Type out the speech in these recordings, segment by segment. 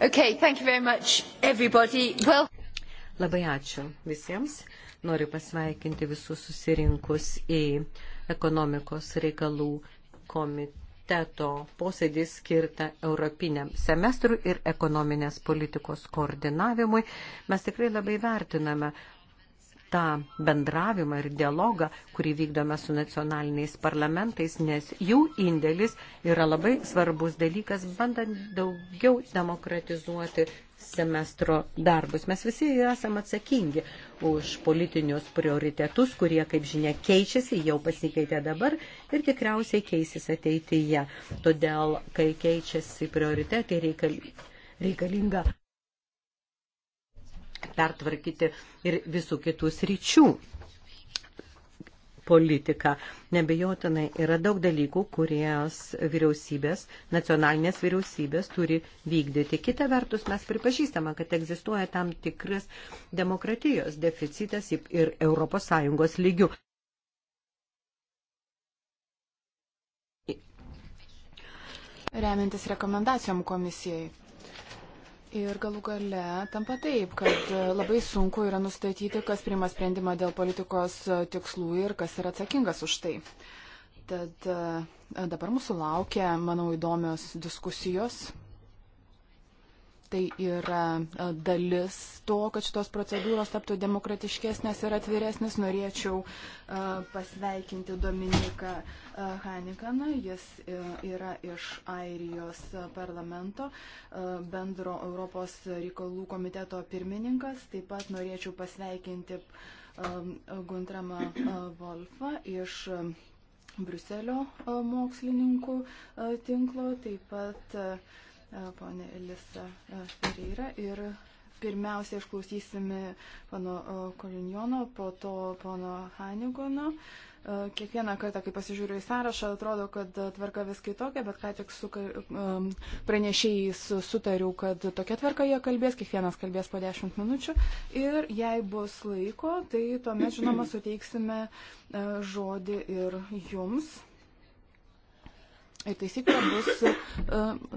Okay, thank you very much, everybody. Well... Labai ačiū visiems. Noriu pasveikinti visus susirinkus į ekonomikos reikalų komiteto posėdį skirtą Europiniam semestrui ir ekonominės politikos koordinavimui. Mes tikrai labai vertiname tą bendravimą ir dialogą, kurį vykdome su nacionaliniais parlamentais, nes jų indėlis yra labai svarbus dalykas, bandant daugiau demokratizuoti semestro darbus. Mes visi esame atsakingi už politinius prioritetus, kurie, kaip žinia, keičiasi, jau pasikeitė dabar ir tikriausiai keisis ateityje. Todėl, kai keičiasi prioritetai, reikalinga pertvarkyti ir visų kitų sričių politiką. Nebejotinai yra daug dalykų, kurias vyriausybės, nacionalinės vyriausybės turi vykdyti. Kita vertus, mes pripažįstame, kad egzistuoja tam tikras demokratijos deficitas ir ES lygių. Remiantis rekomendacijom komisijai Ir galų gale tampa taip, kad e, labai sunku yra nustatyti, kas priima sprendimą dėl politikos e, tikslų ir kas yra atsakingas už tai. Tad e, dabar mūsų laukia, manau, įdomios diskusijos Tai yra e, dalis to, kad šitos procedūros taptų demokratiškesnės ir atviresnės. Norėčiau e, pasveikinti Dominiką e, Hanikaną. Jis yra iš Airijos parlamento bendro Europos reikalų komiteto pirmininkas. Taip pat norėčiau pasveikinti Guntramą Volfą iš Bruselio mokslininkų tinklo. Taip pat ponė Elisa Pereira. Ir pirmiausia, išklausysime pono Kolinjono, po to pono Hanigono. Kiekvieną kartą, kai pasižiūriu į sąrašą, atrodo, kad tvarka vis kitokia, bet ką tik su pranešėjais sutariu, kad tokia tvarka jie kalbės, kiekvienas kalbės po 10 minučių. Ir jei bus laiko, tai tuomet, žinoma, suteiksime žodį ir jums. Ir taisyklė bus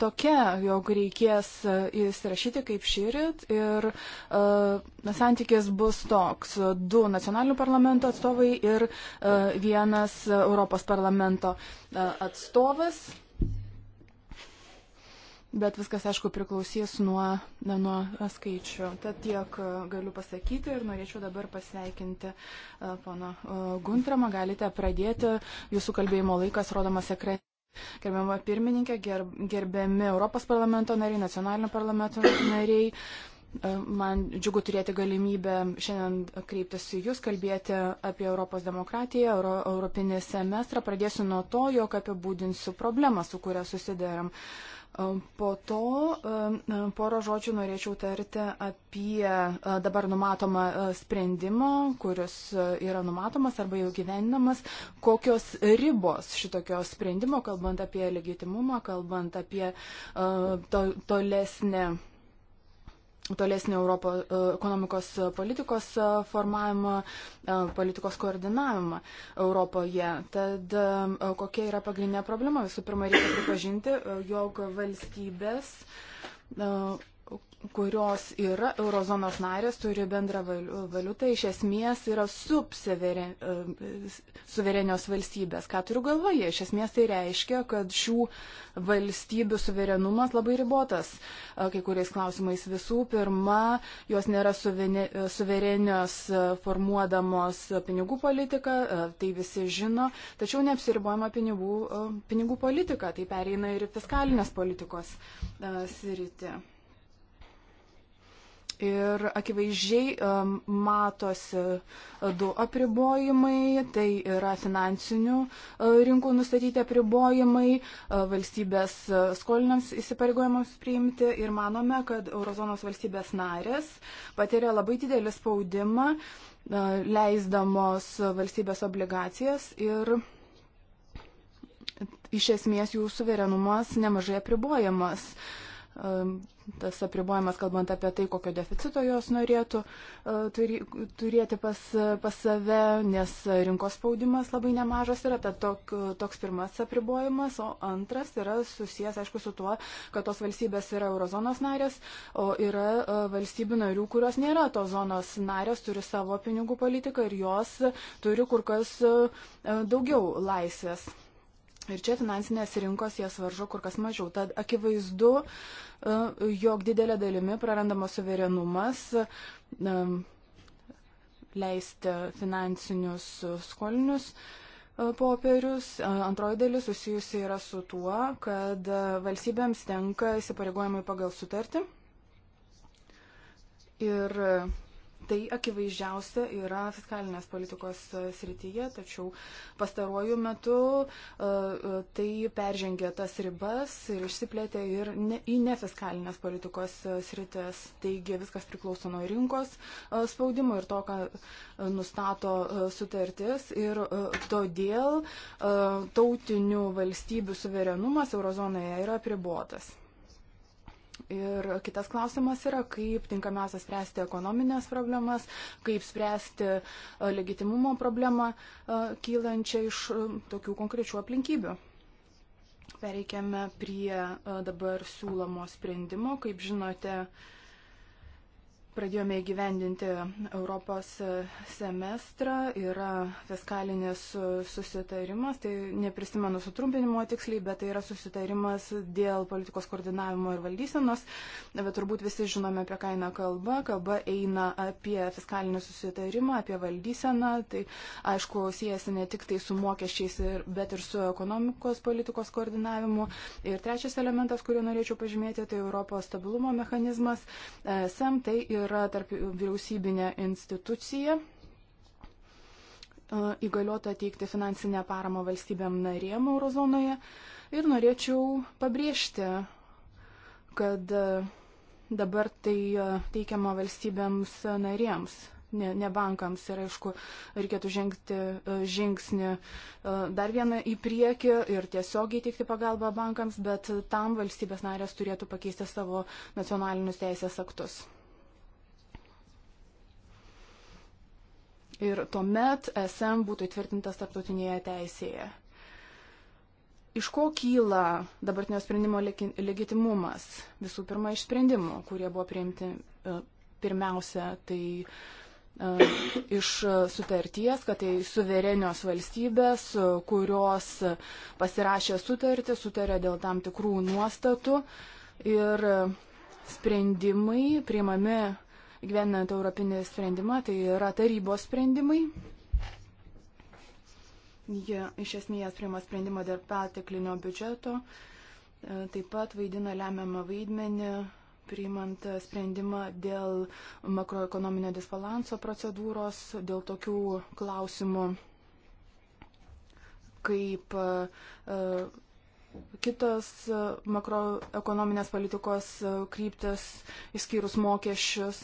tokia, jog reikės e, įsirašyti kaip šyrit ir uh, santykis bus toks. Du nacionalinių parlamento atstovai ir uh, vienas Europos parlamento uh, atstovas. Bet viskas, aišku, priklausys nuo, nuo skaičių. Tad tiek galiu pasakyti ir norėčiau dabar pasveikinti pono Guntramą. Galite pradėti. Jūsų kalbėjimo laikas rodomas ekrane. Gerbiama pirmininkė, gerbiami Europos parlamento nariai, nacionalinio parlamento nariai. E, man džiugu turėti galimybę šiandien kreiptis į Jūs, kalbėti apie Europos demokratiją, Euro, Europinį semestrą. Pradėsiu nuo to, jog apibūdinsiu problemą, su kuria susidarėm. Po to porą žodžių norėčiau tarti apie e, dabar numatomą e, sprendimą, kuris e, yra numatomas arba jau gyvenamas, kokios ribos šitokio sprendimo, kalbant apie legitimumą, kalbant apie to, tolesnę tolesnį Europo e, ekonomikos politikos e, formavimą, e, politikos koordinavimą Europoje. Tad kokia yra pagrindinė problema? Visų pirma, reikia pripažinti, jog valstybės kurios yra eurozonos narės, turi bendrą valiutą, iš esmės yra subsuverenios e, valstybės. Ką turiu galvoje? Iš esmės tai reiškia, kad šių valstybių suverenumas labai ribotas. E, kai kuriais klausimais visų pirma, jos nėra e, suverenios formuodamos pinigų politiką, tai visi žino, tačiau neapsiribojama pinigų, pinigų politika, tai pereina ir fiskalinės politikos sritį. Ir akivaizdžiai um, matosi e, du apribojimai, tai yra finansinių uh, rinkų nustatyti apribojimai, uh, valstybės uh, skoliniams įsipareigojimams priimti ir manome, kad eurozonos valstybės narės patiria labai didelį spaudimą, uh, leisdamos valstybės obligacijas ir iš esmės jų suverenumas nemažai apribojamas. Uh, tas apribojimas, kalbant apie tai, kokio deficito jos norėtų e, turėti pas, pas save, nes rinkos spaudimas labai nemažas yra, tad tok, toks pirmas apribojimas, o antras yra susijęs, aišku, su tuo, kad tos valstybės yra eurozonos narės, o yra e, valstybių narių, kurios nėra tos zonos narės, turi savo pinigų politiką ir jos turi kur kas e, daugiau laisvės. Ir čia finansinės rinkos jas varžo kur kas mažiau. Tad akivaizdu, e, jog didelė dalimi prarandamas suverenumas e, leisti finansinius skolinius e, popierius. Antroji dalis susijusi yra su tuo, kad valstybėms tenka įsipareigojimai pagal sutartį. Ir Tai akivaizdžiausia yra fiskalinės politikos e, srityje, tačiau pastaruoju metu e, e, tai peržengė tas ribas ir išsiplėtė ir ne, į nefiskalinės politikos sritis. Taigi viskas priklauso nuo rinkos spaudimo ir to, ką nustato sutartis. Ir todėl tautinių valstybių suverenumas eurozonoje yra pribuotas. Ir kitas klausimas yra, kaip tinkamiausia spręsti ekonominės problemas, kaip spręsti e, legitimumo problemą e, kylančią iš e, tokių konkrečių aplinkybių. Pereikėme prie dabar siūlomo sprendimo. Kaip žinote, uh, Pradėjome įgyvendinti Europos semestrą, yra fiskalinis susitarimas, tai neprisimenu sutrumpinimo tiksliai, bet tai yra susitarimas dėl politikos koordinavimo ir valdysenos, bet turbūt visi žinome, apie ką eina kalba. Kalba eina apie fiskalinį susitarimą, apie valdyseną, tai aišku, siejasi ne tik tai su mokesčiais, bet ir su ekonomikos politikos koordinavimu. Ir trečias elementas, kurį norėčiau pažymėti, tai Europos stabilumo mechanizmas. E, SEM tai ir yra tarp vyriausybinė institucija e, įgaliota teikti finansinę paramą valstybėm narėm eurozonoje. Ir norėčiau pabrėžti, kad e, dabar tai e, teikiama valstybėms narėms, ne, ne bankams. Ir aišku, reikėtų žengti žingsnį dar vieną į priekį ir tiesiogiai teikti pagalbą bankams, bet tam valstybės narės turėtų pakeisti savo nacionalinius teisės aktus. ir tuomet SM būtų įtvirtintas tarptautinėje teisėje. Iš ko kyla dabartinio sprendimo legitimumas? Visų pirma, iš sprendimų, kurie buvo priimti e, pirmiausia, tai e, iš sutarties, kad tai suverenios valstybės, kurios pasirašė sutartį, sutarė dėl tam tikrų nuostatų ir sprendimai priimami gyvenant europinį sprendimą, tai yra tarybos sprendimai. Jie ja, iš esmės priima sprendimą dėl perteklinio biudžeto, e, taip pat vaidina lemiamą vaidmenį priimant sprendimą dėl makroekonominio disbalanso procedūros, dėl tokių klausimų kaip e, Kitas e, makroekonominės politikos e, kryptis, išskyrus mokesčius.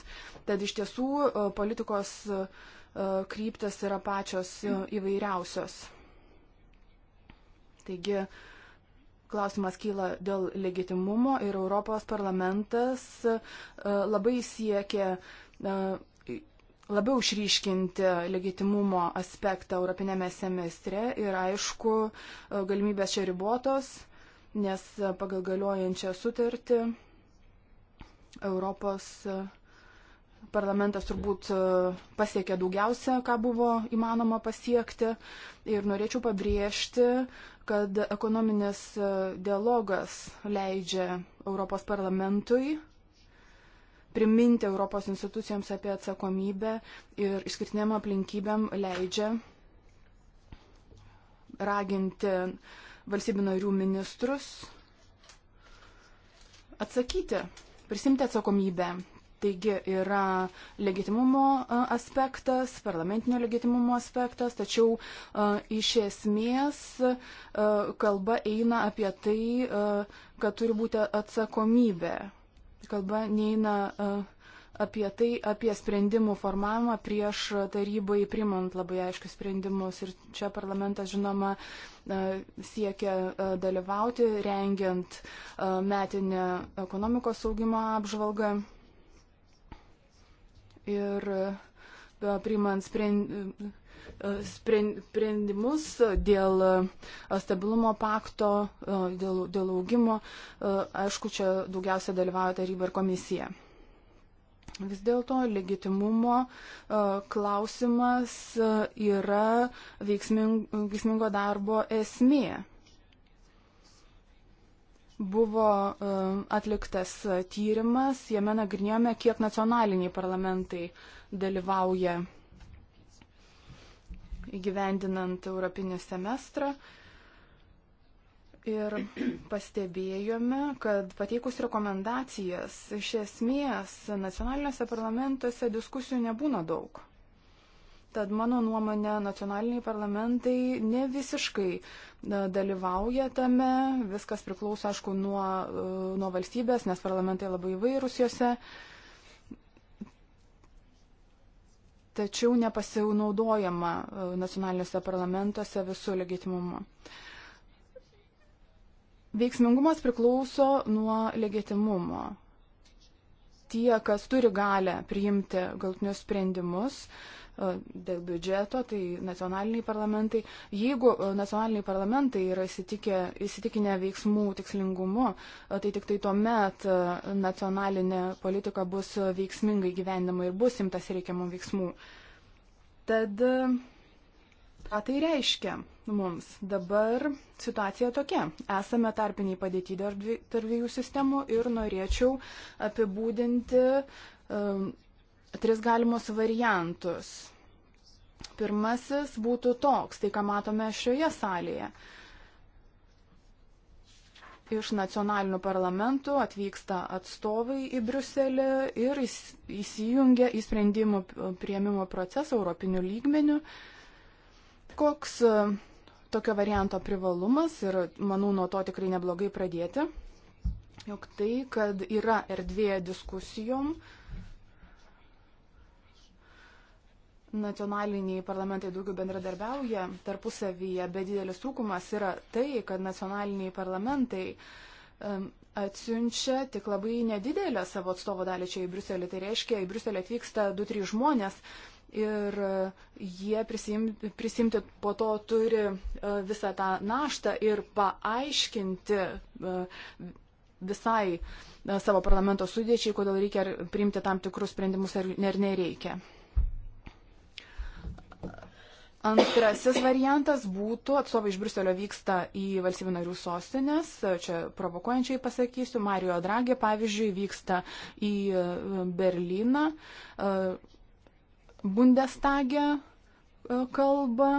Tad iš tiesų e, politikos kryptis yra pačios įvairiausios. Taigi klausimas kyla dėl legitimumo ir Europos parlamentas labai siekia labiau išryškinti legitimumo aspektą Europinėme semestre ir aišku, galimybės čia ribotos, nes pagal galiojančią sutartį Europos parlamentas turbūt pasiekė daugiausia, ką buvo įmanoma pasiekti. Ir norėčiau pabrėžti, kad ekonominis dialogas leidžia Europos parlamentui priminti Europos institucijoms apie atsakomybę ir išskirtiniam aplinkybėm leidžia raginti valstybių narių ministrus atsakyti, prisimti atsakomybę. Taigi yra legitimumo aspektas, parlamentinio legitimumo aspektas, tačiau iš esmės kalba eina apie tai, kad turi būti atsakomybė kalba neina e, apie tai, apie sprendimų formavimą prieš tarybai primant labai aiškius sprendimus. Ir čia parlamentas, žinoma, e, siekia e, dalyvauti, rengiant metinę ekonomikos saugimo apžvalgą. Ir priimant sprend, E, sprendimus dėl e, stabilumo pakto, e, dėl, dėl augimo, aišku, čia daugiausia dalyvauja taryba ir komisija. Vis dėlto legitimumo klausimas yra veiksmingo darbo esmė. Buvo atliktas tyrimas, jame nagrinėjome, kiek nacionaliniai parlamentai dalyvauja įgyvendinant Europinį semestrą. Ir pastebėjome, kad pateikus rekomendacijas, iš esmės nacionaliniuose parlamentuose diskusijų nebūna daug. Tad mano nuomonė, nacionaliniai parlamentai ne visiškai dalyvauja tame, viskas priklauso, aišku, nuo, e, nuo valstybės, nes parlamentai labai įvairūs juose. Uh, tačiau nepasinaudojama e, nacionaliniuose parlamentuose visų legitimumu. Veiksmingumas priklauso nuo legitimumo. Tie, kas turi galę priimti galtinius sprendimus, dėl biudžeto, tai nacionaliniai parlamentai. Jeigu e, nacionaliniai parlamentai yra įsitikę, įsitikinę veiksmų tikslingumu, e, tai tik tai tuomet e, nacionalinė politika bus veiksmingai gyvenama ir bus imtas reikiamų veiksmų. Tad ką tai reiškia mums? Dabar situacija tokia. Esame tarpiniai padėti tarp dviejų sistemų ir norėčiau apibūdinti um, tris galimus variantus. Pirmasis būtų toks, tai ką matome šioje salėje. Iš nacionalinių parlamentų atvyksta atstovai į Bruselį ir įsijungia į sprendimų prieimimo procesą europinių lygmenių. Koks e, tokio varianto privalumas ir manau nuo to tikrai neblogai pradėti, jog tai, kad yra erdvė diskusijom, uh, nacionaliniai parlamentai daugiau bendradarbiauja tarpusavyje, bet didelis trūkumas yra tai, kad nacionaliniai parlamentai um, atsiunčia tik labai nedidelę savo atstovo dalį čia į Bruselį. Tai reiškia, į Bruselį atvyksta 2-3 žmonės ir e, jie prisim, prisimti po to turi e, visą tą naštą ir paaiškinti e, visai savo parlamento sudėčiai, kodėl reikia priimti tam tikrus sprendimus ar nereikia. Antrasis variantas būtų, atstovai iš Bruselio vyksta į valstybių narių sostinės, čia provokuojančiai pasakysiu, Mario Dragė, pavyzdžiui, vyksta į e, Berliną, e, Bundestagė e, kalba.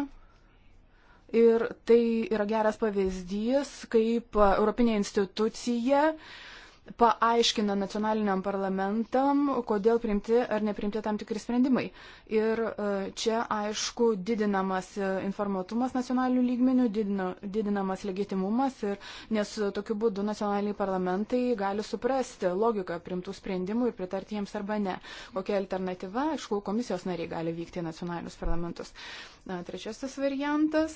Ir tai yra geras pavyzdys, kaip Europinė institucija uh, paaiškina nacionaliniam parlamentam, kodėl priimti ar neprimti tam tikri sprendimai. Ir e, čia, aišku, didinamas e, informatumas nacionalinių lygmenių, didina, didinamas legitimumas, ir, nes tokiu būdu nacionaliniai parlamentai gali suprasti logiką primtų sprendimų ir pritarti jiems arba ne. Kokia alternatyva, aišku, komisijos nariai gali vykti į nacionalinius parlamentus. Na, trečiasis variantas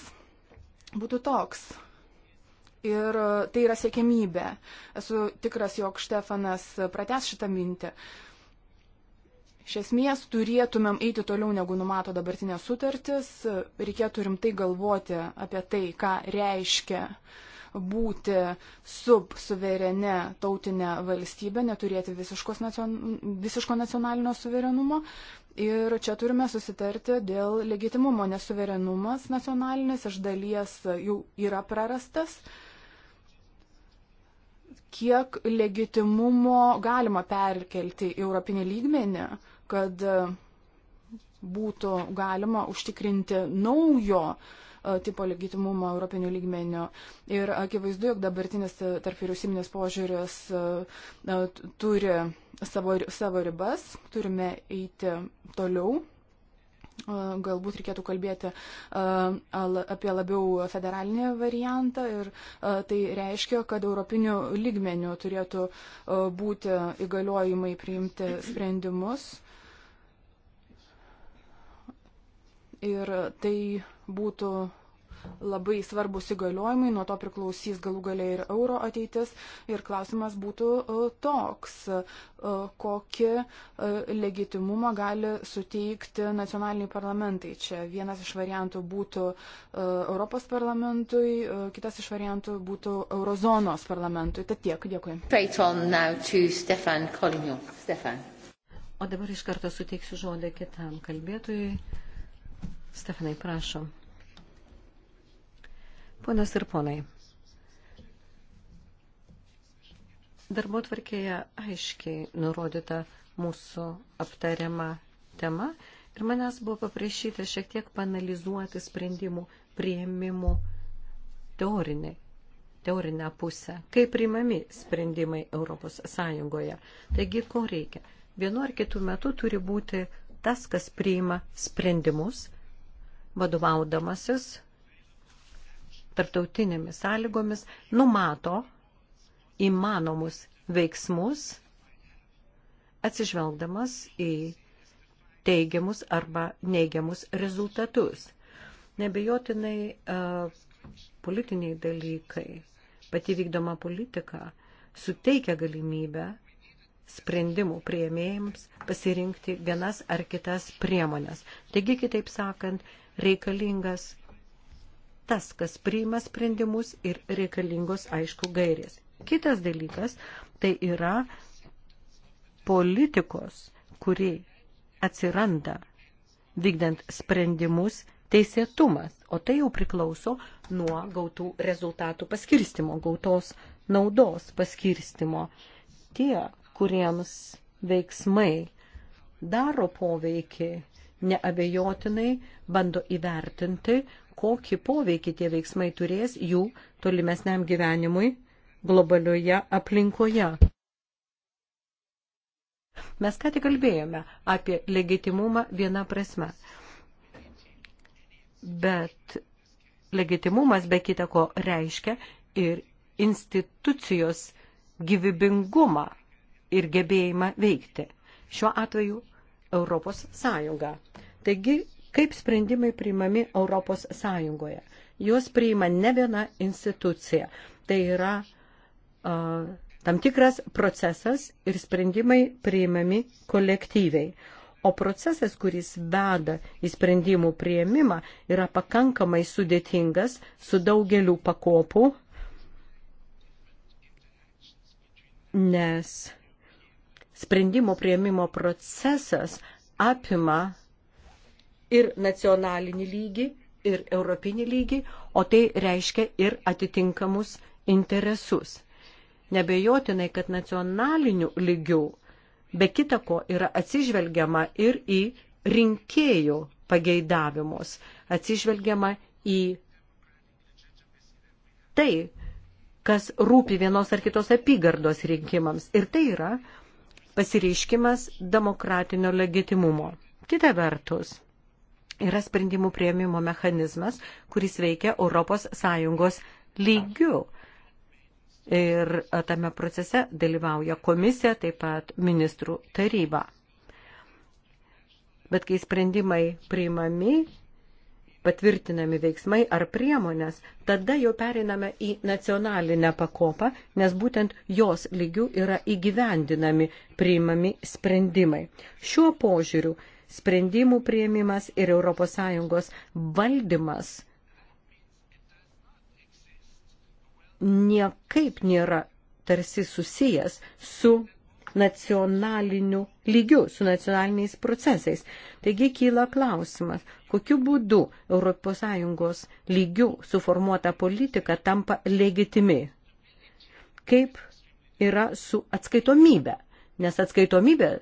būtų toks ir e, tai yra siekėmybė. Esu tikras, jog Štefanas prates šitą mintį. Iš esmės turėtumėm eiti toliau, negu numato dabartinė sutartis, reikėtų rimtai galvoti apie tai, ką reiškia būti subsuverene tautinė valstybė, neturėti nacion... visiško nacionalinio suverenumo. Ir čia turime susitarti dėl legitimumo, nes suverenumas nacionalinis iš dalies jau yra prarastas. Uh, kiek legitimumo galima perkelti į europinį lygmenį, kad e, būtų galima užtikrinti naujo e, tipo legitimumą europinių lygmenių. Ir akivaizdu, jog dabartinis e, tarp vyriausybinis požiūris turi savo, savo ribas, turime eiti toliau galbūt reikėtų kalbėti apie labiau federalinį variantą ir tai reiškia, kad europinių lygmenių turėtų būti įgaliojimai priimti sprendimus. Ir tai būtų labai svarbus įgaliojimai, nuo to priklausys galų galiai ir euro ateitis. Ir klausimas būtų e, toks, e, kokį e, legitimumą gali suteikti nacionaliniai parlamentai. Čia vienas iš variantų būtų Europos parlamentui, kitas iš variantų būtų eurozonos parlamentui. Tad tiek, dėkui. Stefan. O dabar iš karto suteiksiu žodį kitam kalbėtojui. Stefanai, prašom. Ponas ir ponai, darbo tvarkėje aiškiai nurodyta mūsų aptariama tema ir manęs buvo paprašyta šiek tiek panalizuoti sprendimų prieimimų teorinį teorinę pusę, kaip priimami sprendimai Europos Sąjungoje. Taigi, ko reikia? Vienu ar kitų metų turi būti tas, kas priima sprendimus, vadovaudamasis tarptautinėmis sąlygomis numato įmanomus veiksmus, atsižvelgdamas į teigiamus arba neigiamus rezultatus. Nebejotinai e, politiniai dalykai, pati vykdoma politika suteikia galimybę sprendimų prieimėjams pasirinkti vienas ar kitas priemonės. Taigi, kitaip sakant, reikalingas tas, kas priima sprendimus ir reikalingos aišku gairės. Kitas dalykas tai yra politikos, kuri atsiranda vykdant sprendimus teisėtumas, o tai jau priklauso nuo gautų rezultatų paskirstimo, gautos naudos paskirstimo. Tie, kuriems veiksmai daro poveikį, neabejotinai bando įvertinti, kokį poveikį tie veiksmai turės jų tolimesniam gyvenimui globalioje aplinkoje. Mes ką tik kalbėjome apie legitimumą vieną prasme. Bet legitimumas be kita ko reiškia ir institucijos gyvybingumą ir gebėjimą veikti. Šiuo atveju Europos Sąjunga. Taigi Kaip sprendimai priimami Europos Sąjungoje? Juos priima ne viena institucija. Tai yra uh, tam tikras procesas ir sprendimai priimami kolektyviai. O procesas, kuris veda į sprendimų prieimimą, yra pakankamai sudėtingas su daugeliu pakopų, nes sprendimo prieimimo procesas apima ir nacionalinį lygį, ir europinį lygį, o tai reiškia ir atitinkamus interesus. Nebejotinai, kad nacionaliniu lygiu be kitako yra atsižvelgiama ir į rinkėjų pageidavimus, atsižvelgiama į tai, kas rūpi vienos ar kitos apygardos rinkimams. Ir tai yra pasireiškimas demokratinio legitimumo. Kita vertus, yra sprendimų prieimimo mechanizmas, kuris veikia ES lygių. Ir tame procese dalyvauja komisija, taip pat ministrų taryba. Bet kai sprendimai priimami, patvirtinami veiksmai ar priemonės, tada jau periname į nacionalinę pakopą, nes būtent jos lygių yra įgyvendinami priimami sprendimai. Šiuo požiūriu sprendimų prieimimas ir ES valdymas niekaip nėra tarsi susijęs su nacionaliniu lygiu, su nacionaliniais procesais. Taigi kyla klausimas, kokiu būdu ES lygiu suformuota politika tampa legitimi. Kaip yra su atskaitomybė, nes atskaitomybė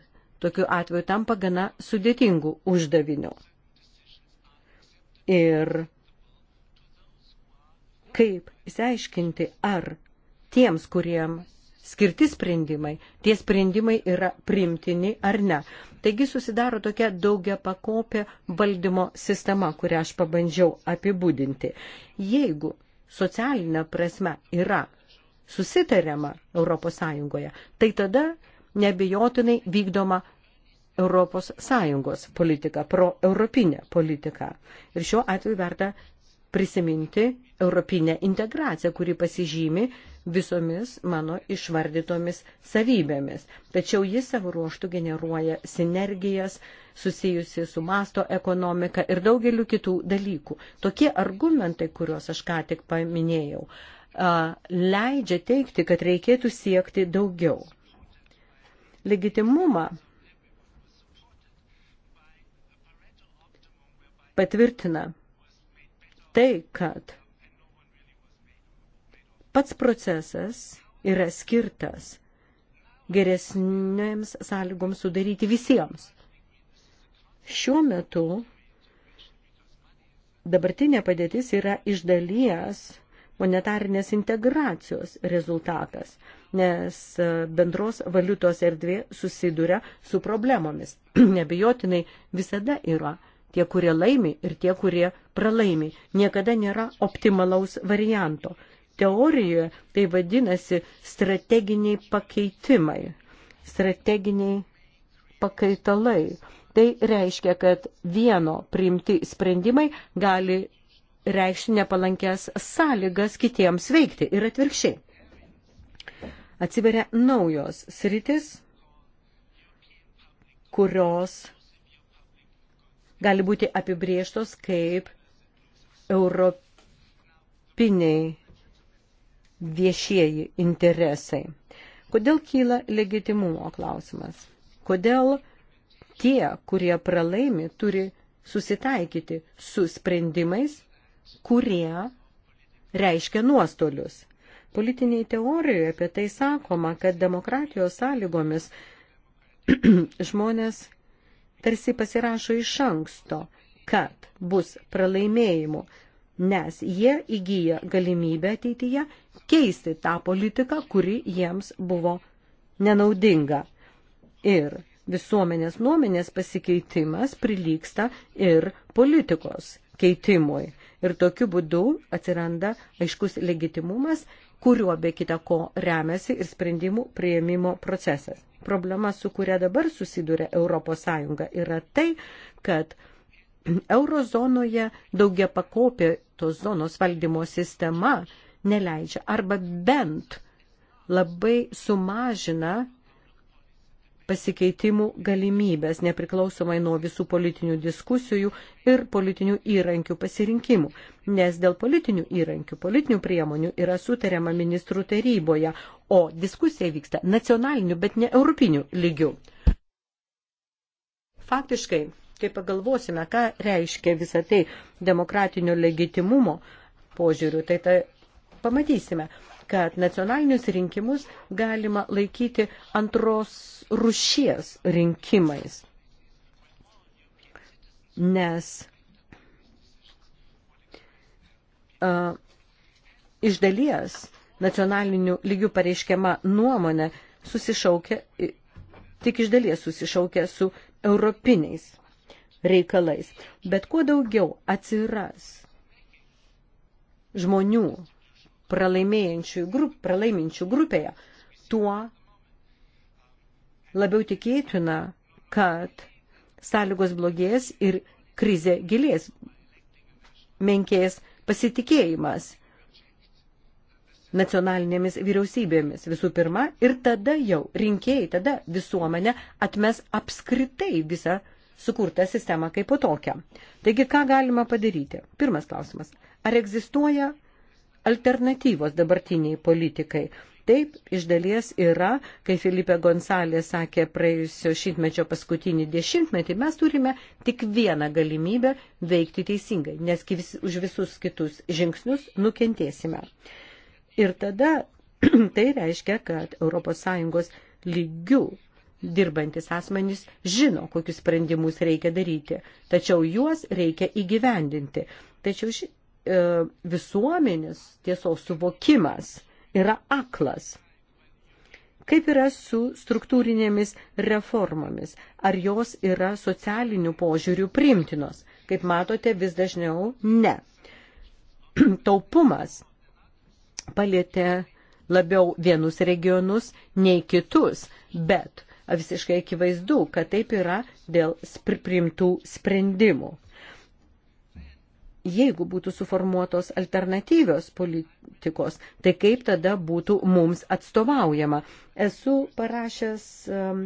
tokiu atveju tampa gana sudėtingų uždavinių. Ir kaip įsiaiškinti, ar tiems, kuriem skirti sprendimai, tie sprendimai yra primtini ar ne. Taigi susidaro tokia daugia pakopė valdymo sistema, kurią aš pabandžiau apibūdinti. Jeigu socialinė prasme yra susitariama ES, tai tada nebejotinai vykdoma ES politiką, proeuropinę politiką. Ir šiuo atveju verta prisiminti europinę integraciją, kuri pasižymi visomis mano išvardytomis savybėmis. Tačiau jis savo ruoštų generuoja sinergijas susijusi su masto ekonomika ir daugeliu kitų dalykų. Tokie argumentai, kuriuos aš ką tik paminėjau, leidžia teikti, kad reikėtų siekti daugiau. Legitimumą patvirtina tai, kad pats procesas yra skirtas geresnėms sąlygoms sudaryti visiems. Šiuo metu dabartinė padėtis yra iš dalies monetarinės integracijos rezultatas, nes bendros valiutos erdvė susiduria su problemomis. Nebejotinai visada yra tie, kurie laimi ir tie, kurie pralaimi. Niekada nėra optimalaus varianto. Teorijoje tai vadinasi strateginiai pakeitimai, strateginiai pakaitalai. Tai reiškia, kad vieno priimti sprendimai gali reikšti nepalankės sąlygas kitiems veikti ir atvirkščiai. Atsiveria naujos sritis, kurios gali būti apibrieštos kaip europiniai viešieji interesai. Kodėl kyla legitimumo klausimas? Kodėl tie, kurie pralaimi, turi susitaikyti su sprendimais, kurie reiškia nuostolius? Politiniai teorijoje apie tai sakoma, kad demokratijos sąlygomis žmonės tarsi pasirašo iš anksto, kad bus pralaimėjimų, nes jie įgyja galimybę ateityje keisti tą politiką, kuri jiems buvo nenaudinga. Ir visuomenės nuomenės pasikeitimas prilyksta ir politikos keitimui. Ir tokiu būdu atsiranda aiškus legitimumas, kuriuo be kita ko remiasi ir sprendimų prieimimo procesas problema, su kuria dabar susiduria ES, yra tai, kad eurozonoje daugia pakopė tos zonos valdymo sistema neleidžia arba bent labai sumažina pasikeitimų galimybės nepriklausomai nuo visų politinių diskusijų ir politinių įrankių pasirinkimų, nes dėl politinių įrankių, politinių priemonių yra sutariama ministrų taryboje, o diskusija vyksta nacionaliniu, bet ne europiniu lygiu. Faktiškai, kai pagalvosime, ką reiškia visą tai demokratinio legitimumo požiūrių, tai tai pamatysime, kad nacionalinius rinkimus galima laikyti antros rušies rinkimais. Nes uh, iš dalies nacionalinių lygių pareiškiama nuomonė susišaukia, tik iš dalies susišaukia su europiniais reikalais. Bet kuo daugiau atsiras žmonių, pralaimėjančių grup, pralaiminčių grupėje, tuo labiau tikėtina, kad sąlygos blogės ir krizė gilės, menkės pasitikėjimas nacionalinėmis vyriausybėmis visų pirma ir tada jau rinkėjai, tada visuomenė atmes apskritai visą sukurtą sistemą kaip po tokią. Taigi, ką galima padaryti? Pirmas klausimas. Ar egzistuoja alternatyvos dabartiniai politikai. Taip iš dalies yra, kai Filipe Gonsalė sakė praėjusio šimtmečio paskutinį dešimtmetį, mes turime tik vieną galimybę veikti teisingai, nes vis, už visus kitus žingsnius nukentėsime. Ir tada tai reiškia, kad ES lygių dirbantis asmenys žino, kokius sprendimus reikia daryti, tačiau juos reikia įgyvendinti. Tačiau ši, E, visuomenės tiesos suvokimas yra aklas. Kaip yra su struktūrinėmis reformomis? Ar jos yra socialinių požiūrių primtinos? Kaip matote, vis dažniau ne. Taupumas palėtė labiau vienus regionus nei kitus, bet visiškai akivaizdu, kad taip yra dėl priimtų sprendimų jeigu būtų suformuotos alternatyvios politikos, tai kaip tada būtų mums atstovaujama. Esu parašęs um,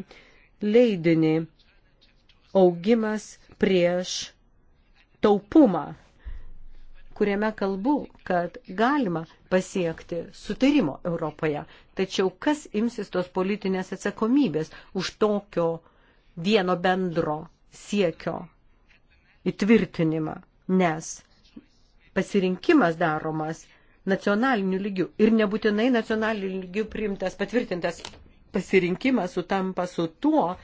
leidinį augimas prieš taupumą, kuriame kalbu, kad galima pasiekti sutarimo Europoje. Tačiau kas imsis tos politinės atsakomybės už tokio vieno bendro siekio įtvirtinimą? nes pasirinkimas daromas nacionaliniu lygiu ir nebūtinai nacionaliniu lygiu priimtas patvirtintas pasirinkimas sutampa su tuo,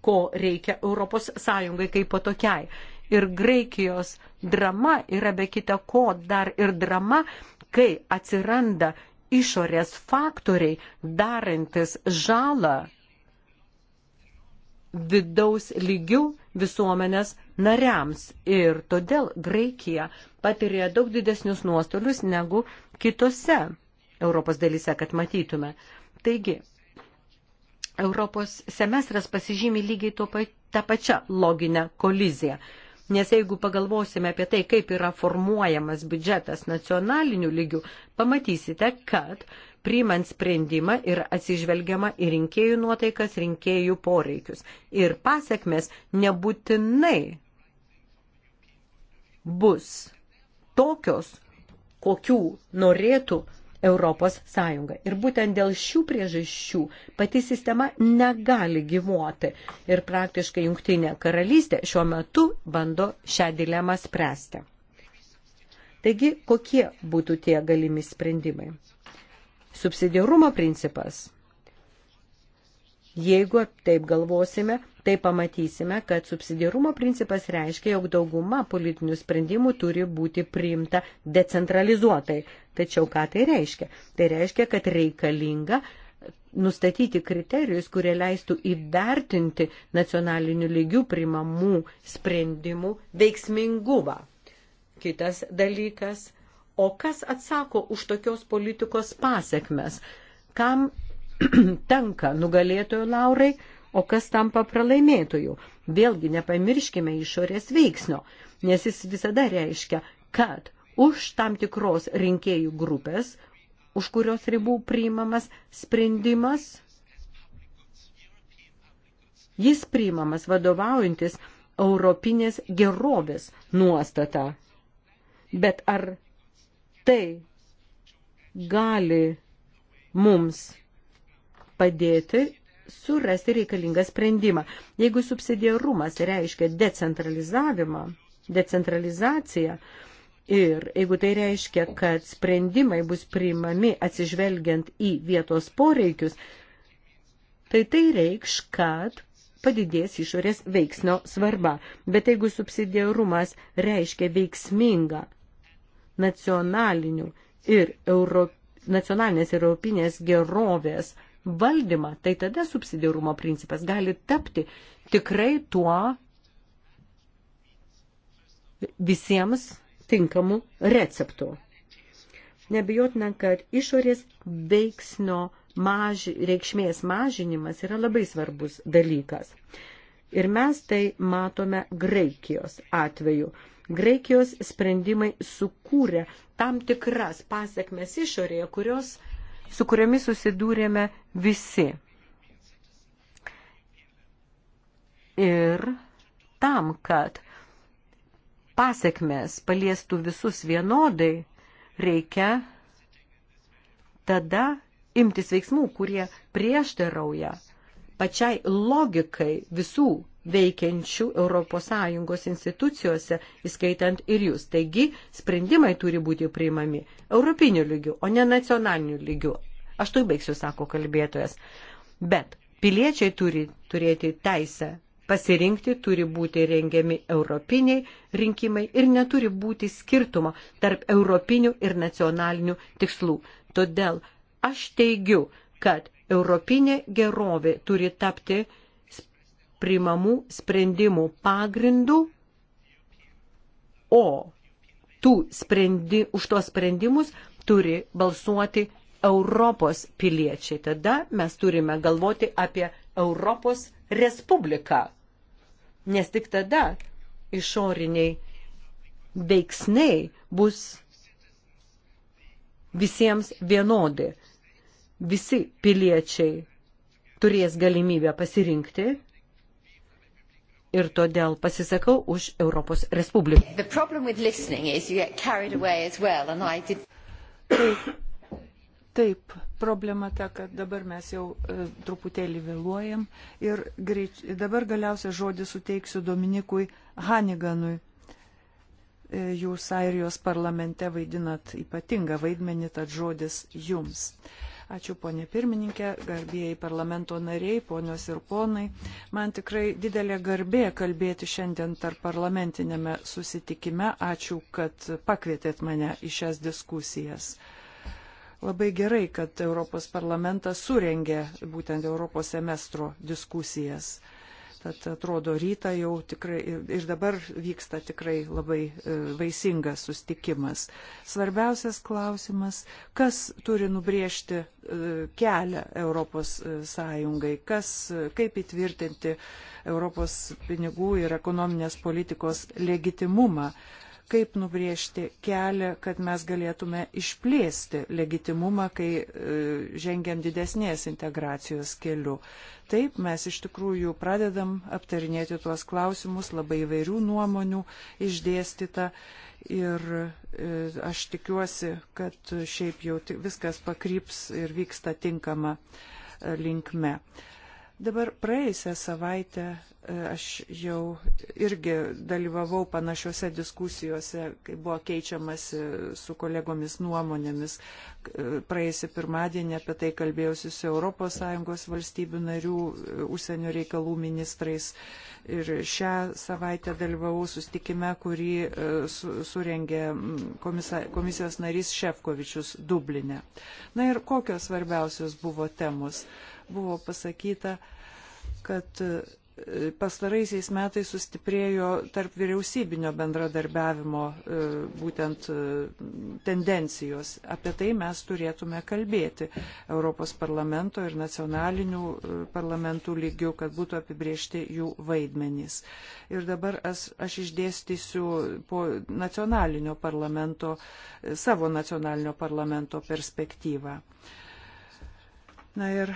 ko reikia Europos Sąjungai kaip po tokiai. Ir Graikijos drama yra be kita ko dar ir drama, kai atsiranda išorės faktoriai darantis žalą vidaus lygių visuomenės nariams ir todėl Graikija patiria daug didesnius nuostolius negu kitose Europos dalyse, kad matytume. Taigi, Europos semestras pasižymi lygiai to, tą pačią loginę koliziją. Nes jeigu pagalvosime apie tai, kaip yra formuojamas biudžetas nacionaliniu lygiu, pamatysite, kad priimant sprendimą ir atsižvelgiama į rinkėjų nuotaikas, rinkėjų poreikius. Ir pasiekmes nebūtinai bus tokios, kokių norėtų Europos Sąjunga. Ir būtent dėl šių priežasčių pati sistema negali gyvuoti. Ir praktiškai jungtinė karalystė šiuo metu bando šią dilemą spręsti. Taigi, kokie būtų tie galimi sprendimai? Subsidiarumo principas Jeigu taip galvosime, tai pamatysime, kad subsidiarumo principas reiškia, jog dauguma politinių sprendimų turi būti priimta decentralizuotai. Tačiau ką tai reiškia? Tai reiškia, kad reikalinga nustatyti kriterijus, kurie leistų įvertinti nacionaliniu lygiu primamų sprendimų veiksmingumą. Kitas dalykas, o kas atsako už tokios politikos pasiekmes? Kam tenka nugalėtojų laurai, o kas tampa pralaimėtojų. Vėlgi nepamirškime išorės veiksnio, nes jis visada reiškia, kad už tam tikros rinkėjų grupės, už kurios ribų priimamas sprendimas, jis priimamas vadovaujantis europinės gerovės nuostata. Bet ar tai gali mums padėti surasti reikalingą sprendimą. Jeigu subsidiarumas reiškia decentralizavimą, decentralizaciją, Ir jeigu tai reiškia, kad sprendimai bus priimami atsižvelgiant į vietos poreikius, tai tai reikš, kad padidės išorės veiksnio svarba. Bet jeigu subsidiarumas reiškia veiksmingą nacionalinių ir euro, nacionalinės ir europinės gerovės valdymą, tai tada subsidiarumo principas gali tapti tikrai tuo visiems tinkamu receptu. Nebijotina, kad išorės veiksnio maž, reikšmės mažinimas yra labai svarbus dalykas. Ir mes tai matome Graikijos atveju. Graikijos sprendimai sukūrė tam tikras pasiekmes išorėje, kurios uh, su kuriamis susidūrėme visi. Ir tam, kad pasiekmes paliestų visus vienodai, reikia tada imtis veiksmų, kurie prieštarauja pačiai logikai visų veikiančių ES institucijose, įskaitant ir jūs. Taigi, sprendimai turi būti priimami europinių lygių, o ne nacionalinių lygių. Aš tai baigsiu, sako kalbėtojas. Bet piliečiai turi turėti teisę pasirinkti, turi būti rengiami europiniai rinkimai ir neturi būti skirtumo tarp europinių ir nacionalinių tikslų. Todėl aš teigiu, kad europinė gerovė turi tapti primamų sprendimų pagrindų, o tų sprendi, už tos sprendimus turi balsuoti Europos piliečiai. Tada mes turime galvoti apie Europos Respubliką. Nes tik tada išoriniai veiksniai bus visiems vienodi. Visi piliečiai turės galimybę pasirinkti ir todėl pasisakau už Europos Respubliką. Taip, problema ta, kad dabar mes jau e, truputėlį vėluojam ir greič, dabar galiausiai žodį suteiksiu Dominikui Haniganui. E, jūs Airijos parlamente vaidinat ypatingą vaidmenį, tad žodis jums. E, Ačiū ponė pirmininkė, garbėjai parlamento nariai, ponios ir ponai. Man tikrai didelė garbė kalbėti šiandien tarp parlamentinėme susitikime. Ačiū, kad pakvietėt mane į šias diskusijas. Labai gerai, kad Europos parlamentas surengė būtent Europos semestro diskusijas Tad atrodo, rytą jau tikrai ir dabar vyksta tikrai labai e, vaisingas sustikimas. Svarbiausias klausimas, kas turi nubriežti e, kelią Europos e, Sąjungai, kas, kaip įtvirtinti Europos pinigų ir ekonominės politikos legitimumą, kaip nubriežti kelią, kad mes galėtume išplėsti legitimumą, kai e, žengiam didesnės integracijos keliu. Taip, mes iš tikrųjų pradedam aptarinėti tuos klausimus, labai įvairių nuomonių išdėstyta ir e, aš tikiuosi, kad šiaip jau viskas pakryps ir vyksta tinkama e, linkme. Dabar praėjusią savaitę e, aš jau irgi dalyvavau panašiose diskusijose, kai buvo keičiamasi su kolegomis nuomonėmis. E, praėjusią pirmadienį apie tai kalbėjausi su ES valstybių narių e, užsienio reikalų ministrais. Ir šią savaitę dalyvavau sustikime, kurį surengė komisijos narys Šefkovičius Dublinė. Na ir kokios svarbiausios buvo temos? buvo pasakyta, kad e, pastaraisiais metais sustiprėjo tarp vyriausybinio bendradarbiavimo e, būtent e, tendencijos. Apie tai mes turėtume kalbėti Europos parlamento ir nacionalinių parlamentų lygių, kad būtų apibriežti jų vaidmenys. Ir dabar aš, aš išdėstysiu po nacionalinio parlamento, savo nacionalinio parlamento perspektyvą. Na ir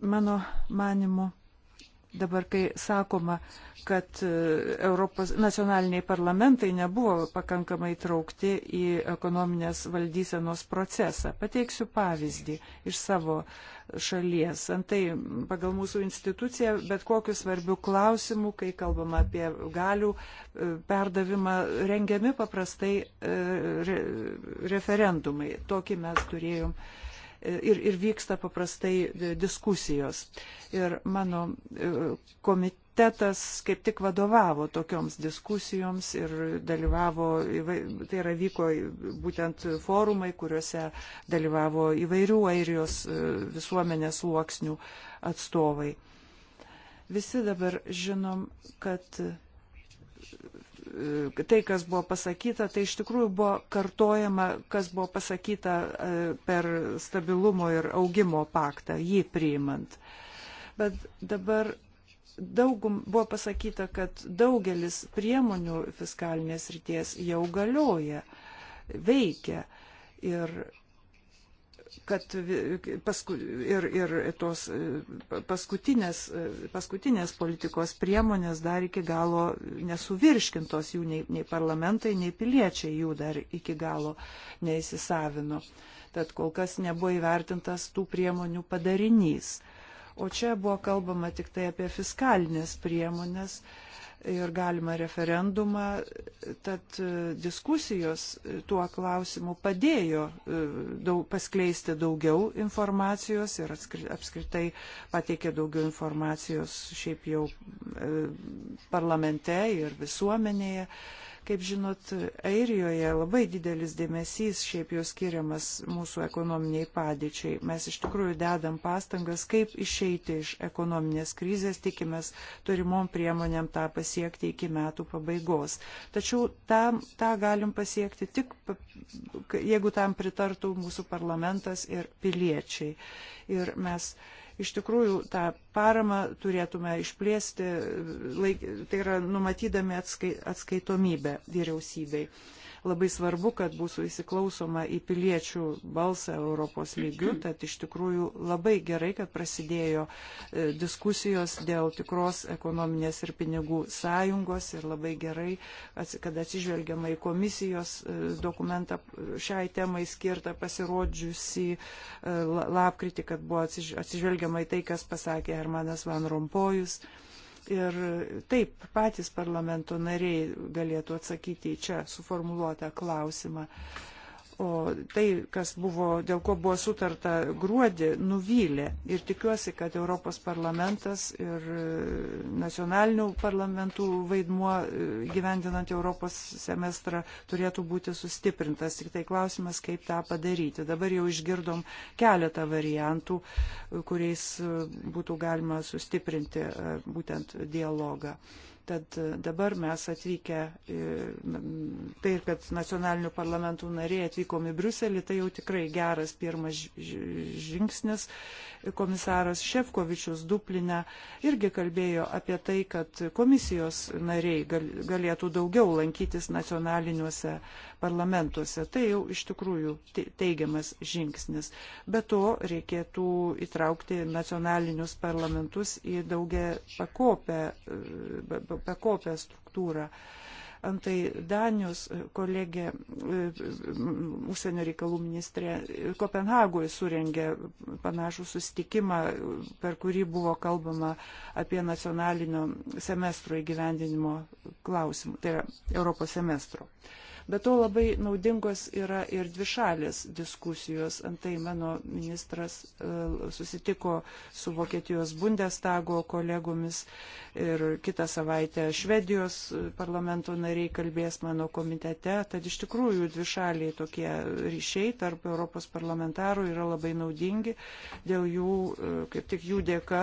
Mano manimu, dabar, kai sakoma, kad e, Europos nacionaliniai parlamentai nebuvo pakankamai traukti į ekonominės valdysenos procesą. Pateiksiu pavyzdį iš savo šalies. Antai pagal mūsų instituciją, bet kokiu svarbiu klausimu, kai kalbama apie galių e, perdavimą, rengiami paprastai e, referendumai. Tokį mes turėjom ir, ir vyksta paprastai e, diskusijos. Ir mano e, komitetas kaip tik vadovavo tokioms diskusijoms ir dalyvavo, tai yra vyko būtent forumai, kuriuose dalyvavo įvairių airijos e, visuomenės sluoksnių atstovai. Visi dabar žinom, kad E, tai, kas buvo pasakyta, tai iš tikrųjų buvo kartojama, kas buvo pasakyta e, per stabilumo ir augimo paktą, jį priimant. Bet dabar daugum buvo pasakyta, kad daugelis priemonių fiskalinės ryties jau galioja, veikia. Ir kad pasku, ir, ir tos e, paskutinės, e, paskutinės politikos priemonės dar iki galo nesuvirškintos jų nei, nei parlamentai, nei piliečiai jų dar iki galo neįsisavino. Tad kol kas nebuvo įvertintas tų priemonių padarinys. O čia buvo kalbama tik tai apie fiskalinės priemonės ir galima referendumą, tad e, diskusijos e, tuo klausimu padėjo e, daug, paskleisti daugiau informacijos ir apskritai pateikė daugiau informacijos šiaip jau parlamente ir visuomenėje. Kaip žinot, Airijoje labai didelis dėmesys šiaip jau skiriamas mūsų ekonominiai padėčiai. Mes iš tikrųjų dedam pastangas, kaip išeiti iš ekonominės krizės, tikimės turimom priemonėm tą pasiekti iki metų pabaigos. Tačiau tam, tą galim pasiekti tik, jeigu tam pritartų mūsų parlamentas ir piliečiai. Ir mes uh, Iš tikrųjų, tą paramą turėtume išplėsti, laik, tai yra numatydami atskai, atskaitomybę vyriausybei labai svarbu, kad būtų įsiklausoma į piliečių balsą Europos lygių, tad iš tikrųjų labai gerai, kad prasidėjo e, diskusijos dėl tikros ekonominės ir pinigų sąjungos ir labai gerai, kad atsižvelgiama į komisijos e, dokumentą šiai temai skirtą pasirodžiusi e, lapkritį, kad buvo atsižvelgiama į tai, kas pasakė Hermanas Van Rompojus. Thank you Ir taip patys parlamento nariai galėtų atsakyti į čia suformuluotą klausimą. Uh, O tai, kas buvo, dėl ko buvo sutarta gruodį, nuvylė. Ir tikiuosi, kad Europos parlamentas ir e, nacionalinių parlamentų vaidmuo e, gyvendinant Europos semestrą turėtų būti sustiprintas. Tik tai klausimas, kaip tą padaryti. Dabar jau išgirdom keletą variantų, e, kuriais būtų galima sustiprinti būtent dialogą. Tad dabar mes atvykę, tai kad nacionalinių parlamentų nariai atvykom į Bruselį, tai jau tikrai geras pirmas žingsnis. Komisaras Šefkovičius Duplinė irgi kalbėjo apie tai, kad komisijos nariai galėtų daugiau lankytis nacionaliniuose parlamentuose. Tai jau iš tikrųjų teigiamas žingsnis. Be to reikėtų įtraukti nacionalinius parlamentus į daugia pakopę, e, pakopę struktūrą. Antai Danijos e, kolegė e, užsienio reikalų ministrė Kopenhagoje surengė panašų sustikimą, per kurį buvo kalbama apie nacionalinio semestro įgyvendinimo klausimų, tai yra Europos semestro. Uh, Bet to labai naudingos yra ir dvišalės diskusijos. Antai mano ministras e, susitiko su Vokietijos Bundestago kolegomis ir kitą savaitę Švedijos parlamento nariai kalbės mano komitete. Tad iš tikrųjų dvišaliai tokie ryšiai tarp Europos parlamentarų yra labai naudingi. Dėl jų, e, kaip tik jų dėka,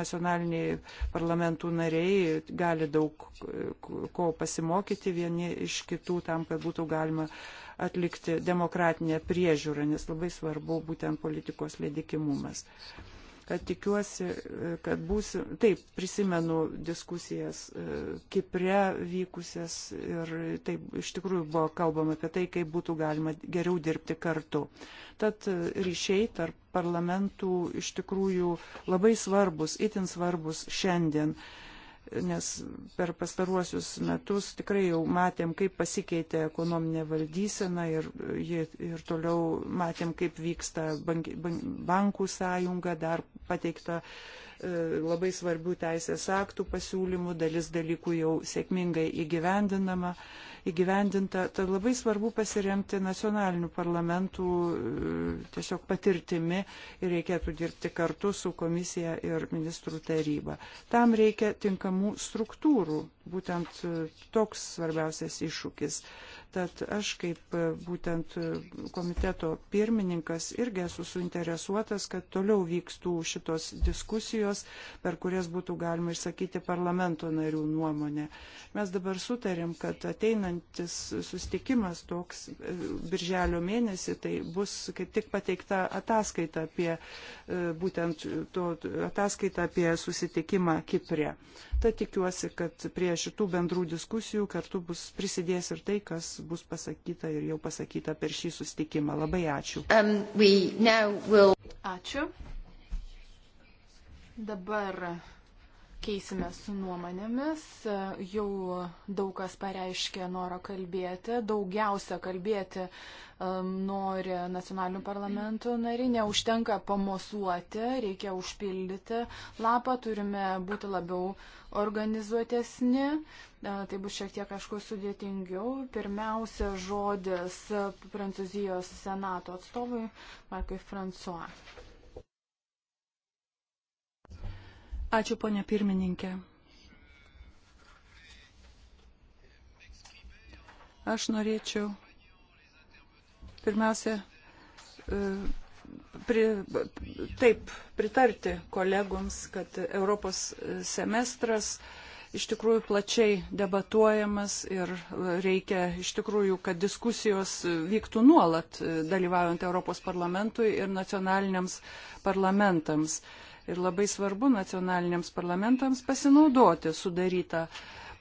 nacionaliniai parlamentų nariai gali daug e, ko pasimokyti vieni iš kitų kitų tam, kad būtų galima atlikti demokratinę priežiūrą, nes labai svarbu būtent politikos lėdikimumas. Kad tikiuosi, kad būsiu, taip, prisimenu diskusijas e, Kipre vykusias ir taip, iš tikrųjų buvo kalbama apie tai, kaip būtų galima geriau dirbti kartu. Tad e, ryšiai tarp parlamentų iš tikrųjų labai svarbus, itin svarbus šiandien. Uh, nes per pastaruosius metus tikrai jau matėm, kaip pasikeitė ekonominė valdysena ir, ir toliau matėm, kaip vyksta bank, bank, bankų sąjunga, dar pateikta uh, E, labai svarbių teisės aktų pasiūlymų, dalis dalykų jau sėkmingai įgyvendinama, įgyvendinta. Tad labai svarbu pasiremti nacionalinių parlamentų e, tiesiog patirtimi ir reikėtų dirbti kartu su komisija ir ministrų taryba. Tam reikia tinkamų struktūrų, būtent e, toks svarbiausias iššūkis. Tad aš kaip e, būtent e, komiteto pirmininkas irgi esu suinteresuotas, kad toliau vykstų šitos diskusijos, per kurias būtų galima išsakyti parlamento narių nuomonę. Mes dabar sutarėm, kad ateinantis sustikimas toks e, birželio mėnesį, tai bus kaip tik pateikta ataskaita apie būtent to ataskaita apie susitikimą Kiprė. Tad tikiuosi, kad prie šitų bendrų diskusijų kartu bus prisidės ir tai, kas bus pasakyta ir jau pasakyta per šį sustikimą. Labai ačiū. Um, will... Ačiū. Dabar keisime su nuomonėmis. Jau daug kas pareiškė norą kalbėti. Daugiausia kalbėti um, nori nacionalinių parlamentų nariai. Neužtenka pamosuoti, reikia užpildyti lapą, turime būti labiau organizuotesni. E, tai bus šiek tiek, aišku, sudėtingiau. Pirmiausia, žodis Prancūzijos senato atstovui Markui François. Ačiū, ponė pirmininkė. Aš norėčiau pirmiausia e, pri, taip pritarti kolegoms, kad Europos semestras iš tikrųjų plačiai debatuojamas ir reikia iš tikrųjų, kad diskusijos vyktų nuolat e, dalyvaujant Europos parlamentui ir nacionaliniams parlamentams. Uh, Ir labai svarbu nacionaliniams parlamentams pasinaudoti sudarytą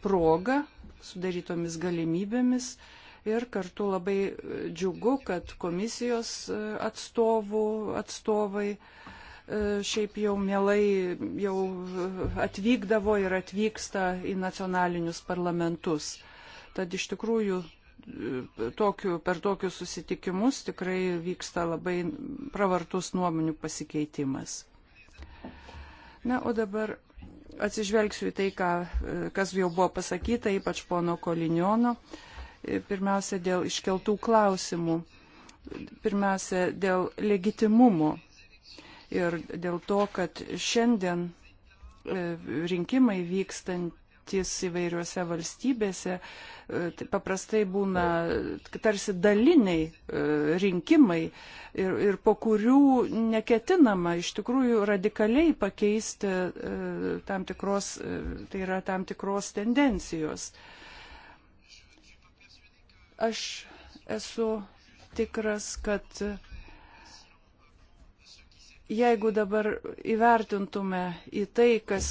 progą, sudarytomis galimybėmis. Ir kartu labai džiugu, kad komisijos e, atstovų, atstovai e, šiaip jau mielai jau e, atvykdavo ir atvyksta į nacionalinius parlamentus. Tad iš tikrųjų tokiu, per tokius susitikimus tikrai vyksta labai pravartus nuomonių pasikeitimas. Na, o dabar atsižvelgsiu į tai, ką, e, kas jau buvo pasakyta, ypač pono Koliniono, e, pirmiausia dėl iškeltų klausimų, pirmiausia dėl legitimumo ir dėl to, kad šiandien e, rinkimai vykstant padėtis įvairiuose valstybėse e, tai paprastai būna tarsi daliniai e, rinkimai ir, ir po kurių neketinama iš tikrųjų radikaliai pakeisti e, tam tikros, tai yra tam tikros tendencijos. Aš esu tikras, kad jeigu dabar įvertintume į tai, kas,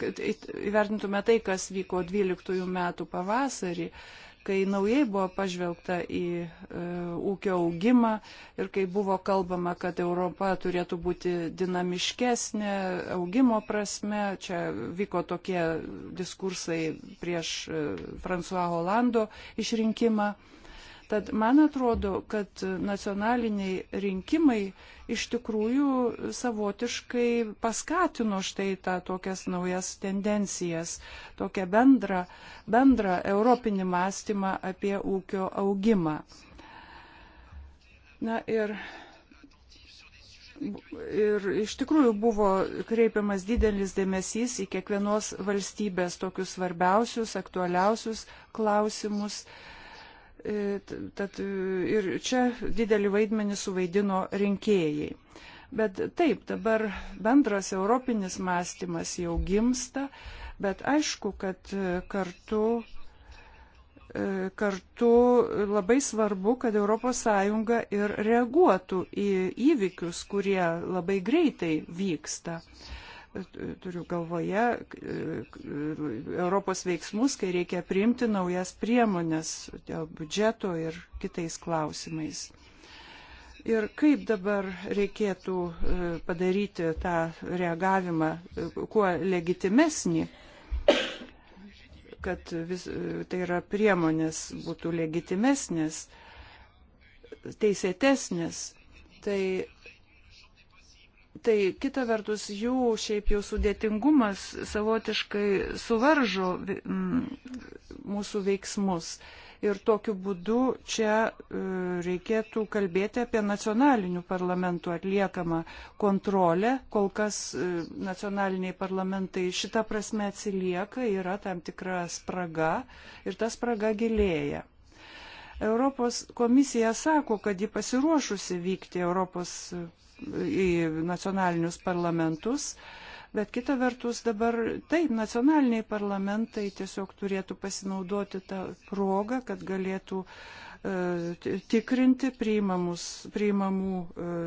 įvertintume tai, kas vyko 12 metų pavasarį, kai naujai buvo pažvelgta į e, ūkio augimą ir kai buvo kalbama, kad Europa turėtų būti dinamiškesnė augimo prasme, čia vyko tokie diskursai prieš e, François Hollando išrinkimą. E, Tad man atrodo, kad nacionaliniai rinkimai iš tikrųjų savotiškai paskatino štai tą tokias naujas tendencijas, tokią bendrą, bendrą europinį mąstymą apie ūkio augimą. Na ir ir iš tikrųjų buvo kreipiamas didelis dėmesys į kiekvienos valstybės tokius svarbiausius, aktualiausius klausimus. E, tad e, ir čia didelį vaidmenį suvaidino rinkėjai. Bet taip, dabar bendras europinis mąstymas jau gimsta, bet aišku, kad e, kartu, kartu labai svarbu, kad ES ir reaguotų į įvykius, kurie labai greitai vyksta turiu galvoje e, Europos veiksmus, kai reikia priimti naujas priemonės dėl biudžeto ir kitais klausimais. Ir kaip dabar reikėtų e, padaryti tą reagavimą e, kuo legitimesnį, kad vis, tai yra priemonės būtų legitimesnės, teisėtesnės, tai Tai kita vertus, jų šiaip jau sudėtingumas savotiškai suvaržo mm, mūsų veiksmus. Ir tokiu būdu čia e, reikėtų kalbėti apie nacionalinių parlamentų atliekamą kontrolę. Kol kas e, nacionaliniai parlamentai šita prasme atsilieka, yra tam tikra spraga ir ta spraga gilėja. Europos komisija sako, kad ji pasiruošusi vykti Europos į nacionalinius parlamentus. Bet kita vertus dabar taip, nacionaliniai parlamentai tiesiog turėtų pasinaudoti tą progą, kad galėtų e, tikrinti priimamus, priimamų,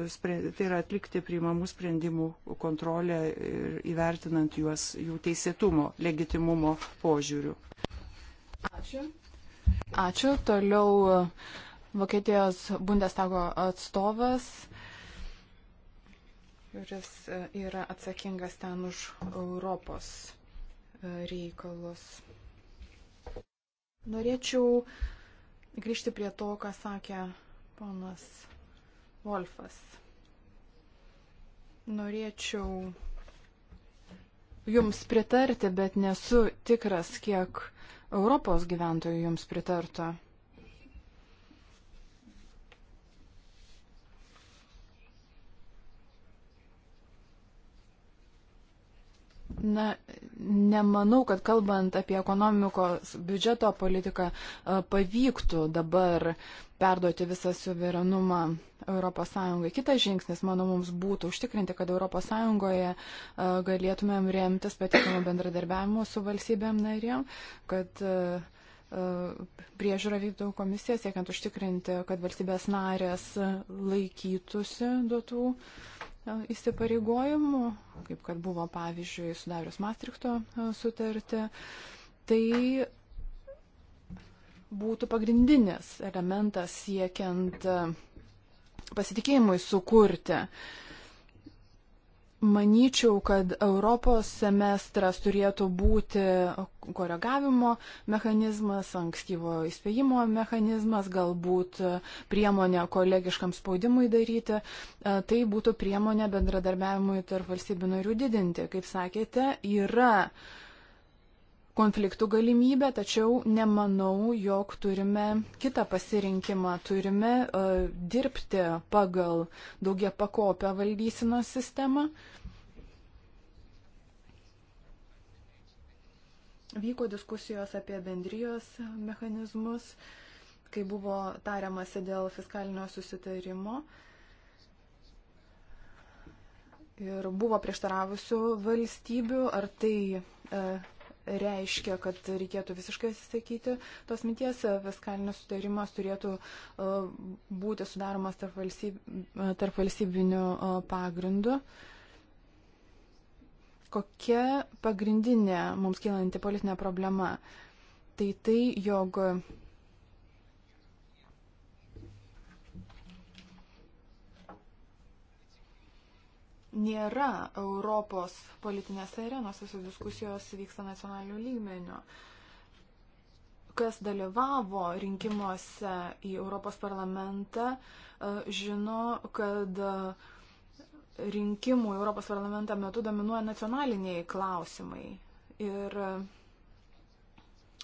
e, tai yra atlikti priimamų sprendimų kontrolę ir įvertinant juos jų teisėtumo, legitimumo požiūrių. Ačiū. Ačiū. Toliau Vokietijos Bundestago atstovas kuris e, yra atsakingas ten už Europos e, reikalus. Norėčiau grįžti prie to, ką sakė ponas Wolfas. Norėčiau jums pritarti, bet nesu tikras, kiek Europos gyventojų jums pritarto. Na, nemanau, kad kalbant apie ekonomikos biudžeto politiką e, pavyktų dabar perduoti visą suverenumą ES. Kitas žingsnis, manau, mums būtų užtikrinti, kad ES e, galėtumėm remtis patikimu bendradarbiavimu su valstybėm narėm, kad e, priežiūra vykdau komisiją siekiant užtikrinti, kad valstybės narės laikytųsi duotų. Uh, įsipareigojimų, kaip kad buvo pavyzdžiui sudarius Maastrichto e, sutartį, tai būtų pagrindinis elementas siekiant e, pasitikėjimui sukurti. Uh, Manyčiau, kad Europos semestras turėtų būti koregavimo mechanizmas, ankstyvo įspėjimo mechanizmas, galbūt priemonė kolegiškam spaudimui daryti. E, tai būtų priemonė bendradarbiavimui tarp valstybių narių didinti. Kaip sakėte, yra uh, konfliktų galimybę, tačiau nemanau, jog turime kitą pasirinkimą. Turime uh, dirbti pagal daugia pakopę valdysinos sistemą. Vyko diskusijos apie bendrijos mechanizmus, kai buvo tariamasi dėl fiskalinio susitarimo. Uh, ir buvo prieštaravusių valstybių, ar tai e, reiškia, kad reikėtų visiškai atsisakyti tos minties. Fiskalinis sutarimas turėtų e, būti sudaromas tarp, valstyb, tarp valstybinių e, pagrindų. Kokia pagrindinė mums kylanti politinė problema? Tai tai, jog nėra Europos politinės arenos, visos diskusijos vyksta nacionaliniu lygmeniu. Kas dalyvavo rinkimuose į Europos parlamentą, e, žino, kad e, rinkimų Europos parlamentą metu dominuoja nacionaliniai klausimai. Ir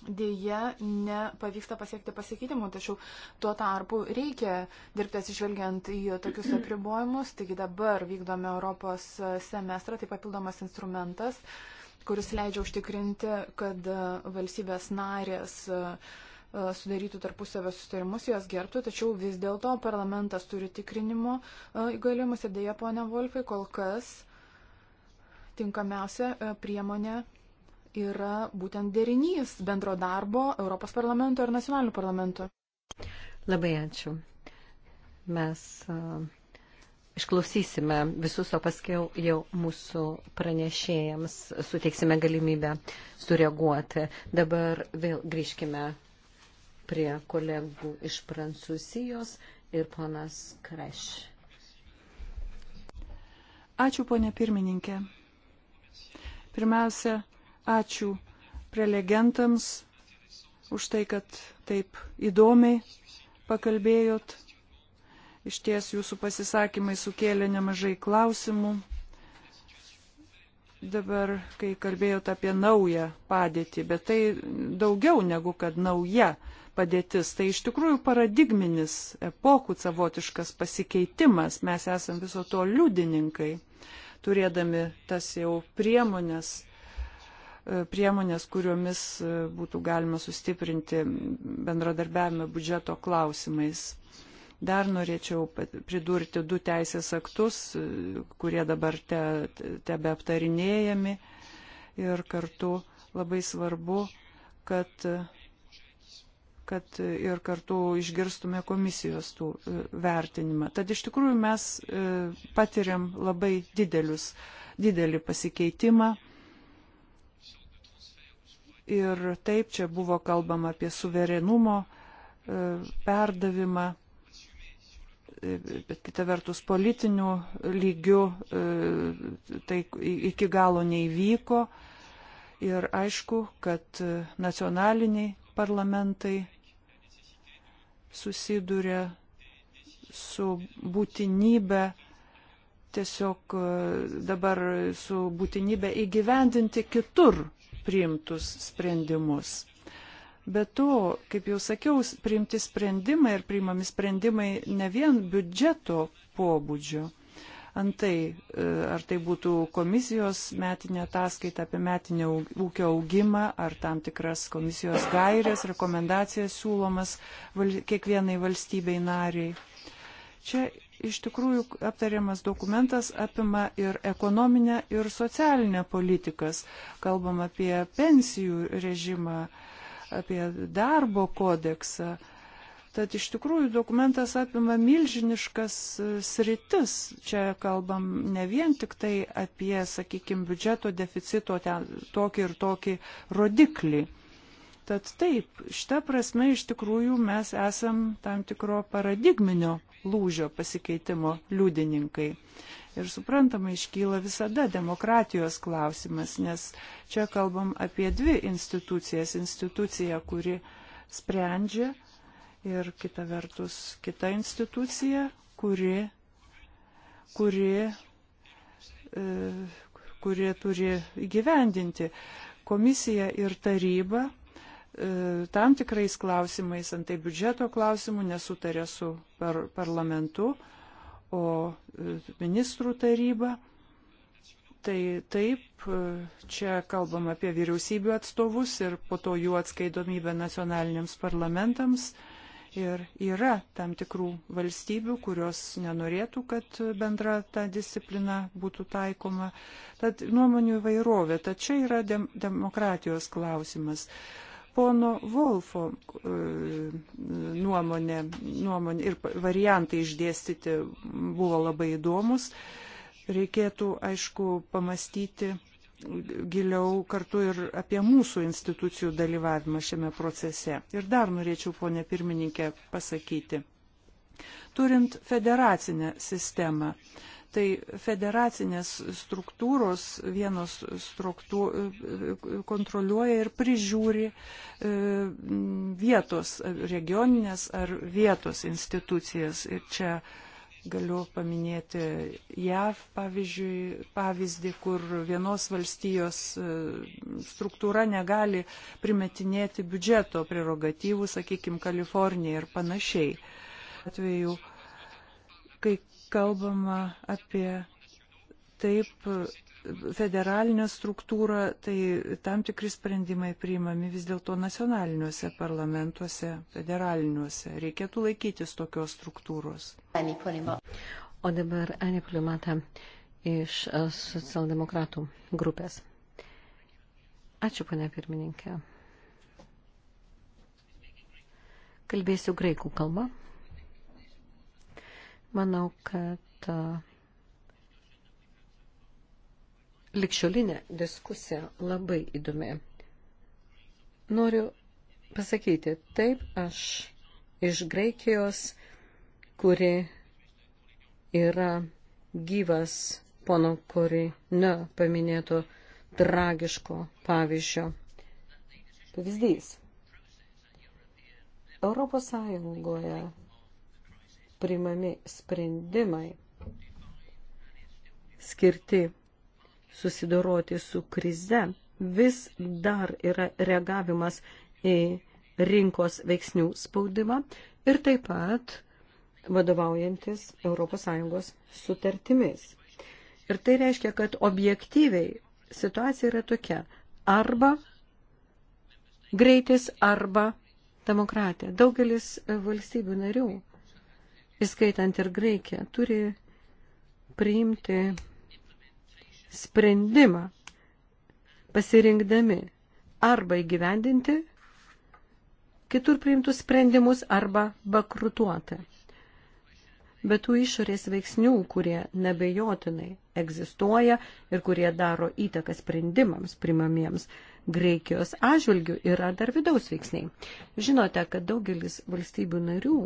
dėje nepavyksta pasiekti pasikeitimų, tačiau tuo tarpu reikia dirbti atsižvelgiant į tokius apribojimus. Taigi dabar vykdome Europos semestrą, tai papildomas instrumentas, kuris leidžia užtikrinti, kad valstybės narės e, sudarytų tarpusavę sustarimus, jos gerbtų, tačiau vis dėlto parlamentas turi tikrinimo e, įgaliojimus ir dėja, ponia Volfai, kol kas tinkamiausia e, priemonė yra būtent derinys bendro darbo Europos parlamento ir nacionalinių parlamentų. Labai ačiū. Mes uh, išklausysime visus, o paskui jau mūsų pranešėjams suteiksime galimybę sureaguoti. Dabar vėl grįžkime prie kolegų iš Prancūzijos ir ponas Kreš. Ačiū, ponė pirmininkė. Pirmiausia, Ačiū prelegentams už tai, kad taip įdomiai pakalbėjot. Iš ties jūsų pasisakymai sukėlė nemažai klausimų. Dabar, kai kalbėjot apie naują padėtį, bet tai daugiau negu kad nauja padėtis, tai iš tikrųjų paradigminis epochų savotiškas pasikeitimas. Mes esam viso to liudininkai, turėdami tas jau priemonės priemonės, kuriomis e, būtų galima sustiprinti bendradarbiavimą biudžeto klausimais. Dar norėčiau pridurti du teisės aktus, e, kurie dabar te, tebe aptarinėjami ir kartu labai svarbu, kad, kad ir kartu išgirstume komisijos tų e, vertinimą. Tad iš tikrųjų mes patiriam labai didelius, didelį pasikeitimą Ir taip čia buvo kalbama apie suverenumo e, perdavimą, e, bet kita vertus politinių lygių e, tai iki galo neįvyko. Ir aišku, kad nacionaliniai parlamentai susiduria su būtinybė tiesiog dabar su būtinybė įgyvendinti kitur priimtus sprendimus. Be to, kaip jau sakiau, priimti sprendimai ir priimami sprendimai ne vien biudžeto pobūdžio. Antai, e, ar tai būtų komisijos metinė ataskaita apie metinę ūkio augimą, ar tam tikras komisijos gairės, rekomendacijas siūlomas kiekvienai valstybei nariai. Čia iš tikrųjų aptariamas dokumentas apima ir ekonominę, ir socialinę politikas. Kalbam apie pensijų režimą, apie darbo kodeksą. Tad iš tikrųjų dokumentas apima milžiniškas e, sritis. Čia kalbam ne vien tik tai apie, sakykime, biudžeto deficito ten, tokį ir tokį rodiklį. Tad taip, šitą prasme iš tikrųjų mes esam tam tikro paradigminio lūžio pasikeitimo liudininkai. Ir suprantama, iškyla visada demokratijos klausimas, nes čia kalbam apie dvi institucijas. Institucija, kuri sprendžia ir kita vertus kita institucija, kuri, kuri, e, kuri turi įgyvendinti. Komisija ir taryba E, tam tikrais klausimais, antai biudžeto klausimų nesutarė su par parlamentu, o e, ministrų taryba. Tai taip, e, čia kalbam apie vyriausybių atstovus ir po to jų atskaidomybę nacionaliniams parlamentams. Ir yra tam tikrų valstybių, kurios nenorėtų, kad bendra ta disciplina būtų taikoma. Tad nuomonių įvairovė, tad čia yra dem demokratijos klausimas pono Volfo e, nuomonė, nuomonė ir variantai išdėstyti buvo labai įdomus. Reikėtų, aišku, pamastyti giliau kartu ir apie mūsų institucijų dalyvavimą šiame procese. Ir dar norėčiau, ponė pirmininkė, pasakyti. Turint federacinę sistemą, tai federacinės struktūros vienos struktū, kontroliuoja ir prižiūri e, vietos, regioninės ar vietos institucijas. Ir čia galiu paminėti JAV, pavyzdžiui, pavyzdį, kur vienos valstijos e, struktūra negali primetinėti biudžeto prerogatyvų, sakykime, Kalifornija ir panašiai. Atveju, kai kalbama apie taip federalinę struktūrą, tai tam tikri sprendimai priimami vis dėlto nacionaliniuose parlamentuose, federaliniuose. Reikėtų laikytis tokios struktūros. O dabar Anė Pliumata iš e, socialdemokratų grupės. Ačiū, ponia pirmininkė. Kalbėsiu graikų kalbą. Manau, kad likščiolinė diskusija labai įdomi. Noriu pasakyti, taip aš iš Graikijos, kuri yra gyvas pono Korino paminėto tragiško pavyzdžio pavyzdys. Europos Sąjungoje primami sprendimai skirti susidoroti su krize, vis dar yra reagavimas į rinkos veiksnių spaudimą ir taip pat vadovaujantis ES sutartimis. Ir tai reiškia, kad objektyviai situacija yra tokia arba greitis, arba demokratija. Daugelis valstybių narių įskaitant ir Graikiją, turi priimti sprendimą, pasirinkdami arba įgyvendinti kitur priimtus sprendimus arba bakrutuoti. Bet tų išorės veiksnių, kurie nebejotinai egzistuoja ir kurie daro įtaką sprendimams primamiems Graikijos atžvilgių, yra dar vidaus veiksniai. Žinote, kad daugelis valstybių narių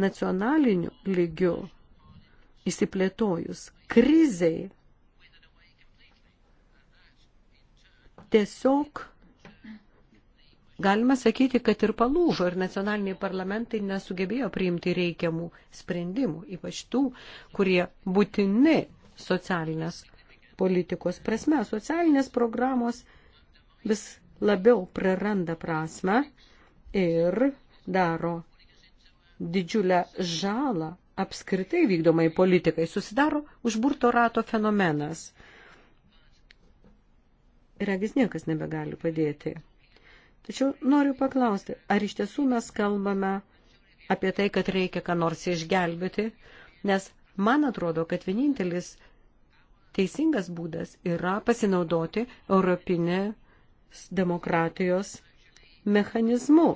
nacionaliniu lygiu įsiplėtojus kriziai tiesiog galima sakyti, kad ir palūžo ir nacionaliniai parlamentai nesugebėjo priimti reikiamų sprendimų, ypač tų, kurie būtini socialinės politikos prasme. Socialinės programos vis labiau praranda prasme ir daro didžiulę žalą apskritai vykdomai politikai. Susidaro užburto rato fenomenas. Regis niekas nebegali padėti. Tačiau noriu paklausti, ar iš tiesų mes kalbame apie tai, kad reikia ką nors išgelbėti, nes man atrodo, kad vienintelis teisingas būdas yra pasinaudoti europinės demokratijos mechanizmu.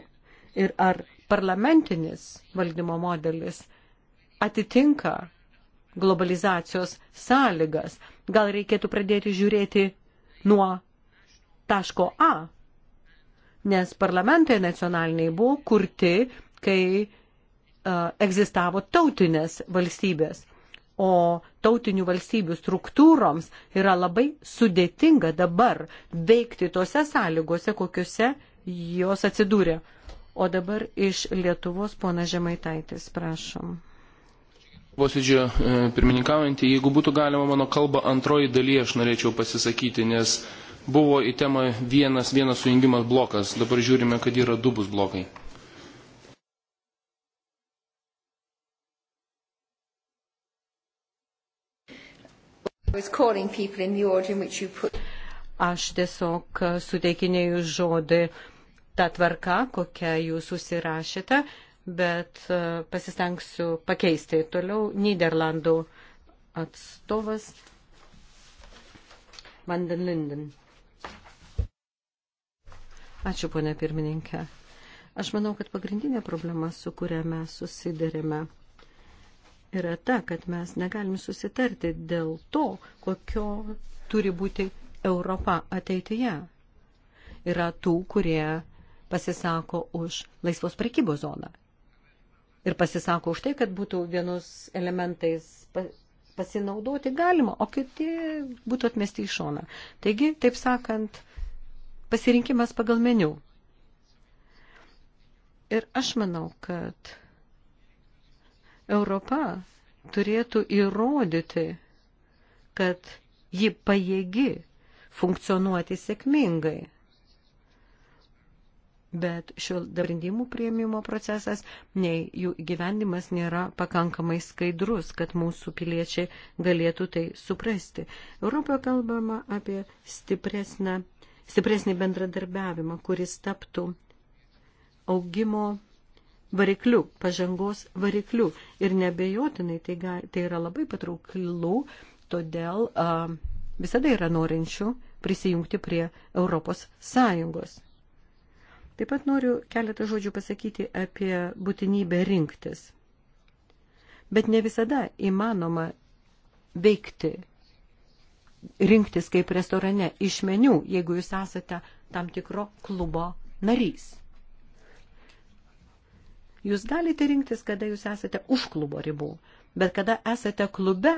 Ir ar parlamentinis valdymo modelis atitinka globalizacijos sąlygas. Gal reikėtų pradėti žiūrėti nuo taško A, nes parlamentai nacionaliniai buvo kurti, kai uh, egzistavo tautinės valstybės. O tautinių valstybių struktūroms yra labai sudėtinga dabar veikti tose sąlygose, kokiuose jos atsidūrė. O dabar iš Lietuvos pona Žemaitaitis, prašom. Posėdžio e, pirmininkaujantį, jeigu būtų galima mano kalbą antroji dalyje, aš norėčiau pasisakyti, nes buvo į temą vienas, vienas sujungimas blokas, dabar žiūrime, kad yra du bus blokai. Aš tiesiog suteikinėjau žodį tą tvarką, kokią jūs užsirašėte, bet e, pasistengsiu pakeisti. Toliau Niderlandų atstovas Vanden Linden. Ačiū, ponė pirmininkė. Aš manau, kad pagrindinė problema, su kuria mes susidarėme, yra ta, kad mes negalim susitarti dėl to, kokio turi būti Europa ateityje. Yra tų, kurie pasisako už laisvos prekybos zoną. Ir pasisako už tai, kad būtų vienus elementais pasinaudoti galima, o kiti būtų atmesti į šoną. Taigi, taip sakant, pasirinkimas pagal meniu. Ir aš manau, kad Europa turėtų įrodyti, kad ji pajėgi funkcionuoti sėkmingai bet šio sprendimų prieimimo procesas, nei jų gyvendimas nėra pakankamai skaidrus, kad mūsų piliečiai galėtų tai suprasti. Europoje kalbama apie stipresnę, stipresnį bendradarbiavimą, kuris taptų augimo varikliu, pažangos varikliu. Ir nebejotinai tai, ga, tai yra labai patrauklų, todėl a, visada yra norinčių prisijungti prie Europos Sąjungos. Taip pat noriu keletą žodžių pasakyti apie būtinybę rinktis. Bet ne visada įmanoma veikti, rinktis kaip restorane iš meniu, jeigu jūs esate tam tikro klubo narys. Jūs galite rinktis, kada jūs esate už klubo ribų, bet kada esate klube,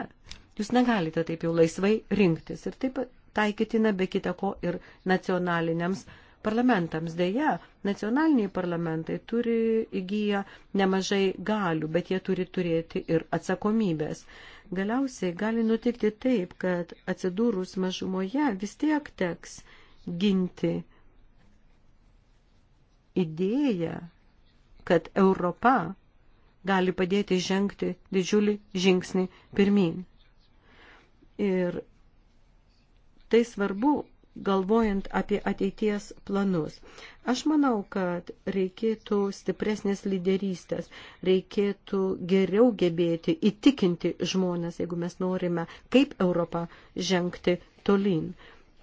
jūs negalite taip jau laisvai rinktis. Ir taip taikytina be kita ko ir nacionaliniams parlamentams. Deja, nacionaliniai parlamentai turi įgyję nemažai galių, bet jie turi turėti ir atsakomybės. Galiausiai gali nutikti taip, kad atsidūrus mažumoje vis tiek teks ginti idėją, kad Europa gali padėti žengti didžiulį žingsnį pirmin. Ir tai svarbu galvojant apie ateities planus. Aš manau, kad reikėtų stipresnės lyderystės, reikėtų geriau gebėti įtikinti žmonės, jeigu mes norime, kaip Europą žengti tolin.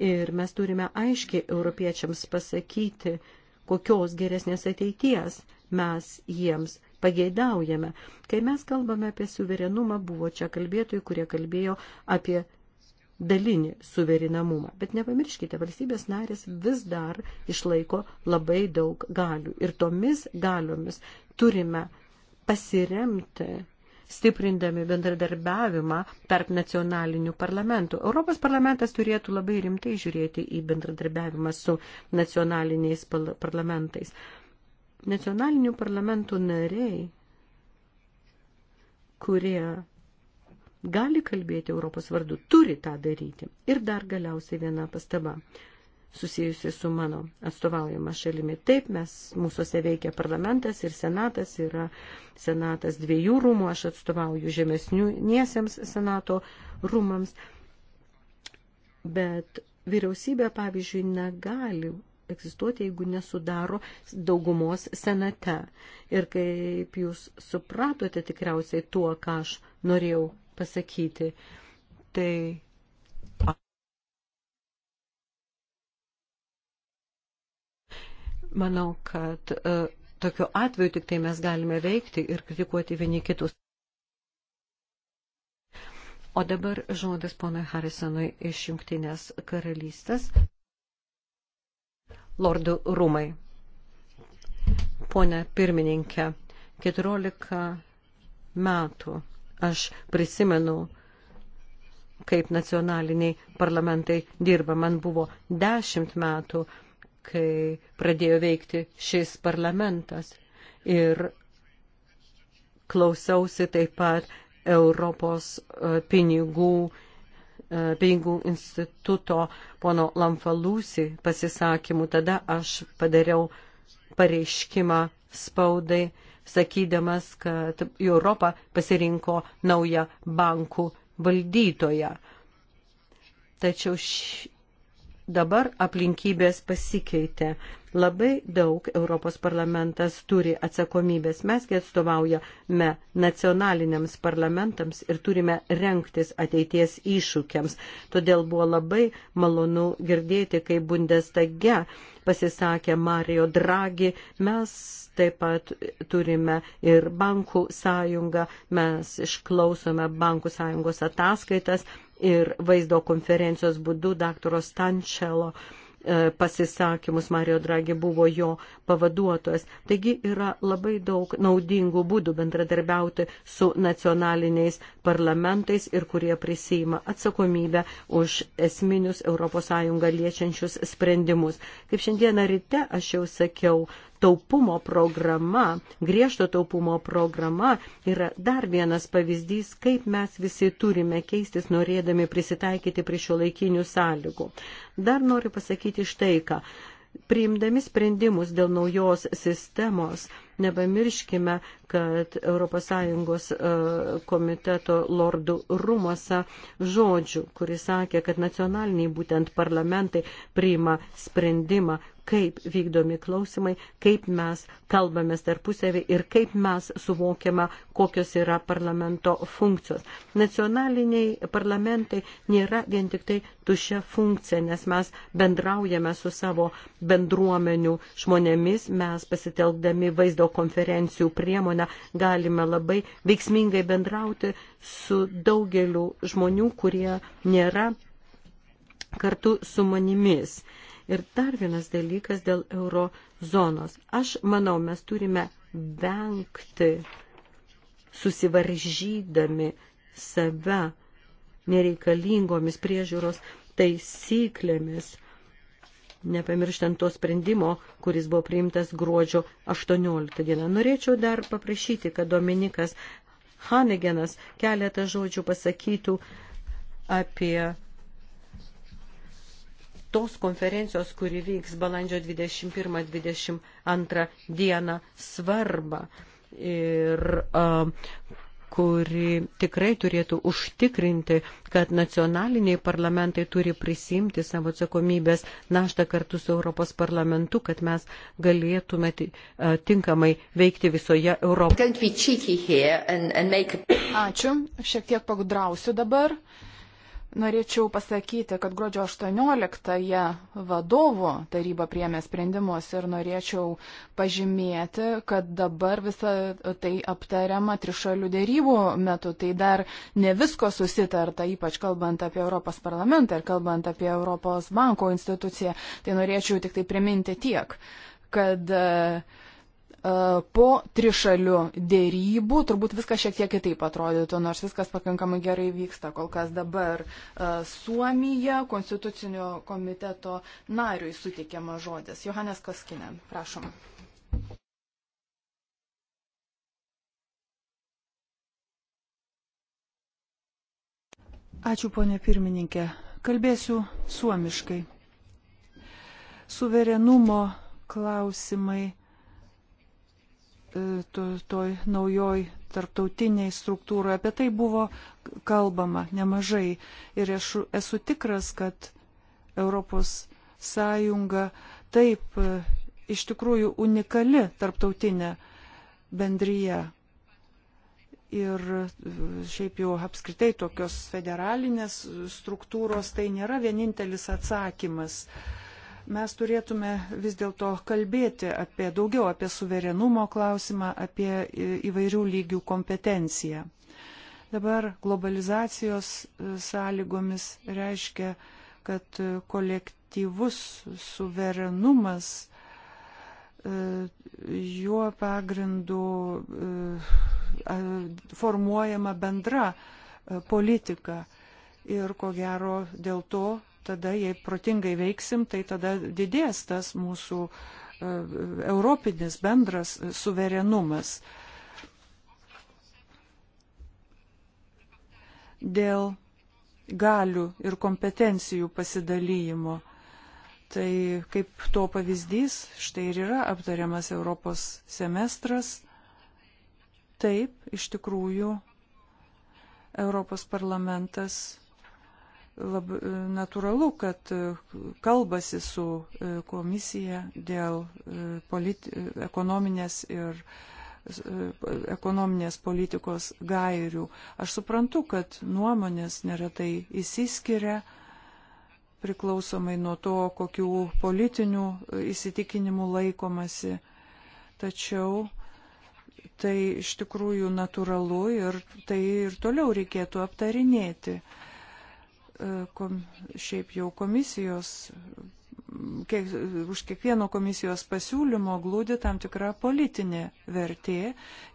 Ir mes turime aiškiai europiečiams pasakyti, kokios geresnės ateities mes jiems pageidaujame. Kai mes kalbame apie suverenumą, buvo čia kalbėtojų, kurie kalbėjo apie dalinį suverinamumą. Bet nepamirškite, valstybės narės vis dar išlaiko labai daug galių. Ir tomis galiomis turime pasiremti stiprindami bendradarbiavimą tarp nacionalinių parlamentų. Europos parlamentas turėtų labai rimtai žiūrėti į bendradarbiavimą su nacionaliniais parlamentais. Nacionalinių parlamentų nariai, kurie gali kalbėti Europos vardu, turi tą daryti. Ir dar galiausiai viena pastaba susijusi su mano atstovaujama šalimi. Taip, mes, mūsųse veikia parlamentas ir senatas, yra senatas dviejų rūmų, aš atstovauju žemesniesiems senato rūmams, bet vyriausybė, pavyzdžiui, negali egzistuoti, jeigu nesudaro daugumos senate. Ir kaip jūs supratote tikriausiai tuo, ką aš norėjau pasakyti. Tai manau, kad uh, tokiu atveju tik tai mes galime veikti ir kritikuoti vieni kitus. O dabar žodis ponui Harrisonui iš Junktinės karalystės. Lordų rūmai. Pone pirmininkė, 14 metų Aš prisimenu, kaip nacionaliniai parlamentai dirba. Man buvo dešimt metų, kai pradėjo veikti šis parlamentas. Ir klausiausi taip pat Europos e, pinigų, e, pinigų instituto pono Lamfalusi pasisakymų. Tada aš padariau pareiškimą spaudai sakydamas, kad Europą pasirinko naują bankų valdytoją. Tačiau š... dabar aplinkybės pasikeitė. Labai daug Europos parlamentas turi atsakomybės. Mesgi atstovaujame nacionaliniams parlamentams ir turime renktis ateities iššūkiams. Todėl buvo labai malonu girdėti, kai Bundestage pasisakė Mario Draghi. Mes taip pat turime ir bankų sąjungą, mes išklausome bankų sąjungos ataskaitas ir vaizdo konferencijos būdu daktaro Stančelo uh, E, pasisakymus, Mario Draghi buvo jo pavaduotojas. Taigi yra labai daug naudingų būdų bendradarbiauti su nacionaliniais parlamentais ir kurie prisima atsakomybę už esminius ES liečiančius sprendimus. Kaip šiandieną ryte aš jau sakiau, taupumo programa, griežto taupumo programa yra dar vienas pavyzdys, kaip mes visi turime keistis, norėdami prisitaikyti prie šio laikinių sąlygų. Dar noriu pasakyti štai ką. Priimdami sprendimus dėl naujos sistemos, nepamirškime, kad ES e, komiteto lordų rūmose žodžių, kuris sakė, kad nacionaliniai būtent parlamentai priima sprendimą, kaip vykdomi klausimai, kaip mes kalbamės tarpusavį ir kaip mes suvokiame, kokios yra parlamento funkcijos. Nacionaliniai parlamentai nėra vien tik tai tušia funkcija, nes mes bendraujame su savo bendruomenių žmonėmis, mes pasitelkdami vaizdo konferencijų priemonę galime labai veiksmingai bendrauti su daugeliu žmonių, kurie nėra kartu su manimis. Ir dar vienas dalykas dėl eurozonos. Aš manau, mes turime vengti susivaržydami save nereikalingomis priežiūros taisyklėmis, nepamirštant to sprendimo, kuris buvo priimtas gruodžio 18 dieną. Norėčiau dar paprašyti, kad Dominikas Hanegenas keletą žodžių pasakytų apie tos konferencijos, kuri vyks balandžio 21-22 dieną svarbą ir uh, kuri tikrai turėtų užtikrinti, kad nacionaliniai parlamentai turi prisimti savo atsakomybės naštą kartu su Europos parlamentu, kad mes galėtume tinkamai veikti visoje Europoje. Ačiū, šiek tiek pagudrausiu dabar. Uh, Norėčiau pasakyti, kad gruodžio 18-ąją vadovų taryba priemė sprendimus ir norėčiau pažymėti, kad dabar visą tai aptariama trišalių dėrybų metu. Tai dar ne visko susitarta, ypač kalbant apie Europos parlamentą ir kalbant apie Europos banko instituciją. Tai norėčiau tik tai priminti tiek, kad uh, E, po trišalių dėrybų turbūt viskas šiek tiek kitaip atrodytų, nors viskas pakankamai gerai vyksta. Kol kas dabar e, Suomija konstitucinio komiteto nariui suteikiama žodis. Johannes Koskinen, prašom. Ačiū, ponė pirmininkė. Kalbėsiu suomiškai. Suverenumo klausimai E, toj to, naujoj tarptautiniai struktūroje. Apie tai buvo kalbama nemažai. Ir aš esu tikras, kad Europos Sąjunga taip e, iš tikrųjų unikali tarptautinė bendryje. Ir e, šiaip jau apskritai tokios federalinės struktūros tai nėra vienintelis atsakymas. Uh, mes turėtume vis dėlto kalbėti apie daugiau apie suverenumo klausimą, apie įvairių lygių kompetenciją. Dabar globalizacijos e, sąlygomis reiškia, kad e, kolektyvus suverenumas e, juo pagrindu formuojama bendra politika. Ir ko gero dėl to tada jei protingai veiksim, tai tada didės tas mūsų e, europinis bendras suverenumas. Dėl galių ir kompetencijų pasidalymo. Tai kaip to pavyzdys, štai ir yra aptariamas Europos semestras. Taip, iš tikrųjų, Europos parlamentas lab, e, natūralu, kad e, kalbasi su e, komisija dėl politi, ekonominės ir ekonominės politikos gairių. Aš suprantu, kad nuomonės neretai įsiskiria priklausomai nuo to, kokių politinių įsitikinimų laikomasi. Tačiau tai iš tikrųjų natūralu ir tai ir toliau reikėtų aptarinėti. E, kom, šiaip jau komisijos, kiek, už kiekvieno komisijos pasiūlymo glūdi tam tikra politinė vertė,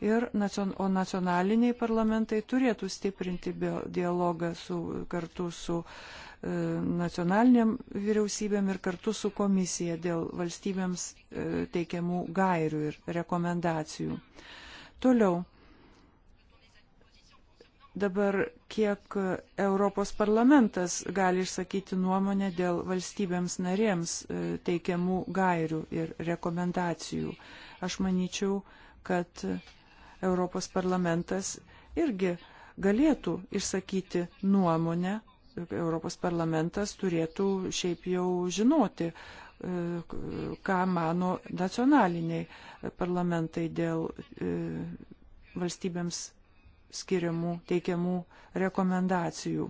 ir, o nacionaliniai parlamentai turėtų stiprinti dialogą su, kartu su e, nacionaliniam vyriausybėm ir kartu su komisija dėl valstybėms e, teikiamų gairių ir rekomendacijų. Toliau dabar, kiek Europos parlamentas gali išsakyti nuomonę dėl valstybėms narėms e, teikiamų gairių ir rekomendacijų. Aš manyčiau, kad Europos parlamentas irgi galėtų išsakyti nuomonę. Europos parlamentas turėtų šiaip jau žinoti, e, ką mano nacionaliniai parlamentai dėl e, valstybėms skiriamų, teikiamų rekomendacijų.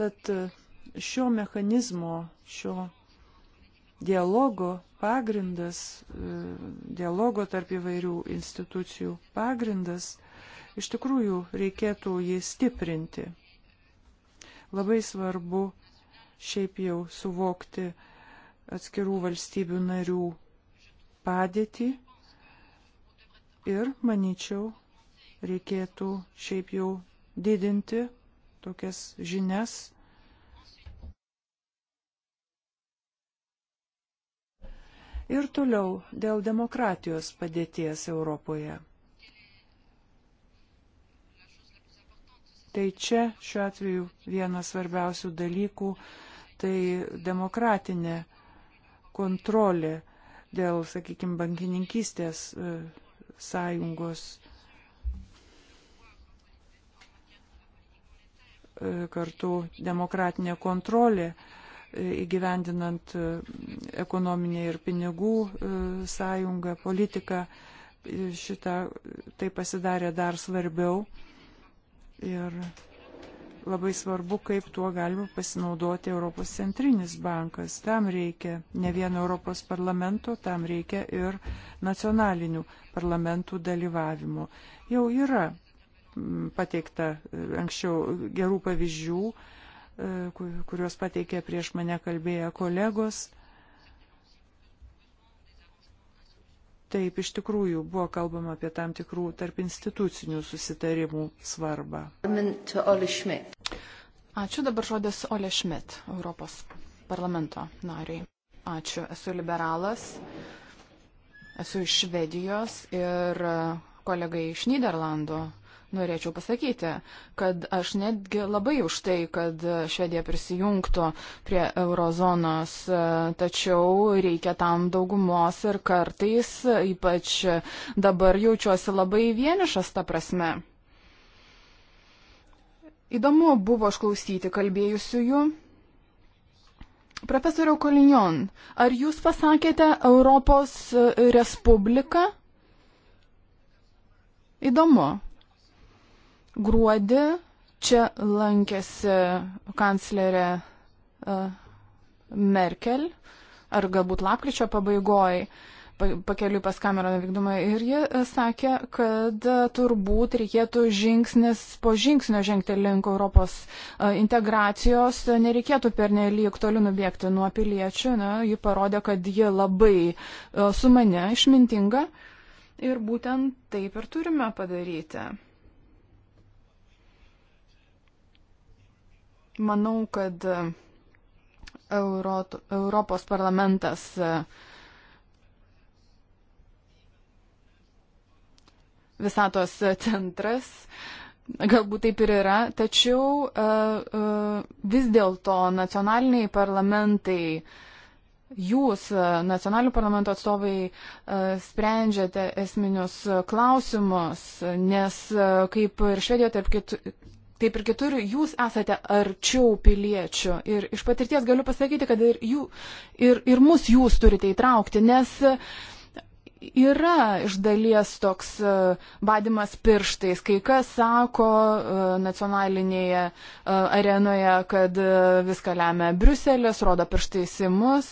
Tad šio mechanizmo, šio dialogo pagrindas, dialogo tarp įvairių institucijų pagrindas, iš tikrųjų reikėtų jį stiprinti. Labai svarbu šiaip jau suvokti atskirų valstybių narių padėtį ir, manyčiau, reikėtų šiaip jau didinti tokias žinias. Ir toliau dėl demokratijos padėties Europoje. Tai čia šiuo atveju vienas svarbiausių dalykų tai demokratinė kontrolė dėl, sakykime, bankininkystės e, sąjungos e, kartu demokratinė kontrolė e, įgyvendinant ekonominę ir pinigų sąjungą, politiką, šitą tai pasidarė dar svarbiau. Ir labai svarbu, kaip tuo galima pasinaudoti Europos centrinis bankas. Tam reikia ne vieno Europos parlamento, tam reikia ir nacionalinių parlamentų dalyvavimo. Jau yra mm, pateikta e, anksčiau gerų pavyzdžių, e, kuriuos pateikė prieš mane kalbėję kolegos. Taip, iš tikrųjų buvo kalbama apie tam tikrų tarp institucinių susitarimų svarbą. Ačiū dabar žodis Ole Schmidt, Europos parlamento nariai. Ačiū, esu liberalas, esu iš Švedijos ir e, kolegai iš Niderlandų norėčiau pasakyti, kad aš netgi labai už tai, kad Švedija prisijungtų prie eurozonos, tačiau reikia tam daugumos ir kartais, ypač dabar jaučiuosi labai vienišas tą prasme. Įdomu buvo išklausyti kalbėjusiųjų. Profesoriau Kolinjon, ar jūs pasakėte Europos Respubliką? Įdomu. Gruodį čia lankėsi kanclerė e, Merkel, ar galbūt lapkričio pabaigoje, pakeliui pas kamerą vykdomą, ir ji e, sakė, kad e, turbūt reikėtų žingsnis po žingsnio žengti link Europos integracijos, nereikėtų per nelik toli nubėgti nuo piliečių, na, ji parodė, kad ji labai sumane, išmintinga, ir būtent taip ir turime padaryti. Manau, kad e, Euro, Europos parlamentas e, visatos centras, galbūt taip ir yra, tačiau e, vis dėlto nacionaliniai parlamentai jūs, nacionalinių parlamento atstovai, sprendžiate esminius klausimus, nes kaip ir Švedijoje, tarp, kitų, kaip ir kitur, jūs esate arčiau piliečių. Ir iš patirties galiu pasakyti, kad ir, jų, ir, ir mus jūs turite įtraukti, nes yra iš dalies toks e, badimas pirštais, kai kas sako e, nacionalinėje e, arenoje, kad viską lemia Briuselis, rodo pirštais į mus.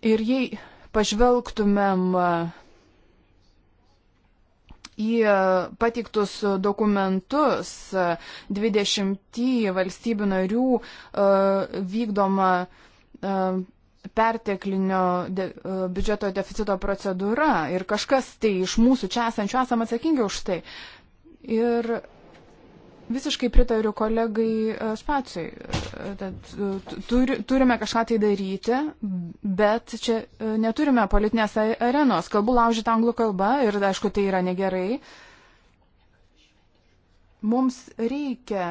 Ir jei pažvelgtumėm į e, pateiktus dokumentus 20 valstybių narių e, vykdoma e, perteklinio de, biudžeto deficito procedūra ir kažkas tai iš mūsų čia esančių esam atsakingi už tai. Ir Visiškai pritariu kolegai e, Spacijai. E, e, turi, turime kažką tai daryti, bet čia neturime politinės arenos. Kalbu laužyti anglų kalbą ir, aišku, tai yra negerai. Mums reikia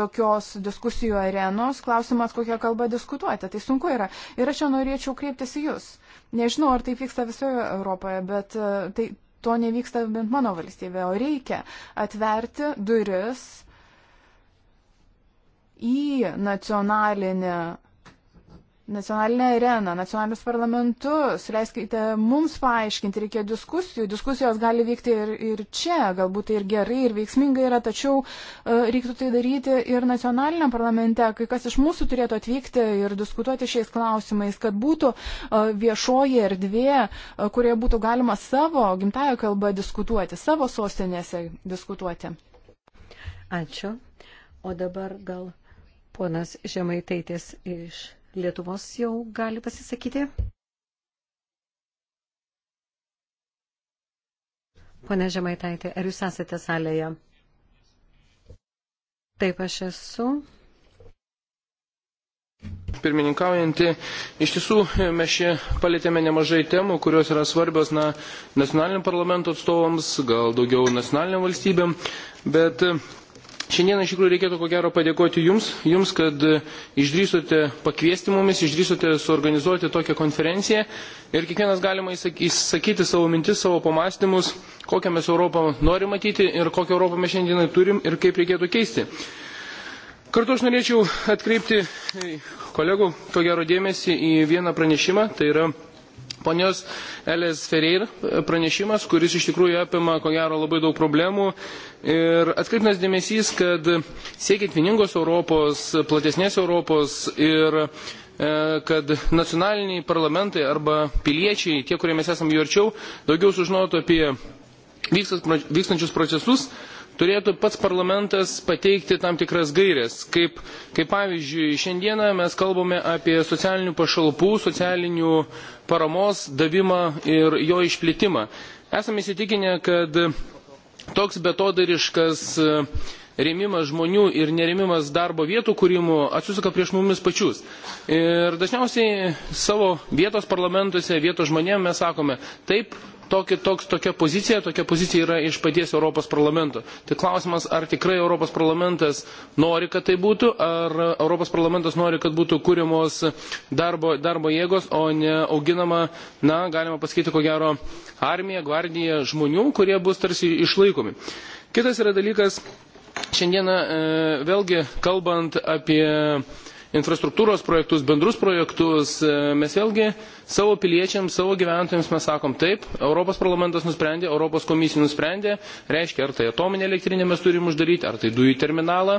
tokios diskusijų arenos, klausimas, kokią kalbą diskutuojate, tai sunku yra. Ir aš čia norėčiau kreiptis į Jūs. Nežinau, ar tai vyksta visoje Europoje, bet tai, to nevyksta bent mano valstybė, o reikia atverti duris į nacionalinę nacionalinę areną, nacionalinius parlamentus, leiskite mums paaiškinti, reikia diskusijų, diskusijos gali vykti ir, ir čia, galbūt tai ir gerai, ir veiksmingai yra, tačiau e, reiktų tai daryti ir nacionaliniam parlamente, kai kas iš mūsų turėtų atvykti ir diskutuoti šiais klausimais, kad būtų e, viešoji erdvė, e, kurioje būtų galima savo gimtają kalbą diskutuoti, savo sostinėse diskutuoti. Ačiū. O dabar gal ponas Žemaitaitis iš Lietuvos jau gali pasisakyti. Pone Žemaitaitė, ar jūs esate salėje? Taip aš esu. Pirmininkaujantį, iš tiesų mes čia palėtėme nemažai temų, kurios yra svarbios na, nacionaliniam parlamento atstovams, gal daugiau nacionaliniam valstybėm, bet Šiandien iš tikrųjų reikėtų ko gero padėkoti Jums, Jums, kad e, išdrysote pakviesti mumis, išdrysote suorganizuoti tokią konferenciją ir kiekvienas galima įsakyti savo mintis, savo pamastymus, kokią mes Europą norime matyti ir kokią Europą mes šiandieną turim ir kaip reikėtų keisti. Kartu aš norėčiau atkreipti kolegų, ko gero, dėmesį į vieną pranešimą, tai yra ponios Elės Ferreir e, pranešimas, kuris iš tikrųjų apima, ko gero, labai daug problemų. Ir atkreipnas dėmesys, kad siekiant vieningos Europos, platesnės Europos ir e, kad nacionaliniai parlamentai arba piliečiai, tie, kurie mes esame jų arčiau, daugiau sužinotų apie vykstančius procesus, turėtų pats parlamentas pateikti tam tikras gairias, kaip, kaip pavyzdžiui, šiandieną mes kalbame apie socialinių pašalpų, socialinių paramos davimą ir jo išplitimą. Esame įsitikinę, kad toks betodariškas e, rėmimas žmonių ir nerėmimas darbo vietų kūrimo atsisuka prieš mumis pačius. Ir dažniausiai savo vietos parlamentuose, vietos žmonėms mes sakome, taip, Tokia, toks, tokia pozicija, tokia pozicija yra iš paties Europos parlamento. Tai klausimas, ar tikrai Europos parlamentas nori, kad tai būtų, ar Europos parlamentas nori, kad būtų kūriamos darbo, darbo jėgos, o ne auginama, na, galima pasakyti, ko gero, armija, gvardija žmonių, kurie bus tarsi išlaikomi. Kitas yra dalykas, šiandieną e, vėlgi kalbant apie infrastruktūros projektus, bendrus projektus, e, mes vėlgi savo piliečiams, savo gyventojams mes sakom taip, Europos parlamentas nusprendė, Europos komisija nusprendė, reiškia, ar tai atominė elektrinė mes turim uždaryti, ar tai dujų terminalą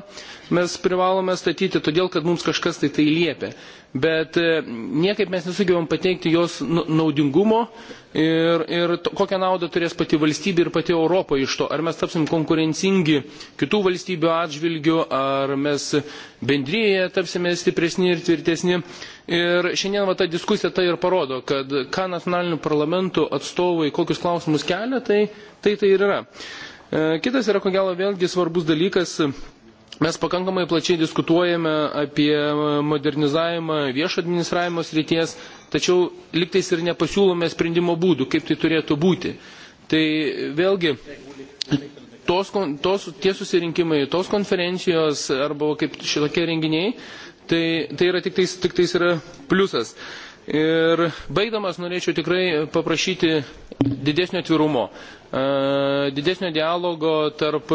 mes privalome statyti, todėl kad mums kažkas tai tai liepia bet e, niekaip mes nesugebam pateikti jos nu, naudingumo ir, ir kokią naudą turės pati valstybė ir pati Europa iš to. Ar mes tapsim konkurencingi kitų valstybių atžvilgių, ar mes bendryje tapsime stipresni ir tvirtesni. Ir šiandien va, ta diskusija tai ir parodo, kad ką nacionalinių parlamentų atstovai kokius klausimus kelia, tai tai, tai ir yra. E, kitas yra, ko gero, vėlgi svarbus dalykas Mes pakankamai plačiai diskutuojame apie modernizavimą viešo administravimo srities, tačiau liktais ir nepasiūlome sprendimo būdų, kaip tai turėtų būti. Tai vėlgi tos, tos, tie susirinkimai, tos konferencijos arba kaip šitokie renginiai, tai, tai yra tik tais, tik tais yra pliusas. Ir baigdamas norėčiau tikrai paprašyti didesnio atvirumo. E, didesnio dialogo tarp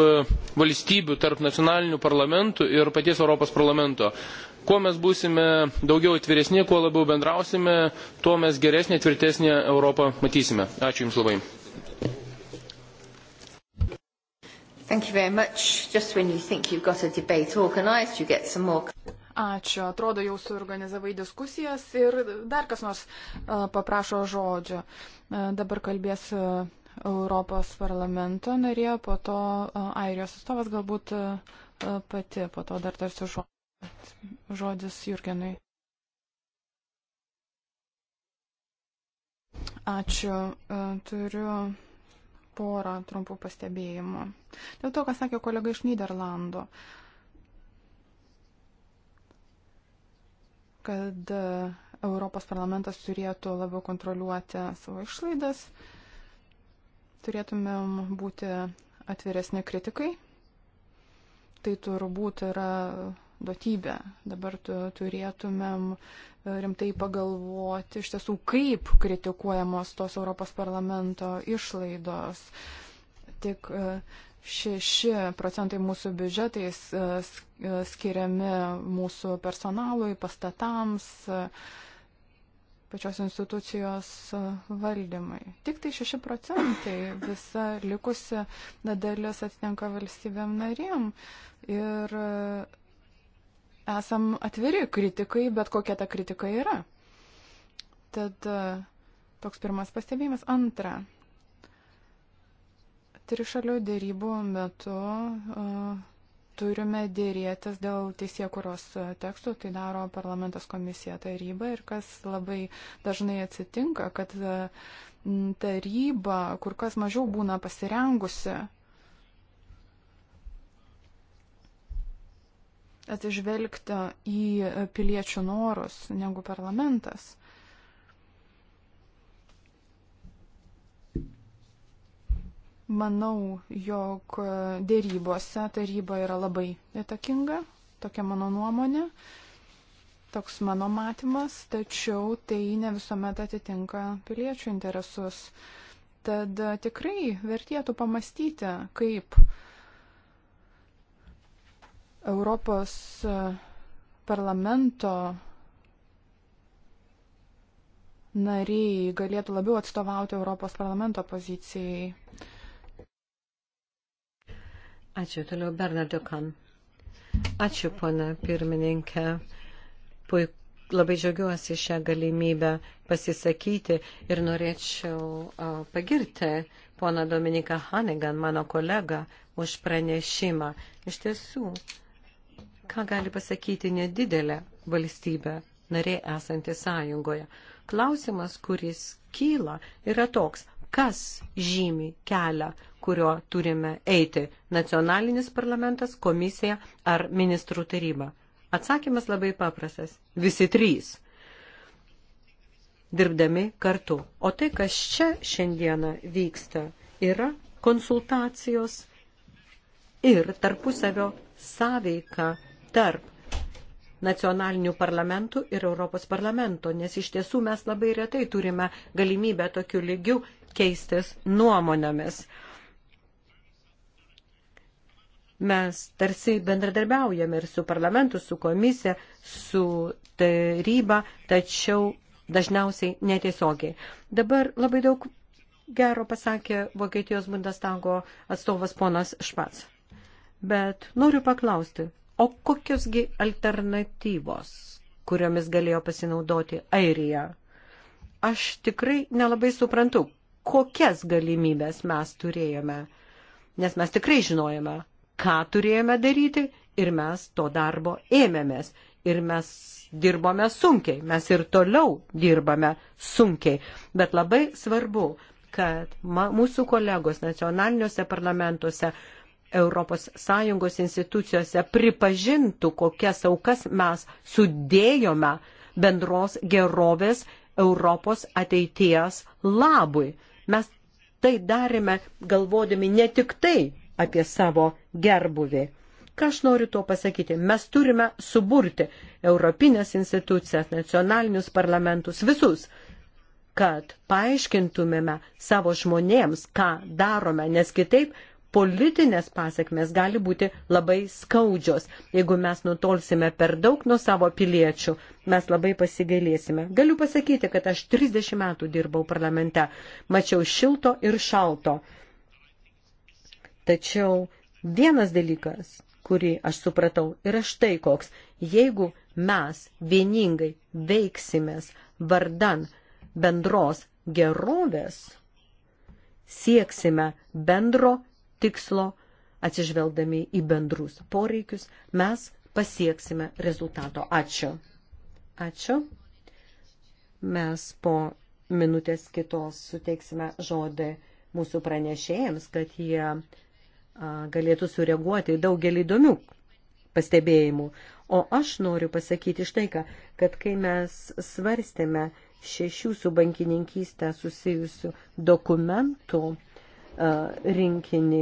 valstybių, tarp nacionalinių parlamentų ir paties Europos parlamento. Kuo mes būsime daugiau atviresni, kuo labiau bendrausime, tuo mes geresnį, tvirtesnį Europą matysime. Ačiū Jums labai. Thank you very much. Just when you think you've got a debate organized, you get some more. Ačiū. Atrodo, jau suorganizavai diskusijas ir dar kas nors e, paprašo žodžio. E, dabar kalbės Europos parlamento narė, po to Airijos atstovas galbūt pati, po to dar tarsi žodis Jurgenui. Ačiū. Turiu porą trumpų pastebėjimų. Dėl to, ką sakė kolega iš Niderlandų, kad Europos parlamentas turėtų labiau kontroliuoti savo išlaidas. Uh, turėtumėm būti atviresni kritikai. Tai turbūt yra duotybė. Dabar tu, turėtumėm e, rimtai pagalvoti iš tiesų, kaip kritikuojamos tos Europos parlamento išlaidos. Tik 6 e, procentai mūsų biudžetais e, skiriami mūsų personalui, pastatams. Uh, pačios institucijos e, valdymai. Tik tai 6 procentai visa likusi dalis atitenka valstybėm narėm. Ir e, esam atviri kritikai, bet kokia ta kritika yra. Tad e, toks pirmas pastebėjimas. Antra. Trišalių dėrybų metu uh, turime dėrėtis dėl teisėkuros tekstų, tai daro parlamentas komisija taryba ir kas labai dažnai atsitinka, kad e, taryba kur kas mažiau būna pasirengusi atsižvelgti į piliečių norus negu parlamentas. Manau, jog dėrybose taryba yra labai įtakinga, tokia mano nuomonė, toks mano matymas, tačiau tai ne visuomet atitinka piliečių interesus. Tad tikrai vertėtų pamastyti, kaip Europos parlamento nariai galėtų labiau atstovauti Europos parlamento pozicijai Ačiū. Toliau Bernardukan. Ačiū, pana pirmininkė. Puiku labai džiaugiuosi šią galimybę pasisakyti ir norėčiau pagirti poną Dominiką Hanegan, mano kolegą, už pranešimą. Iš tiesų, ką gali pasakyti nedidelė valstybė narė esanti sąjungoje? Klausimas, kuris kyla, yra toks, kas žymi kelią, kurio turime eiti - nacionalinis parlamentas, komisija ar ministrų taryba. Atsakymas labai paprastas - visi trys dirbdami kartu. O tai, kas čia šiandieną vyksta, yra konsultacijos ir tarpusavio sąveika tarp nacionalinių parlamentų ir Europos parlamento, nes iš tiesų mes labai retai turime galimybę tokiu lygiu keistis nuomonėmis. Mes tarsi bendradarbiaujame ir su parlamentu, su komisija, su taryba, tačiau dažniausiai netiesiogiai. Dabar labai daug gero pasakė Vokietijos Bundestago atstovas ponas Špats. Bet noriu paklausti, o kokiosgi alternatyvos, kuriomis galėjo pasinaudoti Airija? Aš tikrai nelabai suprantu, kokias galimybės mes turėjome, nes mes tikrai žinojame, ką turėjome daryti ir mes to darbo ėmėmės ir mes dirbome sunkiai, mes ir toliau dirbame sunkiai, bet labai svarbu, kad mūsų kolegos nacionaliniuose parlamentuose ES institucijose pripažintų, kokias aukas mes sudėjome bendros gerovės Europos ateities labui. Mes tai darėme galvodami ne tik tai apie savo gerbuvį. Ką aš noriu tuo pasakyti? Mes turime suburti Europinės institucijas, nacionalinius parlamentus, visus, kad paaiškintumėme savo žmonėms, ką darome, nes kitaip politinės pasiekmes gali būti labai skaudžios. Jeigu mes nutolsime per daug nuo savo piliečių, mes labai pasigailėsime. Galiu pasakyti, kad aš 30 metų dirbau parlamente, mačiau šilto ir šalto. Tačiau vienas dalykas, kurį aš supratau, yra štai koks. Jeigu mes vieningai veiksimės vardan bendros gerovės, sieksime bendro tikslo, atsižvelgdami į bendrus poreikius, mes pasieksime rezultato. Ačiū. Ačiū. Mes po minutės kitos suteiksime žodį mūsų pranešėjams, kad jie a, galėtų sureaguoti į daugelį įdomių pastebėjimų. O aš noriu pasakyti štai ką, kad kai mes svarstėme šešių su bankininkystė susijusių dokumentų, E, rinkinį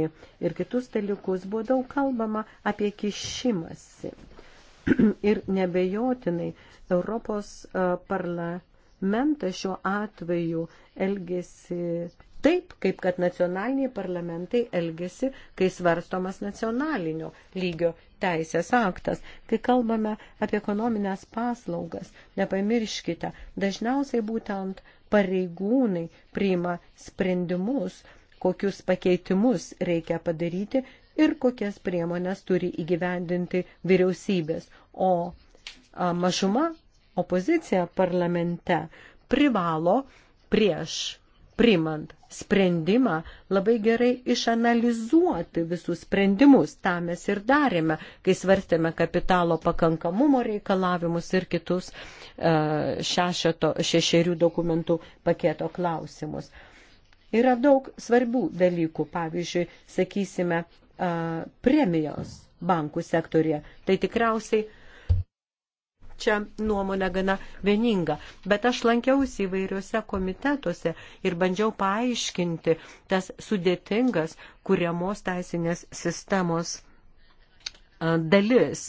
ir kitus dalykus, buvo daug kalbama apie kišimasi. Ir nebejotinai Europos e, parlamentas šiuo atveju elgesi taip, kaip kad nacionaliniai parlamentai elgesi, kai svarstomas nacionalinio lygio teisės aktas. Kai kalbame apie ekonominės paslaugas, nepamirškite, dažniausiai būtent pareigūnai priima sprendimus, kokius pakeitimus reikia padaryti ir kokias priemonės turi įgyvendinti vyriausybės. O mažuma opozicija parlamente privalo prieš primant sprendimą labai gerai išanalizuoti visus sprendimus. Ta mes ir darėme, kai svarstėme kapitalo pakankamumo reikalavimus ir kitus šešeto, šešerių dokumentų paketo klausimus. Yra daug svarbių dalykų, pavyzdžiui, sakysime, premijos bankų sektorija. Tai tikriausiai čia nuomonė gana vieninga. Bet aš lankiausi įvairiuose komitetuose ir bandžiau paaiškinti tas sudėtingas kuriamos teisinės sistemos dalis,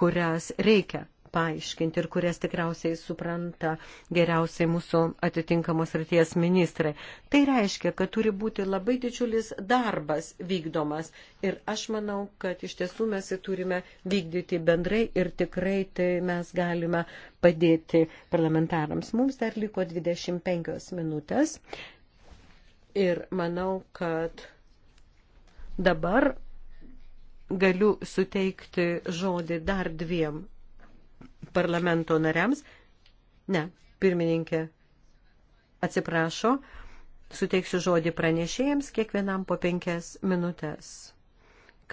kurias reikia paaiškinti ir kurias tikriausiai supranta geriausiai mūsų atitinkamos ryties ministrai. Tai reiškia, kad turi būti labai didžiulis darbas vykdomas ir aš manau, kad iš tiesų mes jį turime vykdyti bendrai ir tikrai tai mes galime padėti parlamentarams. Mums dar liko 25 minutės ir manau, kad dabar galiu suteikti žodį dar dviem parlamento nariams. Ne, pirmininkė atsiprašo, suteiksiu žodį pranešėjams kiekvienam po penkias minutės,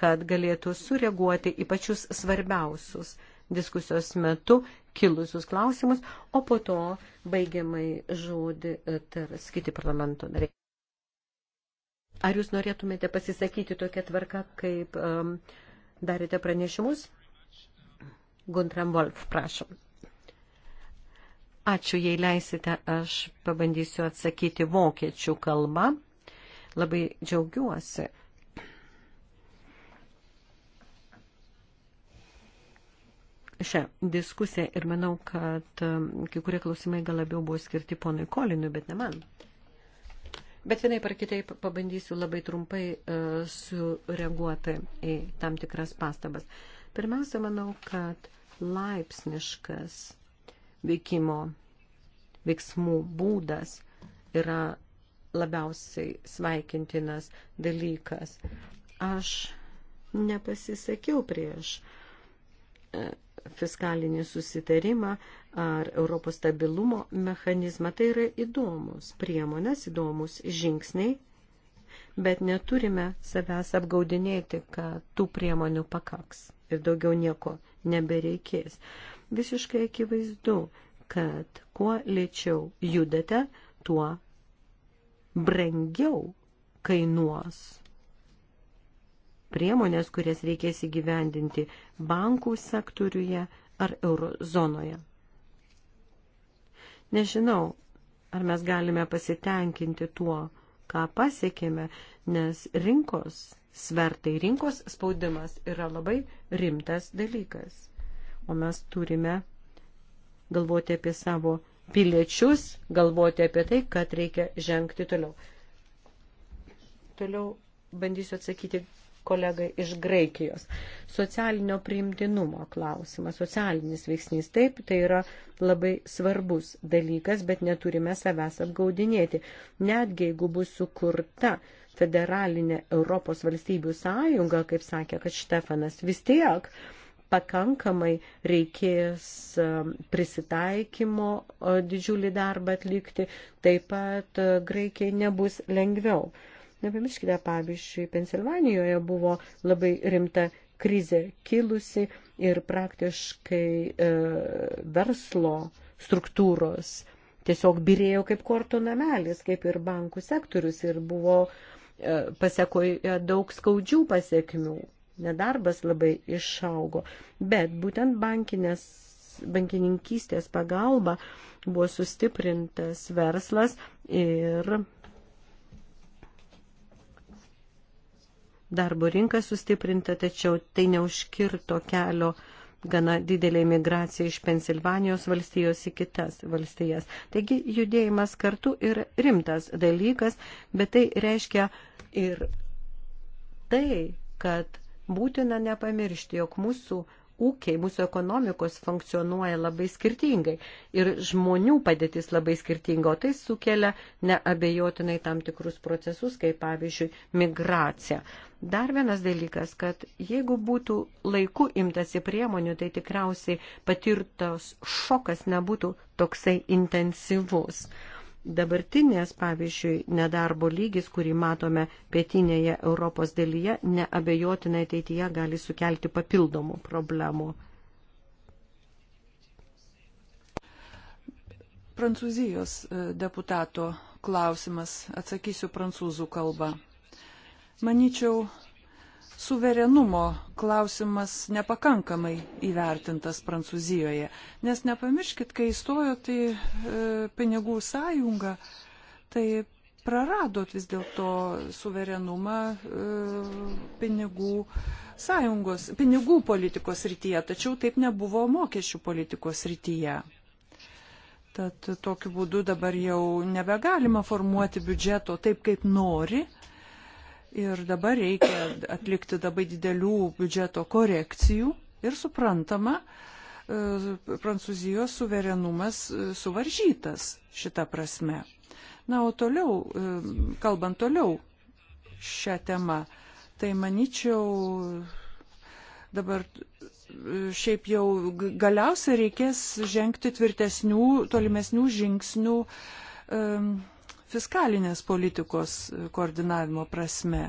kad galėtų sureaguoti į pačius svarbiausius diskusijos metu kilusius klausimus, o po to baigiamai žodį tars kiti parlamento nariai. Ar jūs norėtumėte pasisakyti tokią tvarką, kaip um, darėte pranešimus? Guntram Wolf, prašom. Ačiū, jei leisite, aš pabandysiu atsakyti vokiečių kalbą. Labai džiaugiuosi. Šią diskusiją ir manau, kad um, kai kurie klausimai gal labiau buvo skirti ponui Kolinui, bet ne man. Bet vienai par kitaip pabandysiu labai trumpai uh, sureaguoti į tam tikras pastabas. Pirmiausia, manau, kad uh, laipsniškas veikimo veiksmų būdas yra labiausiai sveikintinas dalykas. Aš nepasisakiau prieš e, fiskalinį susitarimą ar Europos stabilumo mechanizmą. Tai yra įdomus priemonės, įdomus žingsniai, bet neturime savęs apgaudinėti, kad tų priemonių pakaks ir daugiau nieko nebereikės. Visiškai akivaizdu, kad kuo lėčiau judate, tuo brangiau kainuos priemonės, kurias reikės įgyvendinti bankų sektoriuje ar eurozonoje. Nežinau, ar mes galime pasitenkinti tuo, ką pasiekėme, nes rinkos svertai, rinkos spaudimas yra labai rimtas dalykas. O mes turime galvoti apie savo piliečius, galvoti apie tai, kad reikia žengti toliau. Toliau bandysiu atsakyti kolegai iš Graikijos. Socialinio priimtinumo klausimas, socialinis veiksnys, taip, tai yra labai svarbus dalykas, bet neturime savęs apgaudinėti. Netgi jeigu bus sukurta uh, federalinė Europos valstybių sąjunga, kaip sakė, kad Štefanas vis tiek pakankamai reikės e, prisitaikymo e, didžiulį darbą atlikti, taip pat e, Graikijai nebus lengviau. Nepamirškite, pavyzdžiui, Pensilvanijoje buvo labai rimta krizė kilusi ir praktiškai e, verslo struktūros tiesiog birėjo kaip kortų namelis, kaip ir bankų sektorius ir buvo E, pasiekoja e, daug skaudžių pasiekmių. Nedarbas labai išaugo. Bet būtent bankinės, bankininkystės pagalba buvo sustiprintas verslas ir darbo rinka sustiprinta, tačiau tai neužkirto kelio uh, gana didelė migracija iš Pensilvanijos valstijos į kitas valstijas. Taigi judėjimas kartu ir rimtas dalykas, bet tai reiškia ir tai, kad būtina nepamiršti, jog mūsų ūkiai, mūsų ekonomikos funkcionuoja labai skirtingai ir žmonių padėtis labai skirtinga, o tai sukelia neabejotinai tam tikrus procesus, kaip pavyzdžiui migracija. Dar vienas dalykas, kad jeigu būtų laiku imtasi priemonių, tai tikriausiai patirtas šokas nebūtų toksai intensyvus. Uh, Dabartinės, pavyzdžiui, nedarbo lygis, kurį matome pietinėje Europos dalyje, neabejotinai ateityje gali sukelti papildomų problemų. Prancūzijos e, deputato klausimas, atsakysiu prancūzų kalbą. Maničiau, suverenumo klausimas nepakankamai įvertintas Prancūzijoje. Nes nepamirškit, kai įstojo tai e, pinigų sąjunga, tai praradot vis dėlto suverenumą e, pinigų sąjungos, pinigų politikos rytyje, tačiau taip nebuvo mokesčių politikos rytyje. Tad tokiu būdu dabar jau nebegalima formuoti biudžeto taip, kaip nori, Ir dabar reikia atlikti labai didelių biudžeto korekcijų ir suprantama, e, Prancūzijos suverenumas e, suvaržytas šitą prasme. Na, o toliau, e, kalbant toliau šią temą, tai manyčiau dabar šiaip jau galiausiai reikės žengti tvirtesnių, tolimesnių žingsnių fiskalinės politikos e, koordinavimo prasme.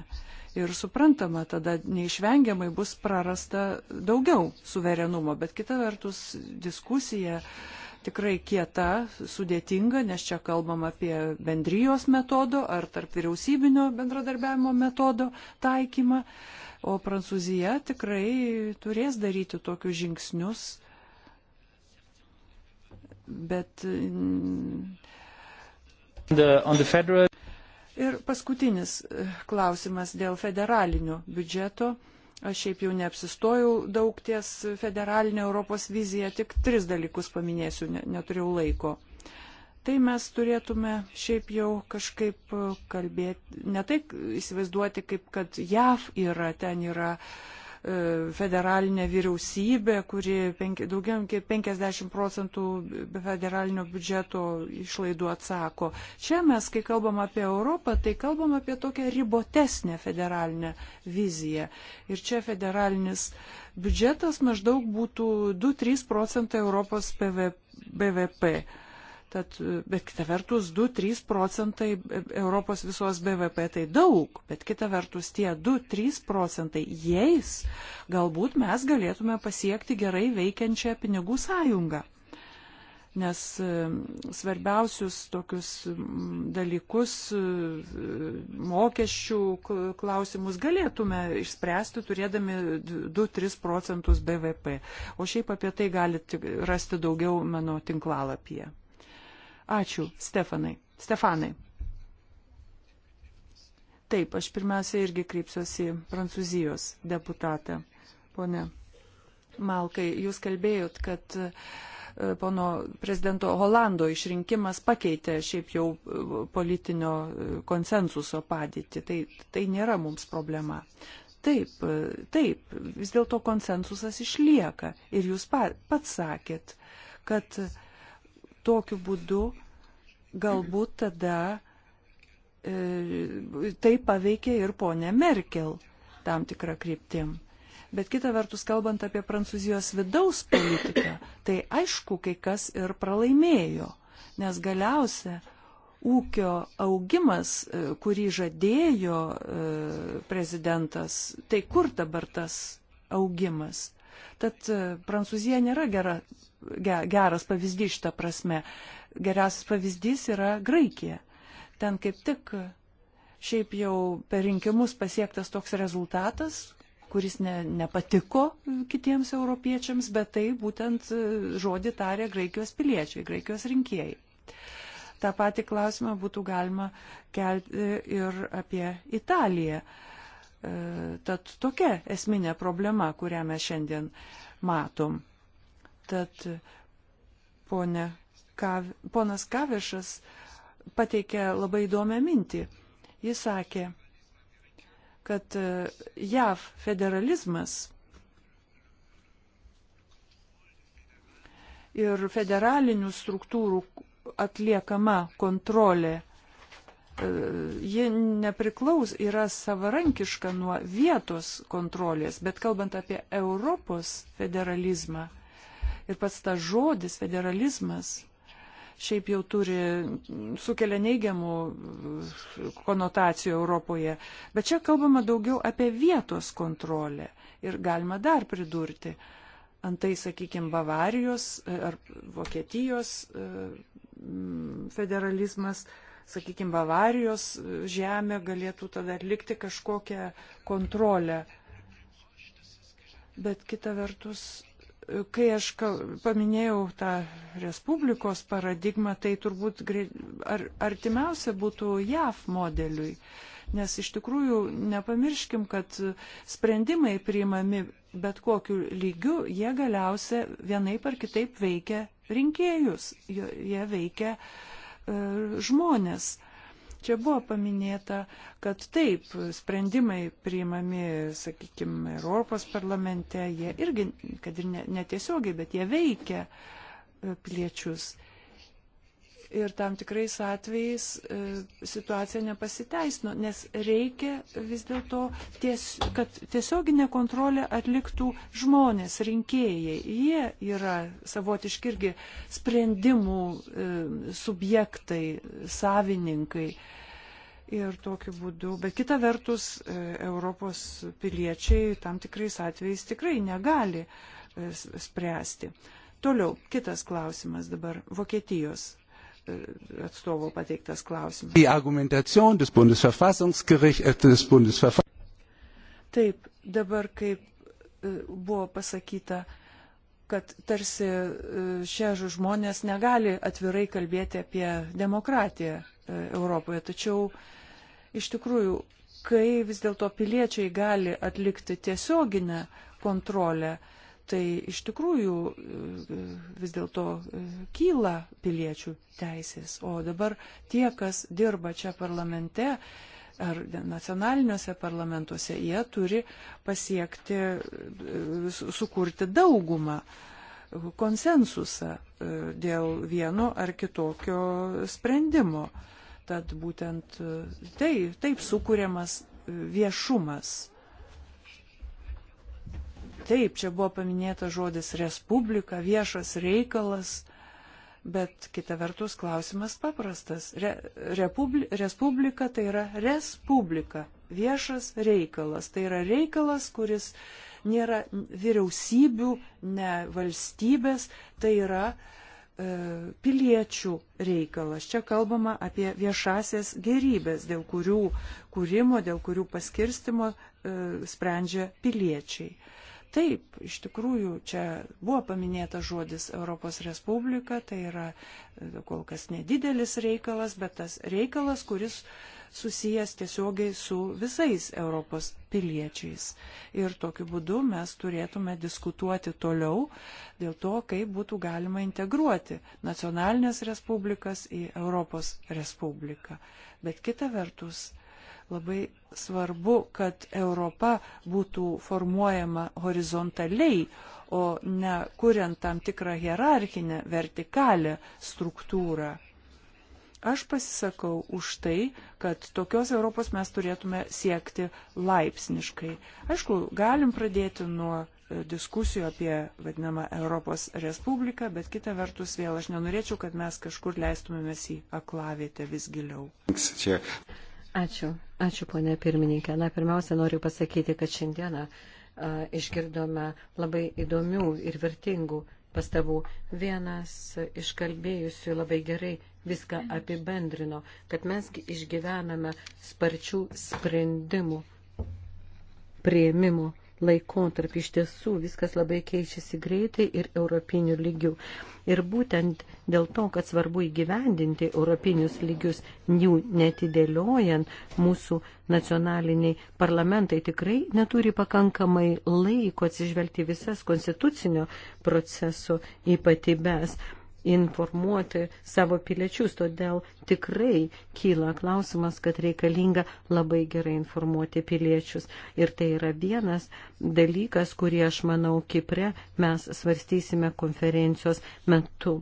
Ir suprantama, tada neišvengiamai bus prarasta daugiau suverenumo, bet kita vertus diskusija tikrai kieta, sudėtinga, nes čia kalbam apie bendrijos metodo ar tarp vyriausybinio bendradarbiavimo metodo taikymą, o Prancūzija tikrai turės daryti tokius žingsnius, bet The, the federal... Ir paskutinis e, klausimas dėl federalinio biudžeto. Aš šiaip jau neapsistojau daug ties federalinė Europos vizija, tik tris dalykus paminėsiu, ne, neturėjau laiko. Tai mes turėtume šiaip jau kažkaip e, kalbėti, ne taip įsivaizduoti, kaip kad JAV yra, ten yra uh, E, federalinė vyriausybė, kuri penki, daugiau kaip 50 procentų federalinio biudžeto išlaidų atsako. Čia mes, kai kalbam apie Europą, tai kalbam apie tokią ribotesnę federalinę viziją. Ir čia federalinis biudžetas maždaug būtų 2-3 procentai Europos PVP. Tad, e, bet kita vertus, 2-3 procentai e, Europos visos BVP tai daug, bet kita vertus tie 2-3 procentai jais galbūt mes galėtume pasiekti gerai veikiančią pinigų sąjungą. Nes e, svarbiausius tokius dalykus, mokesčių klausimus galėtume išspręsti turėdami 2-3 procentus BVP. O šiaip apie tai galite rasti daugiau mano tinklalapyje. Ačiū, Stefanai. Stefanai. Taip, aš pirmiausia irgi kreipsiuosi prancūzijos deputatą. Pone Malkai, jūs kalbėjot, kad e, pono prezidento Holando išrinkimas pakeitė šiaip jau e, politinio e, konsensuso padėtį. Tai, tai nėra mums problema. Taip, taip, vis dėlto konsensusas išlieka. Ir jūs pats sakėt, kad uh, Tokiu būdu galbūt tada e, tai paveikė ir ponė Merkel tam tikrą kryptim. Bet kita vertus, kalbant apie Prancūzijos vidaus politiką, tai aišku, kai kas ir pralaimėjo, nes galiausia ūkio augimas, e, kurį žadėjo e, prezidentas, tai kur dabar tas augimas? Tad e, Prancūzija nėra gera, geras pavyzdys šitą prasme. Geriausias pavyzdys yra Graikija. Ten kaip tik šiaip jau per rinkimus pasiektas toks rezultatas, kuris ne, nepatiko kitiems europiečiams, bet tai būtent e, žodį tarė Graikijos piliečiai, Graikijos rinkėjai. Ta pati klausimą būtų galima kelti e, ir apie Italiją. Uh, Tad tokia esminė problema, kurią mes šiandien matom. Tad ponė, kav, ponas Kavišas pateikė labai įdomią mintį. Jis sakė, kad e, JAV federalizmas ir federalinių struktūrų atliekama kontrolė E, ji nepriklaus, yra savarankiška nuo vietos kontrolės, bet kalbant apie Europos federalizmą ir pats tas žodis federalizmas šiaip jau turi, sukelia neigiamų konotacijų Europoje, bet čia kalbama daugiau apie vietos kontrolę ir galima dar pridurti. Antai, sakykime, Bavarijos e, ar Vokietijos e, federalizmas sakykime, Bavarijos žemė galėtų tada atlikti kažkokią kontrolę. Bet kita vertus, kai aš paminėjau tą Respublikos paradigmą, tai turbūt ar, artimiausia būtų JAF modeliui. Nes iš tikrųjų nepamirškim, kad sprendimai priimami bet kokiu lygiu, jie galiausia vienaip ar kitaip veikia rinkėjus, jie veikia uh, E, žmonės. Čia buvo paminėta, kad taip, sprendimai priimami, sakykime, Europos parlamente, jie irgi, kad ir netiesiogiai, bet jie veikia e, piliečius ir tam tikrais atvejais e, situacija nepasiteisino, nes reikia vis dėlto, ties, kad tiesioginė kontrolė atliktų žmonės, rinkėjai. Jie yra savotiški irgi sprendimų e, subjektai, savininkai. Ir tokiu būdu, bet kita vertus, e, Europos piliečiai tam tikrais atvejais tikrai negali spręsti. Toliau, kitas klausimas dabar - Vokietijos atstovų pateiktas klausimas. Äh, Taip, dabar kaip e, buvo pasakyta, kad tarsi šie žmonės negali atvirai kalbėti apie demokratiją e, Europoje. Tačiau iš tikrųjų, kai vis dėlto piliečiai gali atlikti tiesioginę kontrolę, tai iš tikrųjų e, vis dėlto e, kyla piliečių teisės. O dabar tie, kas dirba čia parlamente, ar nacionaliniuose parlamentuose, jie turi pasiekti, e, sukurti daugumą, konsensusą dėl vieno ar kitokio sprendimo. Tad būtent tai, taip sukūriamas viešumas Taip, čia buvo paminėta žodis respublika, viešas reikalas, bet kita vertus klausimas paprastas. Re, republi, respublika tai yra respublika, viešas reikalas. Tai yra reikalas, kuris nėra vyriausybių, ne valstybės, tai yra e, piliečių reikalas. Čia kalbama apie viešasias gerybės, dėl kurių kūrimo, dėl kurių paskirstimo e, sprendžia piliečiai. E, Taip, iš tikrųjų, čia buvo paminėta žodis Europos Respublika, tai yra e, kol kas nedidelis reikalas, bet tas reikalas, kuris susijęs tiesiogiai su visais Europos piliečiais. Ir tokiu būdu mes turėtume diskutuoti toliau dėl to, kaip būtų galima integruoti nacionalinės respublikas į Europos Respubliką. Bet kita vertus, Labai svarbu, kad Europa būtų formuojama horizontaliai, o ne kuriant tam tikrą hierarchinę, vertikalę struktūrą. Aš pasisakau už tai, kad tokios Europos mes turėtume siekti laipsniškai. Aišku, galim pradėti nuo e, diskusijų apie vadinamą Europos Respubliką, bet kita vertus vėl aš nenorėčiau, kad mes kažkur leistumėmės į aklavietę vis giliau. Čia. Ačiū. Ačiū, ponė pirmininkė. Na, pirmiausia, noriu pasakyti, kad šiandieną a, išgirdome labai įdomių ir vertingų pastabų. Vienas iš kalbėjusių labai gerai viską apibendrino, kad mes išgyvename sparčių sprendimų prieimimo laikotarpį. Iš tiesų viskas labai keičiasi greitai ir europinių lygių. Ir būtent dėl to, kad svarbu įgyvendinti europinius lygius, jų netidėliojant, mūsų nacionaliniai parlamentai tikrai neturi pakankamai laiko atsižvelgti visas konstitucinio proceso ypatybės informuoti savo piliečius, todėl tikrai kyla klausimas, kad reikalinga labai gerai informuoti piliečius. Ir tai yra vienas dalykas, kurį aš manau Kipre mes svarstysime konferencijos metu.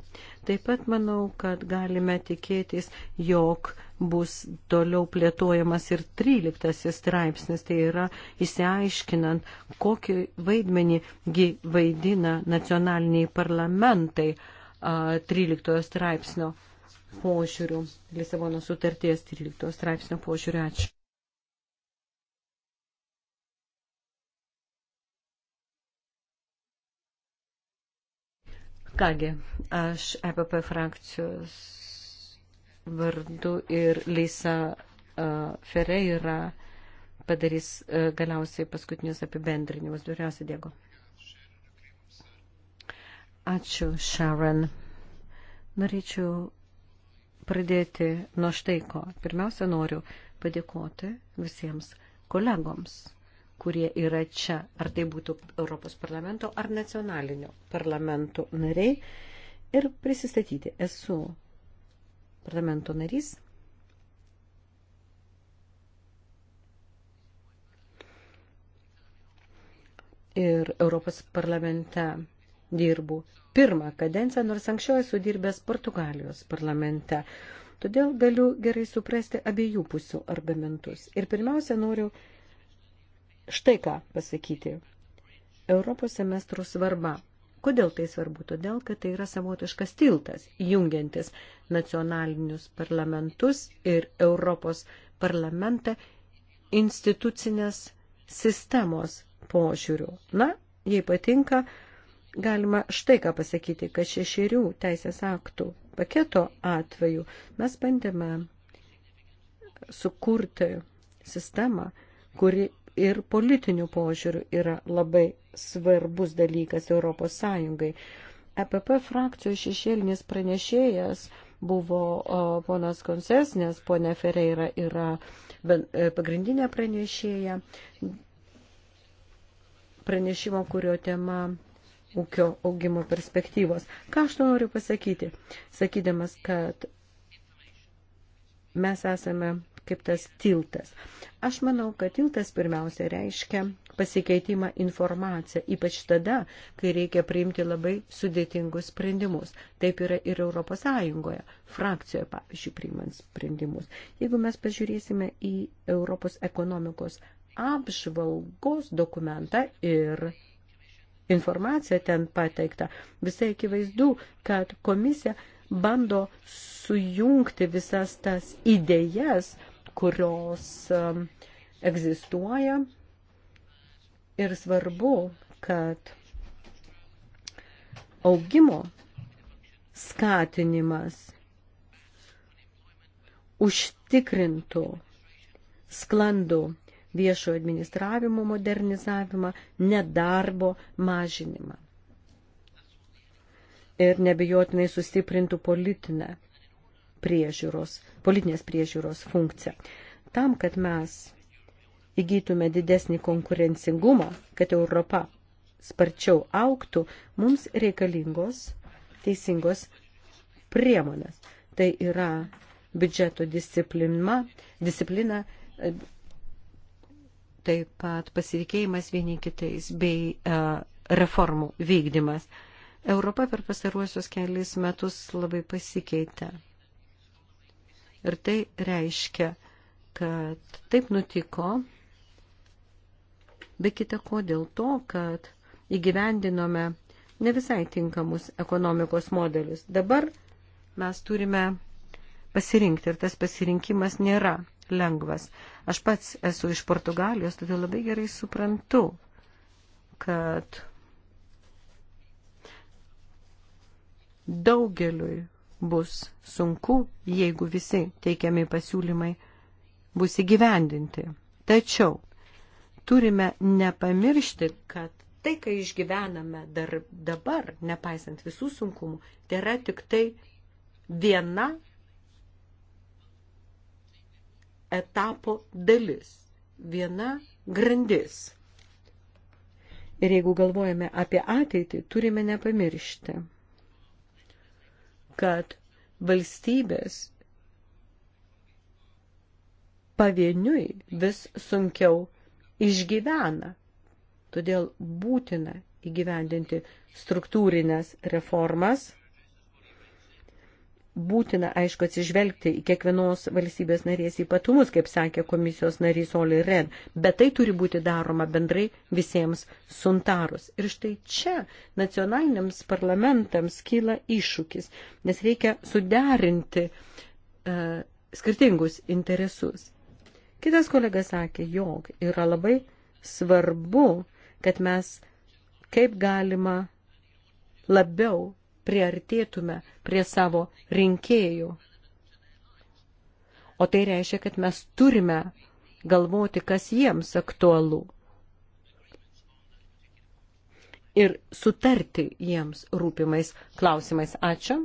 Taip pat manau, kad galime tikėtis, jog bus toliau plėtojamas ir 13 straipsnis, tai yra įsiaiškinant, kokį vaidmenį vaidina nacionaliniai parlamentai 13 straipsnio požiūrių, Lisabono sutarties 13 straipsnio požiūrių. Ačiū. Kągi, aš EPP frakcijos vardu ir Lisa uh, Ferreira padarys uh, galiausiai paskutinius apibendrinimus. Duriausia, Diego. Ačiū, Sharon. Norėčiau pradėti nuo štai ko. Pirmiausia, noriu padėkoti visiems kolegoms kurie yra čia, ar tai būtų Europos parlamento ar nacionalinio parlamento nariai. Ir prisistatyti, esu parlamento narys. Ir Europos parlamente dirbu pirmą kadenciją, nors anksčiau esu dirbęs Portugalijos parlamente. Todėl galiu gerai suprasti abiejų pusių argumentus. Ir pirmiausia, noriu štai ką pasakyti. Europos semestro svarba. Kodėl tai svarbu? Todėl, kad tai yra savotiškas tiltas, jungiantis nacionalinius parlamentus ir Europos parlamentą institucinės sistemos požiūrių. Na, jei patinka, uh, galima štai ką pasakyti, kad šešerių teisės aktų paketo atveju mes bandėme sukurti sistemą, kuri ir politinių požiūrių yra labai svarbus dalykas Europos Sąjungai. EPP frakcijos šešėlinis pranešėjas buvo o, ponas Konses, nes ponė Ferreira yra e, pagrindinė pranešėja pranešimo, kurio tema ūkio augimo perspektyvos. Ką aš noriu pasakyti, sakydamas, kad mes esame kaip tas tiltas. Aš manau, kad tiltas pirmiausia reiškia pasikeitimą informaciją, ypač tada, kai reikia priimti labai sudėtingus sprendimus. Taip yra ir Europos Sąjungoje, frakcijoje, pavyzdžiui, priimant sprendimus. Jeigu mes pažiūrėsime į Europos ekonomikos apžvalgos dokumentą ir informacija ten pateikta. Visai akivaizdu, kad komisija bando sujungti visas tas idėjas, kurios um, egzistuoja ir svarbu, kad augimo skatinimas užtikrintų sklandų viešojo administravimo modernizavimą, nedarbo mažinimą. Ir nebejotinai sustiprintų politinę priežiūros, politinės priežiūros funkciją. Tam, kad mes įgytume didesnį konkurencingumą, kad Europa sparčiau auktų, mums reikalingos teisingos priemonės. Tai yra biudžeto disciplina, disciplina taip pat pasitikėjimas vieni kitais bei uh, reformų vykdymas. Europa per pastaruosius kelis metus labai pasikeitė. Ir tai reiškia, kad taip nutiko, be kita ko dėl to, kad įgyvendinome ne visai tinkamus ekonomikos modelius. Dabar mes turime pasirinkti ir tas pasirinkimas nėra lengvas. Aš pats esu iš Portugalijos, todėl labai gerai suprantu, kad daugeliui bus sunku, jeigu visi teikiami pasiūlymai bus įgyvendinti. Tačiau turime nepamiršti, kad tai, kai išgyvename dar dabar, nepaisant visų sunkumų, tai yra tik tai viena etapo dalis, viena grandis. Ir jeigu galvojame apie ateitį, turime nepamiršti, kad valstybės pavieniui vis sunkiau išgyvena. Todėl būtina įgyvendinti struktūrinės reformas būtina, aišku, atsižvelgti į kiekvienos valstybės narės ypatumus, kaip sakė komisijos narys Oli Ren, bet tai turi būti daroma bendrai visiems suntarus. Ir štai čia nacionaliniams parlamentams kyla iššūkis, nes reikia suderinti uh, skirtingus interesus. Kitas kolega sakė, jog yra labai svarbu, kad mes kaip galima labiau priartėtume prie savo rinkėjų. O tai reiškia, kad mes turime galvoti, kas jiems aktualu. Ir sutarti jiems rūpimais klausimais. Ačiū.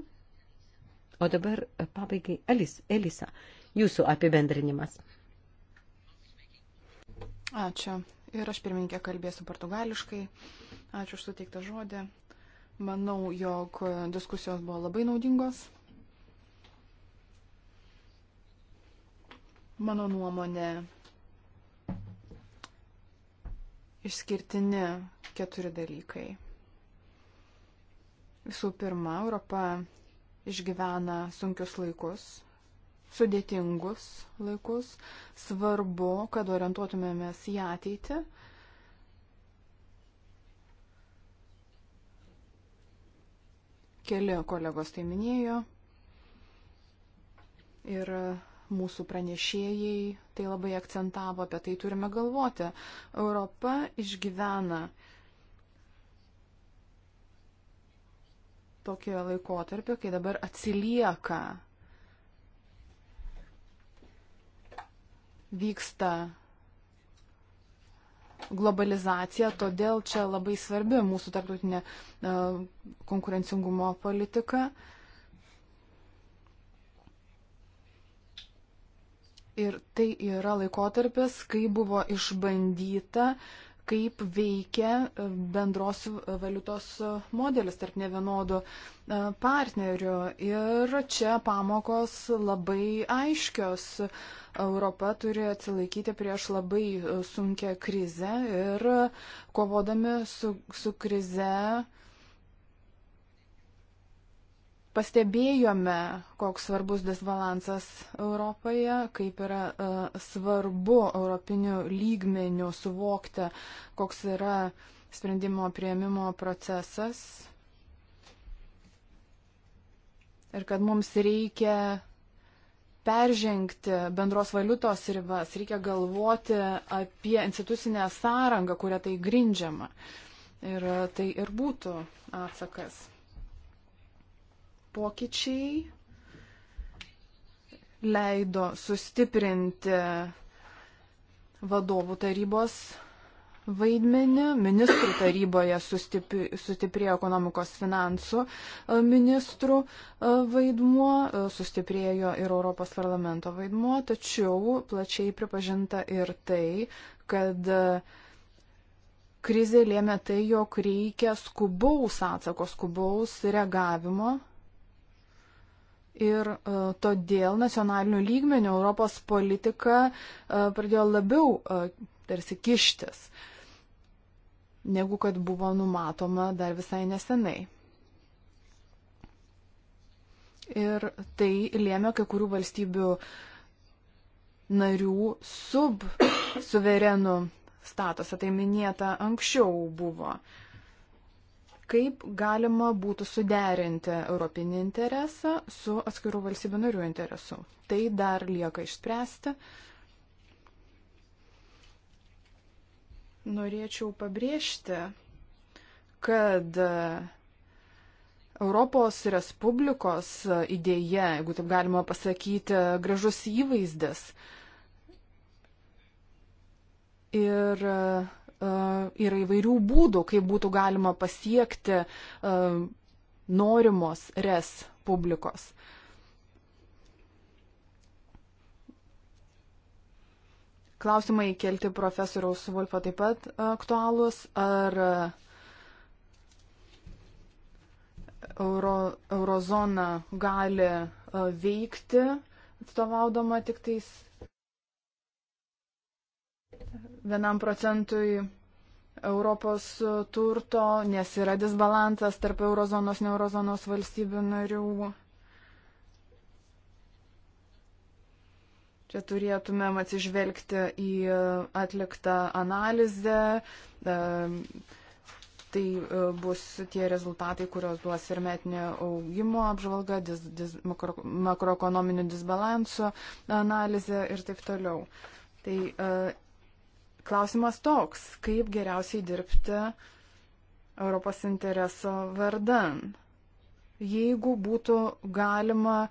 O dabar pabaigai Elis, Elisa, jūsų apibendrinimas. Ačiū. Ir aš pirmininkė kalbėsiu portugališkai. Ačiū už suteiktą žodį. Manau, jog diskusijos buvo labai naudingos. Mano nuomonė, išskirtini keturi dalykai. Visų pirma, Europa išgyvena sunkius laikus, sudėtingus laikus. Svarbu, kad orientuotumėmės į ateitį Keli kolegos tai minėjo. Ir mūsų pranešėjai tai labai akcentavo, apie tai turime galvoti. Europa išgyvena tokį laikotarpį, kai dabar atsilieka, vyksta globalizacija, todėl čia labai svarbi mūsų tarptautinė e, konkurencingumo politika. Ir tai yra laikotarpis, kai buvo išbandyta uh, kaip veikia e, bendros valiutos modelis tarp nevienodų e, partnerių. Ir čia pamokos labai aiškios. Europa turi atsilaikyti prieš labai e, sunkę krizę ir kovodami su, su krize pastebėjome, koks svarbus disbalansas Europoje, kaip yra uh, svarbu europiniu lygmeniu suvokti, koks yra sprendimo prieimimo procesas ir kad mums reikia peržengti bendros valiutos ribas, reikia galvoti apie institucinę sąrangą, kurią tai grindžiama. Ir e, tai ir būtų atsakas pokyčiai leido sustiprinti vadovų tarybos vaidmenį. Ministrų taryboje sustiprėjo ekonomikos finansų e, ministrų e, vaidmuo, e, sustiprėjo ir Europos parlamento vaidmuo, tačiau plačiai pripažinta ir tai, kad krizė lėmė tai, jog reikia skubaus atsako, skubaus reagavimo Ir e, todėl nacionalinių lygmenių Europos politika e, pradėjo labiau e, tarsi kištis, negu kad buvo numatoma dar visai nesenai. Ir tai lėmė kai kurių valstybių narių sub suverenų statusą, tai minėta anksčiau buvo. Uh, kaip galima būtų suderinti europinį interesą su atskirų valstybių narių interesu. Tai dar lieka išspręsti. Norėčiau pabrėžti, kad Europos Respublikos idėja, jeigu taip galima pasakyti, gražus įvaizdis. Ir uh, E, yra įvairių būdų, kaip būtų galima pasiekti e, norimos res publikos. Klausimai kelti profesoriaus Vulfo taip pat aktualūs. Ar euro, eurozona gali e, veikti atstovaudama tik tais vienam procentui Europos turto, nes yra disbalansas tarp eurozonos, neurozonos valstybių narių. Čia turėtumėm atsižvelgti į atliktą analizę. E, tai e, bus tie rezultatai, kurios duos ir metinė augimo apžvalga, dis, dis, makro, makroekonominių disbalansų analizė ir taip toliau. Tai e, Klausimas toks, kaip geriausiai dirbti Europos intereso vardan. Jeigu būtų galima e,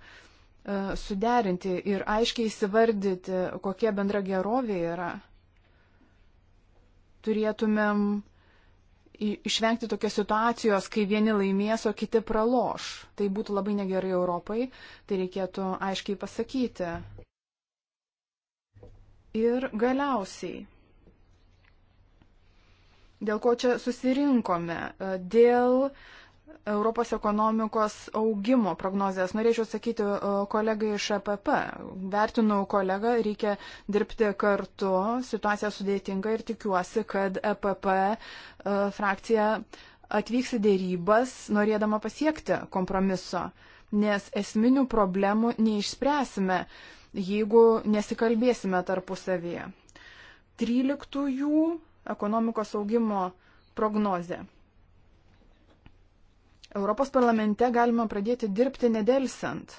suderinti ir aiškiai įsivardyti, kokie bendra gerovė yra, turėtumėm išvengti tokios situacijos, kai vieni laimės, o kiti praloš. Tai būtų labai negerai Europai, tai reikėtų aiškiai pasakyti. Ir galiausiai Dėl ko čia susirinkome? E, dėl Europos ekonomikos augimo prognozijas. Norėčiau sakyti e, kolegai iš APP. E Vertinau kolegą, reikia dirbti kartu, situacija sudėtinga ir tikiuosi, kad APP frakcija atvyks į dėrybas, norėdama pasiekti kompromiso, nes esminių problemų neišspręsime, jeigu nesikalbėsime tarpusavyje. 13 ekonomikos augimo prognozę. Europos parlamente galima pradėti dirbti nedelsant,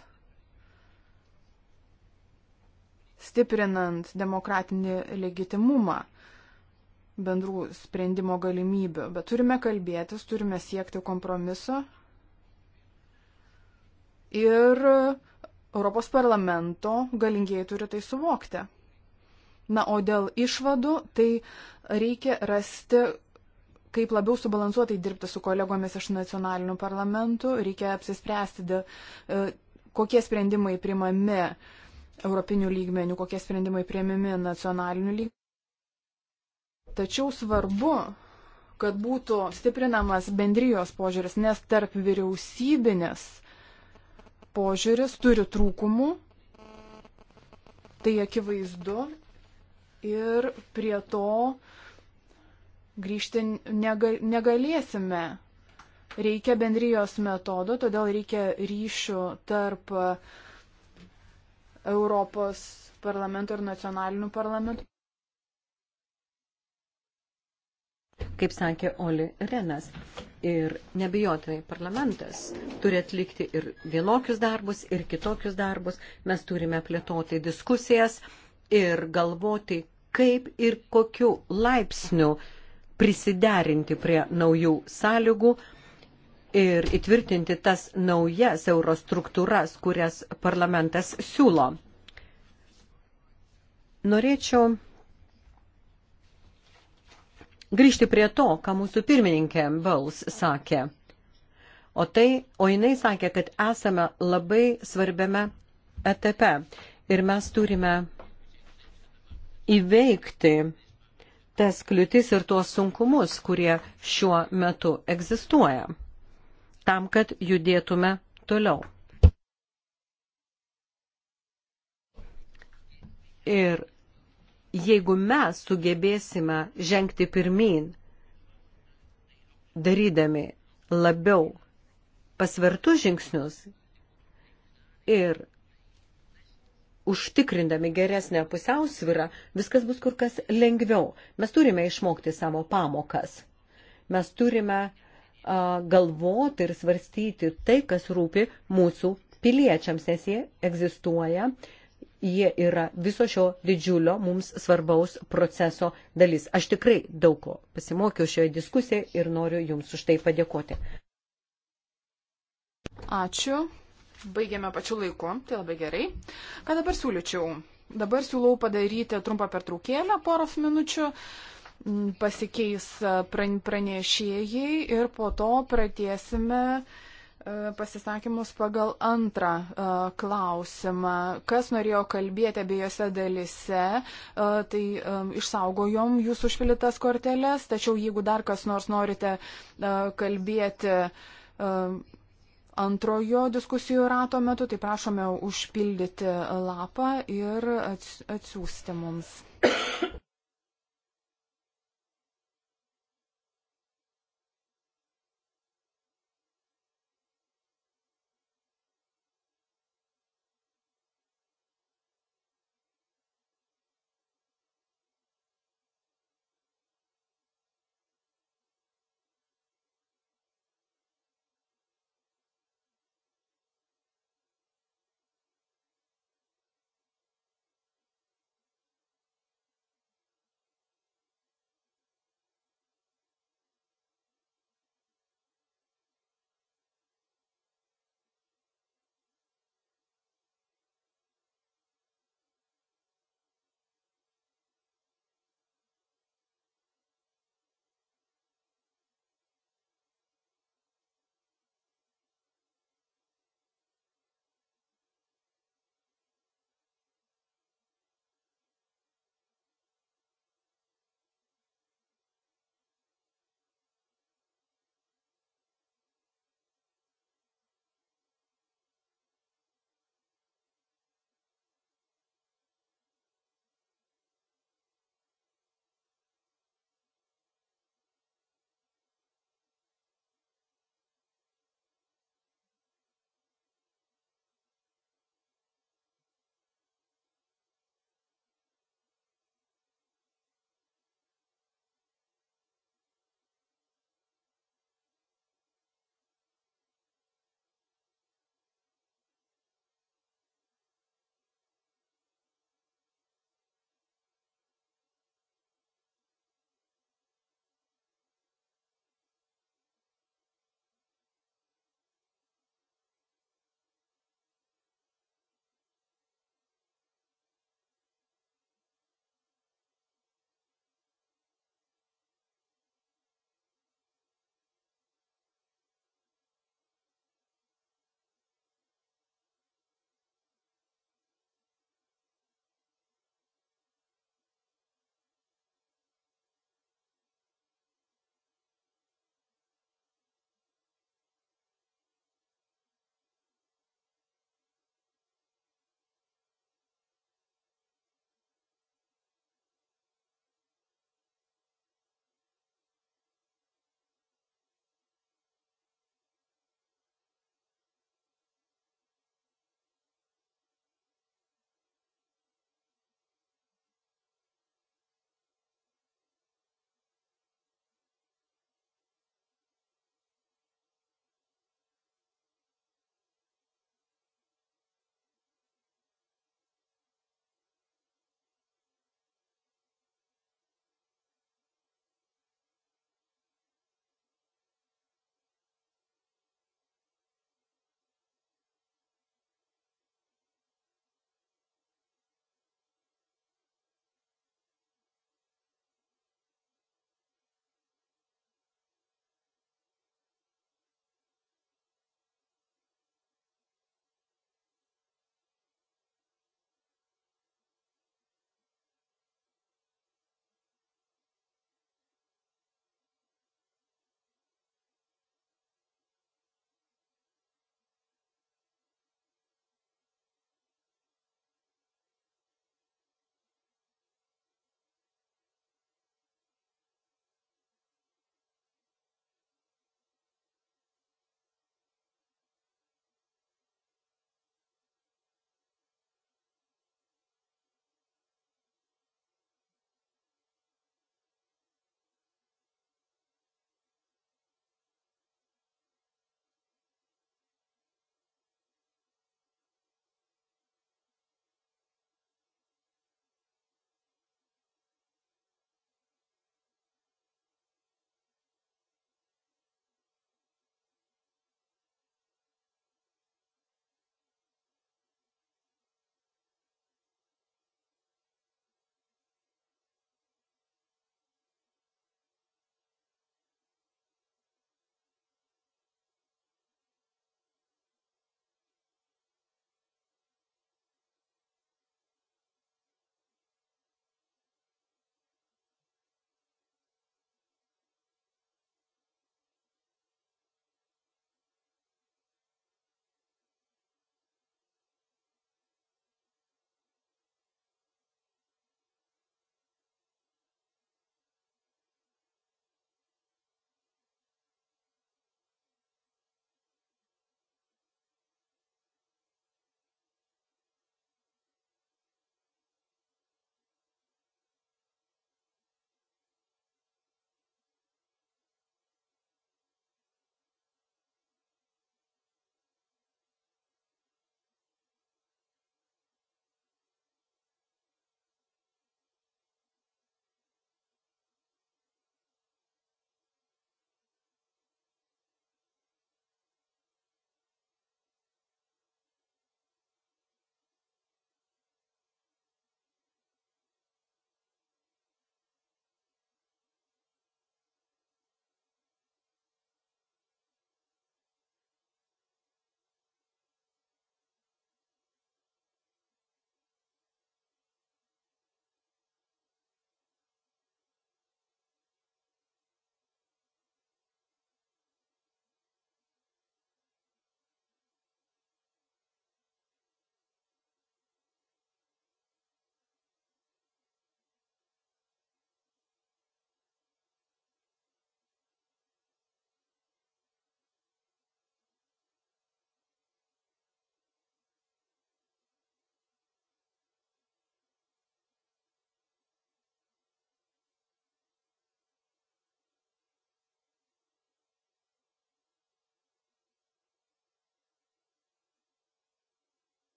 stiprinant demokratinį legitimumą bendrų sprendimo galimybių, bet turime kalbėtis, turime siekti kompromiso ir Europos parlamento galingieji turi tai suvokti. Na, o dėl išvadų, tai reikia rasti kaip labiau subalansuotai dirbti su kolegomis iš nacionalinių parlamentų, reikia apsispręsti, dėl, e, kokie sprendimai primami europinių lygmenių, kokie sprendimai primimi nacionalinių lygmenių. Tačiau svarbu, kad būtų stiprinamas bendrijos požiūris, nes tarp vyriausybinis požiūris turi trūkumų, tai akivaizdu ir prie to grįžti negalėsime. Reikia bendrijos metodo, todėl reikia ryšių tarp Europos parlamento ir nacionalinių parlamentų. Kaip sakė Oli Renas, ir nebijotinai parlamentas turi atlikti ir vienokius darbus, ir kitokius darbus. Mes turime plėtoti diskusijas ir galvoti, kaip ir kokiu laipsniu prisiderinti prie naujų sąlygų ir įtvirtinti tas naujas eurostruktūras, kurias parlamentas siūlo. Norėčiau grįžti prie to, ką mūsų pirmininkė Bals sakė. O, tai, o jinai sakė, kad esame labai svarbiame etape ir mes turime įveikti tas kliūtis ir tuos sunkumus, kurie šiuo metu egzistuoja, tam, kad judėtume toliau. Ir jeigu mes sugebėsime žengti pirmin, darydami labiau pasvertus žingsnius ir užtikrindami geresnę pusiausvyrą, viskas bus kur kas lengviau. Mes turime išmokti savo pamokas. Mes turime uh, galvoti ir svarstyti tai, kas rūpi mūsų piliečiams, nes jie egzistuoja, jie yra viso šio didžiulio mums svarbaus proceso dalis. Aš tikrai daug ko pasimokiau šioje diskusijoje ir noriu Jums už tai padėkoti. Ačiū. Baigėme pačiu laiku, tai labai gerai. Ką dabar siūlyčiau? Dabar siūlau padaryti trumpą pertraukėlę poros minučių, pasikeis e, pranešėjai ir po to pratėsime e, pasisakymus pagal antrą e, klausimą. Kas norėjo kalbėti abiejose dalise, tai išsaugojom jūsų užpildytas korteles, tačiau jeigu dar kas nors norite kalbėti antrojo diskusijų rato metu, tai prašome užpildyti lapą ir atsiųsti mums.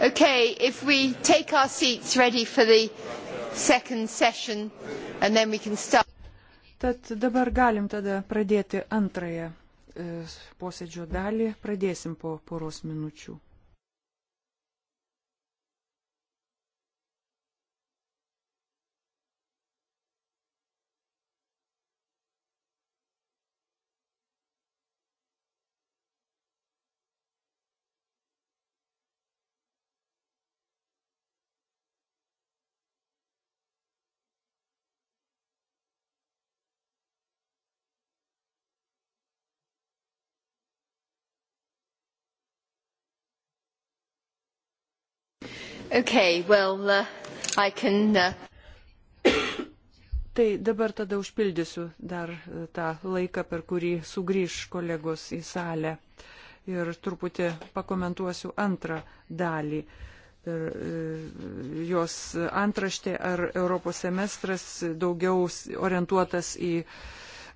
Okay, if we take our seats ready for the second session and then we can start. Tad dabar galim tada pradėti antrąją e, posėdžio dalį, pradėsim po poros minučių. Okay, well, uh, I can, uh... Tai dabar tada užpildysiu dar uh, tą laiką, per kurį sugrįž kolegos į salę ir truputį pakomentuosiu antrą dalį. Per uh, jos antraštė ar Europos semestras daugiau orientuotas į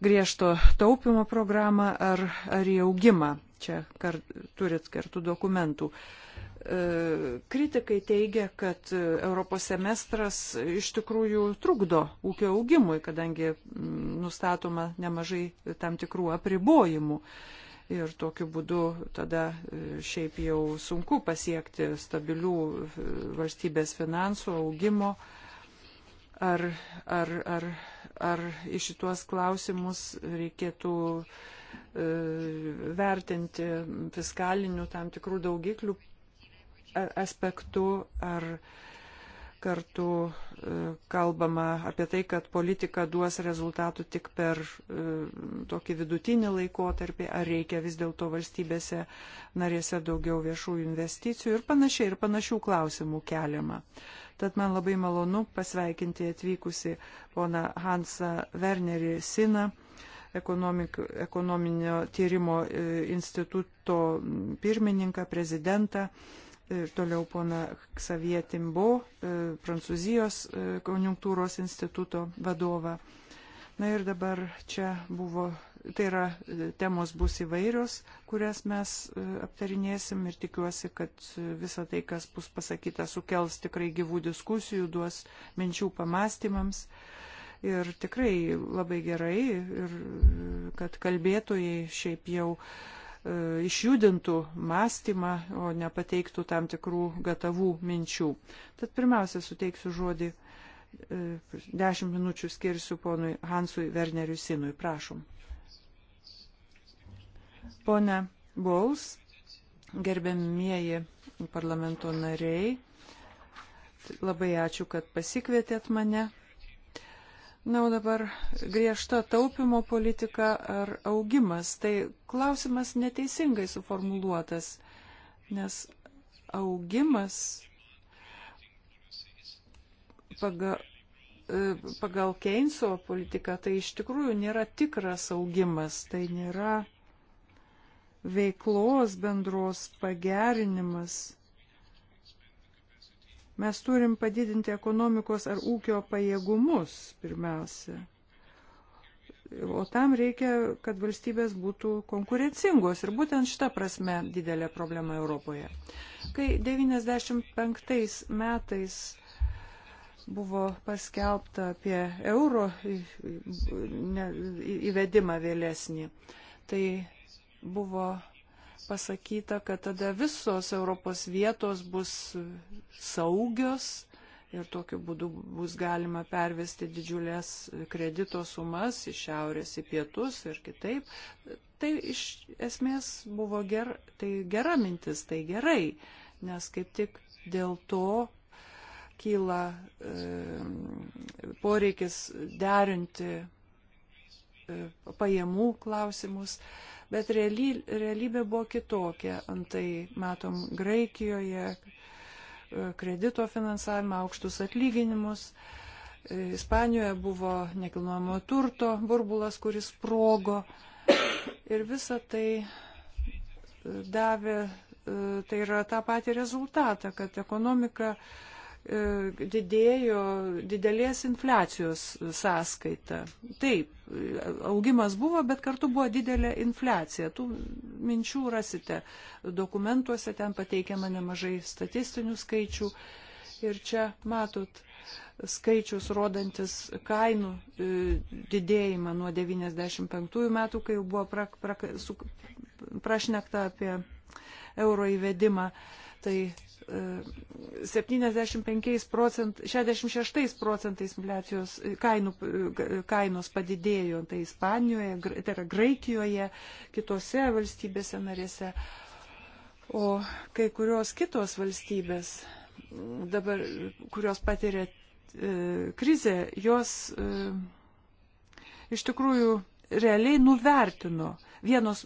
griežto taupimo programą ar, ar į augimą. Čia kar, turit kartu dokumentų. Uh, E, kritikai teigia, kad Europos semestras iš tikrųjų trukdo ūkio augimui, kadangi mm, nustatoma nemažai tam tikrų apribojimų. Ir tokiu būdu tada e, šiaip jau sunku pasiekti stabilių e, valstybės finansų augimo. Ar, ar, ar, ar į šitos klausimus reikėtų vertinti fiskalinių tam tikrų daugiklių aspektu, ar kartu e, kalbama apie tai, kad politika duos rezultatų tik per e, tokį vidutinį laikotarpį, ar reikia vis dėlto valstybėse narėse daugiau viešųjų investicijų ir panašiai, ir panašių klausimų keliama. Tad man labai malonu pasveikinti atvykusi pona Hansą Wernerį Siną ekonominio tyrimo e, instituto pirmininką, prezidentą toliau pona Xavier Timbo, e, Prancūzijos e, konjunktūros instituto vadovą. Na ir dabar čia buvo, tai yra e, temos bus įvairios, kurias mes aptarinėsim ir tikiuosi, kad visa tai, kas bus pasakyta, sukels tikrai gyvų diskusijų, duos minčių pamastymams. Ir tikrai labai gerai, ir kad kalbėtojai šiaip jau uh, E, išjudintų mąstymą, o nepateiktų tam tikrų gatavų minčių. Tad pirmiausia, suteiksiu žodį. E, dešimt minučių skirsiu ponui Hansui Werneriui Sinui. Prašom. Pone Bols, gerbiamieji parlamento nariai, labai ačiū, kad pasikvietėt mane Na, o dabar griežta taupimo politika ar augimas. Tai klausimas neteisingai suformuluotas, nes augimas e, pagal, pagal Keinso politiką tai iš tikrųjų nėra tikras augimas, tai nėra veiklos bendros pagerinimas Mes turim padidinti ekonomikos ar ūkio pajėgumus pirmiausia. O tam reikia, kad valstybės būtų konkurencingos. Ir būtent šita prasme didelė problema Europoje. Kai 95 metais buvo paskelbta apie euro įvedimą vėlesnį, tai buvo pasakyta, kad tada visos Europos vietos bus saugios ir tokiu būdu bus galima pervesti didžiulės kredito sumas iš šiaurės į pietus ir kitaip. Tai iš esmės buvo ger, tai gera mintis, tai gerai, nes kaip tik dėl to kyla e, poreikis derinti e, pajamų klausimus. E, Bet realy, realybė buvo kitokia. Antai matom Graikijoje e, kredito finansavimą, aukštus atlyginimus. E, Ispanijoje buvo nekilnojamo turto burbulas, kuris sprogo. Ir visa tai e, davė, tai yra tą patį rezultatą, kad ekonomika uh, E, didėjo didelės infliacijos sąskaita. Taip, augimas buvo, bet kartu buvo didelė infliacija. Tų minčių rasite dokumentuose, ten pateikiama nemažai statistinių skaičių. Ir čia matot skaičius rodantis kainų e, didėjimą nuo 95 metų, kai jau buvo pra, pra, su, prašnekta apie euro įvedimą. Tai 75 e, procent, 66 procentais infliacijos e, kainų, e, kainos padidėjo, tai Ispanijoje, tai yra Graikijoje, kitose valstybėse narėse. O kai kurios kitos valstybės, dabar, kurios patiria krizę, jos iš tikrųjų realiai nuvertino uh, vienos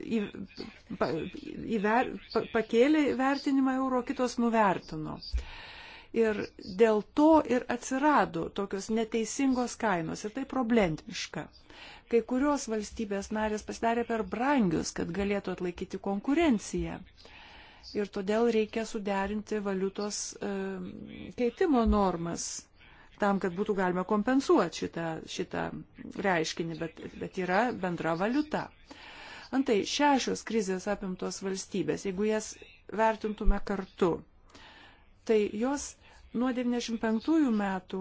į, pa, įver, pa, pakėlė vertinimą euro, kitos nuvertino. Ir dėl to ir atsirado tokios neteisingos kainos ir tai problemiška. Kai kurios valstybės narės pasidarė per brangius, kad galėtų atlaikyti konkurenciją ir todėl reikia suderinti valiutos e, keitimo normas tam, kad būtų galima kompensuoti šitą, šitą reiškinį, bet, bet yra bendra valiuta. Antai šešios krizės apimtos valstybės, jeigu jas vertintume kartu, tai jos nuo 95 metų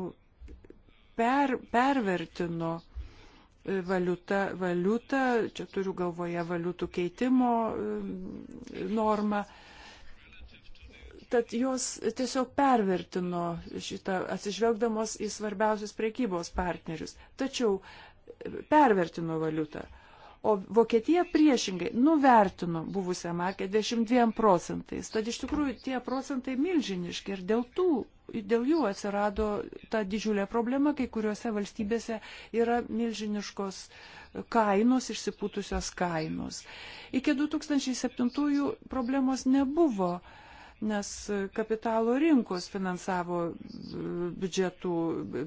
per, pervertino e, valiutą, valiutą, čia turiu galvoje valiutų keitimo e, normą, Tad jos tiesiog pervertino šitą, atsižvelgdamos į svarbiausius priekybos partnerius. Tačiau pervertino valiutą. O Vokietija priešingai nuvertino buvusią markę 22 procentais. Tad iš tikrųjų tie procentai milžiniški ir dėl, tų, dėl jų atsirado ta didžiulė problema, kai kuriuose valstybėse yra milžiniškos kainos, išsipūtusios kainos. Iki 2007 problemos nebuvo nes kapitalo rinkos finansavo e, biudžetų,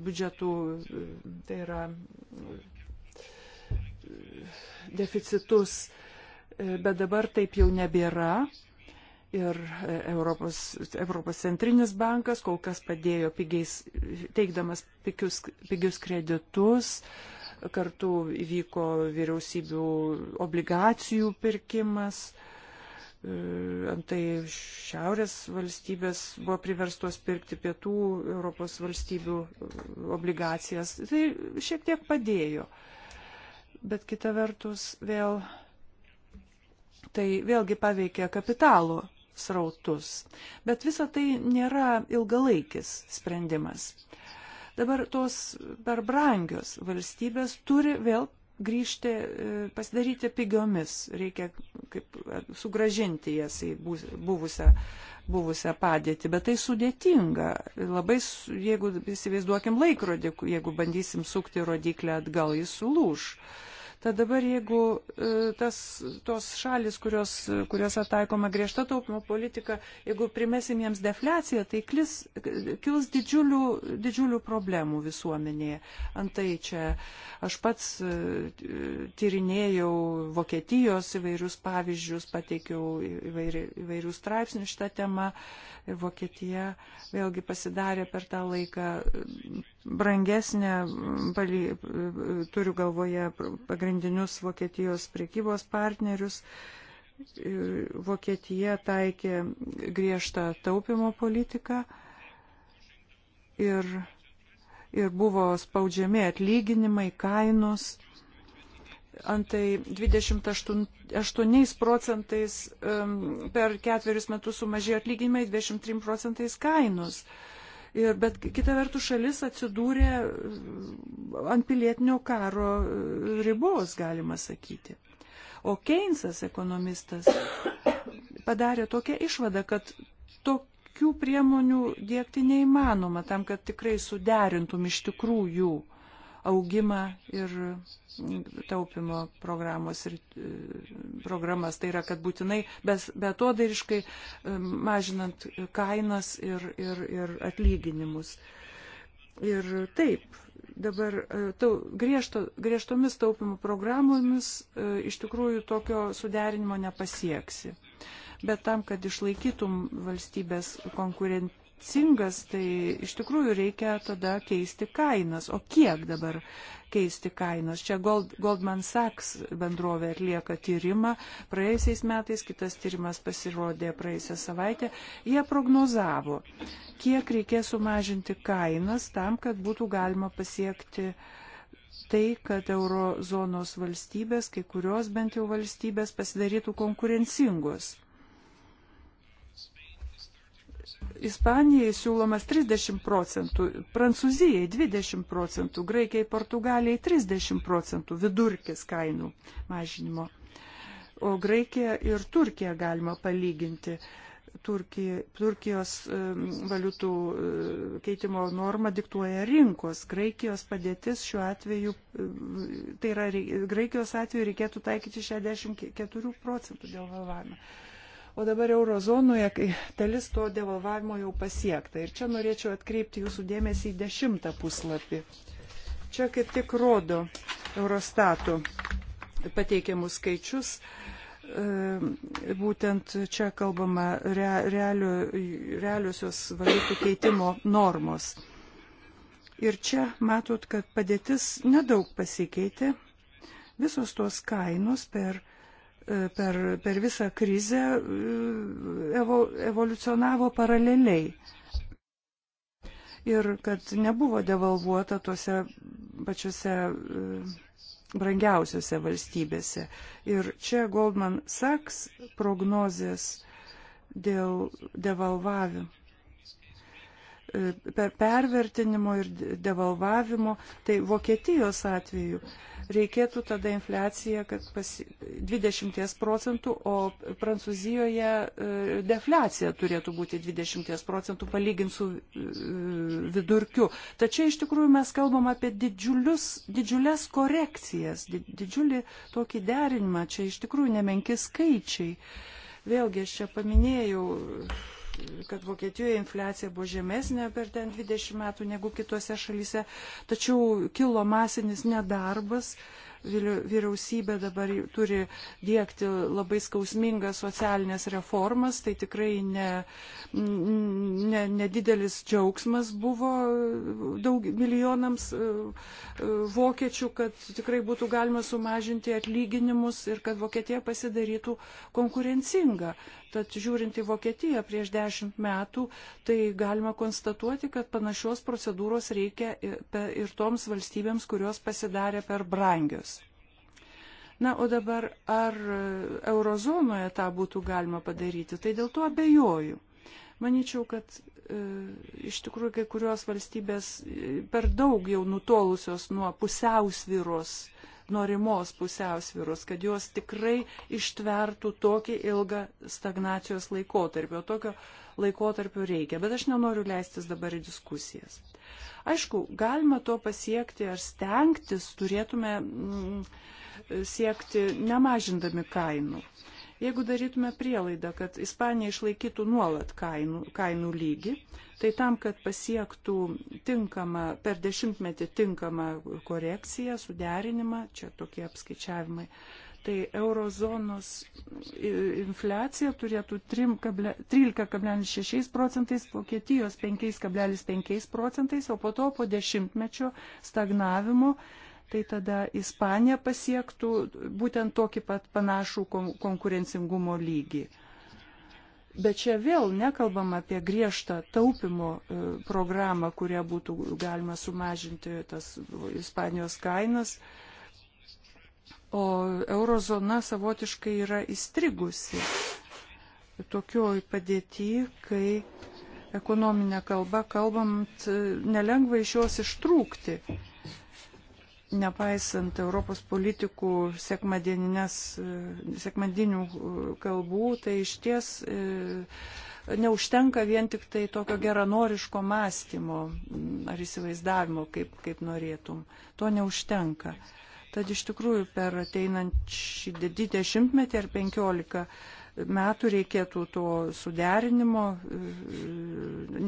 biudžetų e, tai yra e, deficitus, bet dabar taip jau nebėra. Ir Europos, Europos centrinis bankas kol kas padėjo pigiais, teikdamas pigius, pigius kreditus, kartu įvyko vyriausybių obligacijų pirkimas. Uh, E, antai šiaurės valstybės buvo priverstos pirkti pietų Europos valstybių e, obligacijas. Tai šiek tiek padėjo. Bet kita vertus vėl tai vėlgi paveikia kapitalo srautus. Bet visa tai nėra ilgalaikis sprendimas. Dabar tos per brangios valstybės turi vėl grįžti, e, pasidaryti pigiomis, reikia kaip e, sugražinti jas į buvusią, buvusią padėtį, bet tai sudėtinga. Labai, jeigu įsivaizduokim laikrodį, jeigu bandysim sukti rodiklę atgal, jis sulūž. Uh, Tad dabar jeigu e, tas, tos šalis, kurios, kuriuose taikoma griežta taupimo politika, jeigu primesim jiems defliaciją, tai klis, kils didžiulių, didžiulių problemų visuomenėje. Antai čia aš pats e, tyrinėjau Vokietijos įvairius pavyzdžius, pateikiau įvairi, įvairių straipsnių šitą temą ir Vokietija vėlgi pasidarė per tą laiką brangesnę, turiu galvoje pagrindinę pagrindinius Vokietijos priekybos partnerius. E, Vokietija taikė griežtą taupimo politiką ir, ir buvo spaudžiami atlyginimai, kainos. Antai 28 procentais per ketverius metus sumažėjo atlyginimai, 23 procentais kainos. Um, Ir, bet kita vertus šalis atsidūrė mm, ant pilietinio karo mm, ribos, galima sakyti. O Keynesas ekonomistas padarė tokią išvadą, kad tokių priemonių dėkti neįmanoma tam, kad tikrai suderintum iš tikrųjų jų augimą ir taupimo programos ir e, programas. Tai yra, kad būtinai betodairiškai e, mažinant kainas ir, ir, ir atlyginimus. Ir taip, dabar e, tau, griežto, griežtomis taupimo programomis iš tikrųjų tokio suderinimo nepasieksi. Bet tam, kad išlaikytum valstybės konkurenciją, ambicingas, tai iš tikrųjų reikia tada keisti kainas. O kiek dabar keisti kainas? Čia Gold, Goldman Sachs bendrovė atlieka tyrimą praėjusiais metais, kitas tyrimas pasirodė praėjusią savaitę. Jie prognozavo, kiek reikės sumažinti kainas tam, kad būtų galima pasiekti tai, kad eurozonos valstybės, kai kurios bent jau valstybės pasidarytų konkurencingos Ispanijai siūlomas 30 procentų, Prancūzijai 20 procentų, Graikijai, Portugalijai 30 procentų vidurkis kainų mažinimo. O Graikiją ir Turkiją galima palyginti. Turkija, Turkijos valiutų e, keitimo norma diktuoja rinkos. Graikijos padėtis šiuo atveju, e, tai yra Graikijos atveju reikėtų taikyti 64 procentų dėl Havano. O dabar eurozonoje dalis to devalvavimo jau pasiekta. Ir čia norėčiau atkreipti jūsų dėmesį į dešimtą puslapį. Čia kaip tik rodo Eurostato pateikiamus skaičius. E, būtent čia kalbama re, realiu, realiusios valiutų keitimo normos. Ir čia matot, kad padėtis nedaug pasikeitė. Visos tos kainos per per, per visą krizę evo, evoliucionavo paraleliai. Ir kad nebuvo devalvuota tuose pačiuose e, brangiausiose valstybėse. Ir čia Goldman Sachs prognozės dėl devalvavimo per pervertinimo ir devalvavimo, tai Vokietijos atveju reikėtų tada infliacija, kad pasi, 20 procentų, o Prancūzijoje e, defliacija turėtų būti 20 procentų palyginti su e, vidurkiu. Tačiau iš tikrųjų mes kalbam apie didžiulius, didžiulės korekcijas, didžiulį tokį derinimą, čia iš tikrųjų nemenki skaičiai. Vėlgi aš čia paminėjau kad Vokietijoje infliacija buvo žemesnė per ten 20 metų negu kitose šalyse, tačiau kilo masinis nedarbas vyriausybė dabar turi dėkti labai skausmingas socialinės reformas, tai tikrai ne, ne, nedidelis džiaugsmas buvo daug milijonams e, e, vokiečių, kad tikrai būtų galima sumažinti atlyginimus ir kad Vokietija pasidarytų konkurencinga. Tad žiūrint į Vokietiją prieš dešimt metų, tai galima konstatuoti, kad panašios procedūros reikia ir toms valstybėms, kurios pasidarė per brangius. Na, o dabar ar e, eurozonoje tą būtų galima padaryti, tai dėl to abejoju. Maničiau, kad e, iš tikrųjų kai kurios valstybės e, per daug jau nutolusios nuo pusiausviros, norimos pusiausviros, kad jos tikrai ištvertų tokį ilgą stagnacijos laikotarpį. O tokio laikotarpio reikia, bet aš nenoriu leistis dabar į diskusijas. Aišku, galima to pasiekti ar stengtis, turėtume. Mm, siekti nemažindami kainų. Jeigu darytume prielaidą, kad Ispanija išlaikytų nuolat kainų, kainų lygį, tai tam, kad pasiektų tinkamą, per dešimtmetį tinkamą korekciją, suderinimą, čia tokie apskaičiavimai, tai eurozonos infliacija turėtų 13,6 procentais, Vokietijos 5,5 procentais, o po to po dešimtmečio stagnavimo tai tada Ispanija pasiektų būtent tokį pat panašų konkurencingumo lygį. Bet čia vėl nekalbam apie griežtą taupimo e, programą, kurią būtų galima sumažinti tas Ispanijos kainas. O eurozona savotiškai yra įstrigusi tokioj padėti, kai ekonominė kalba kalbant e, nelengva iš jos ištrūkti nepaisant Europos politikų sekmadinių e, kalbų, tai iš ties e, neužtenka vien tik tai tokio geranoriško mąstymo mm, ar įsivaizdavimo, kaip, kaip norėtum. To neužtenka. Tad iš tikrųjų per ateinančią dešimtmetį ar penkiolika metų reikėtų to suderinimo, e,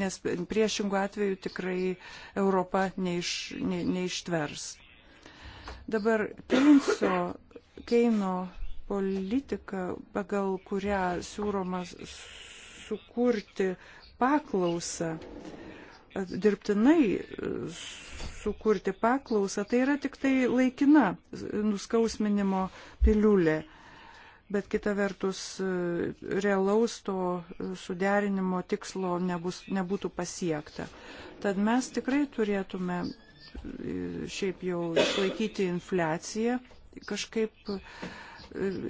nes priešingų atveju tikrai Europa neiš, ne, neištvers. Dabar Keynesio, Keino politika, pagal kurią siūromas sukurti paklausą, dirbtinai sukurti paklausą, tai yra tik tai laikina nuskausminimo piliulė. Bet kita vertus, realaus to suderinimo tikslo nebus, nebūtų pasiekta. Tad mes tikrai turėtume šiaip jau išlaikyti infliaciją kažkaip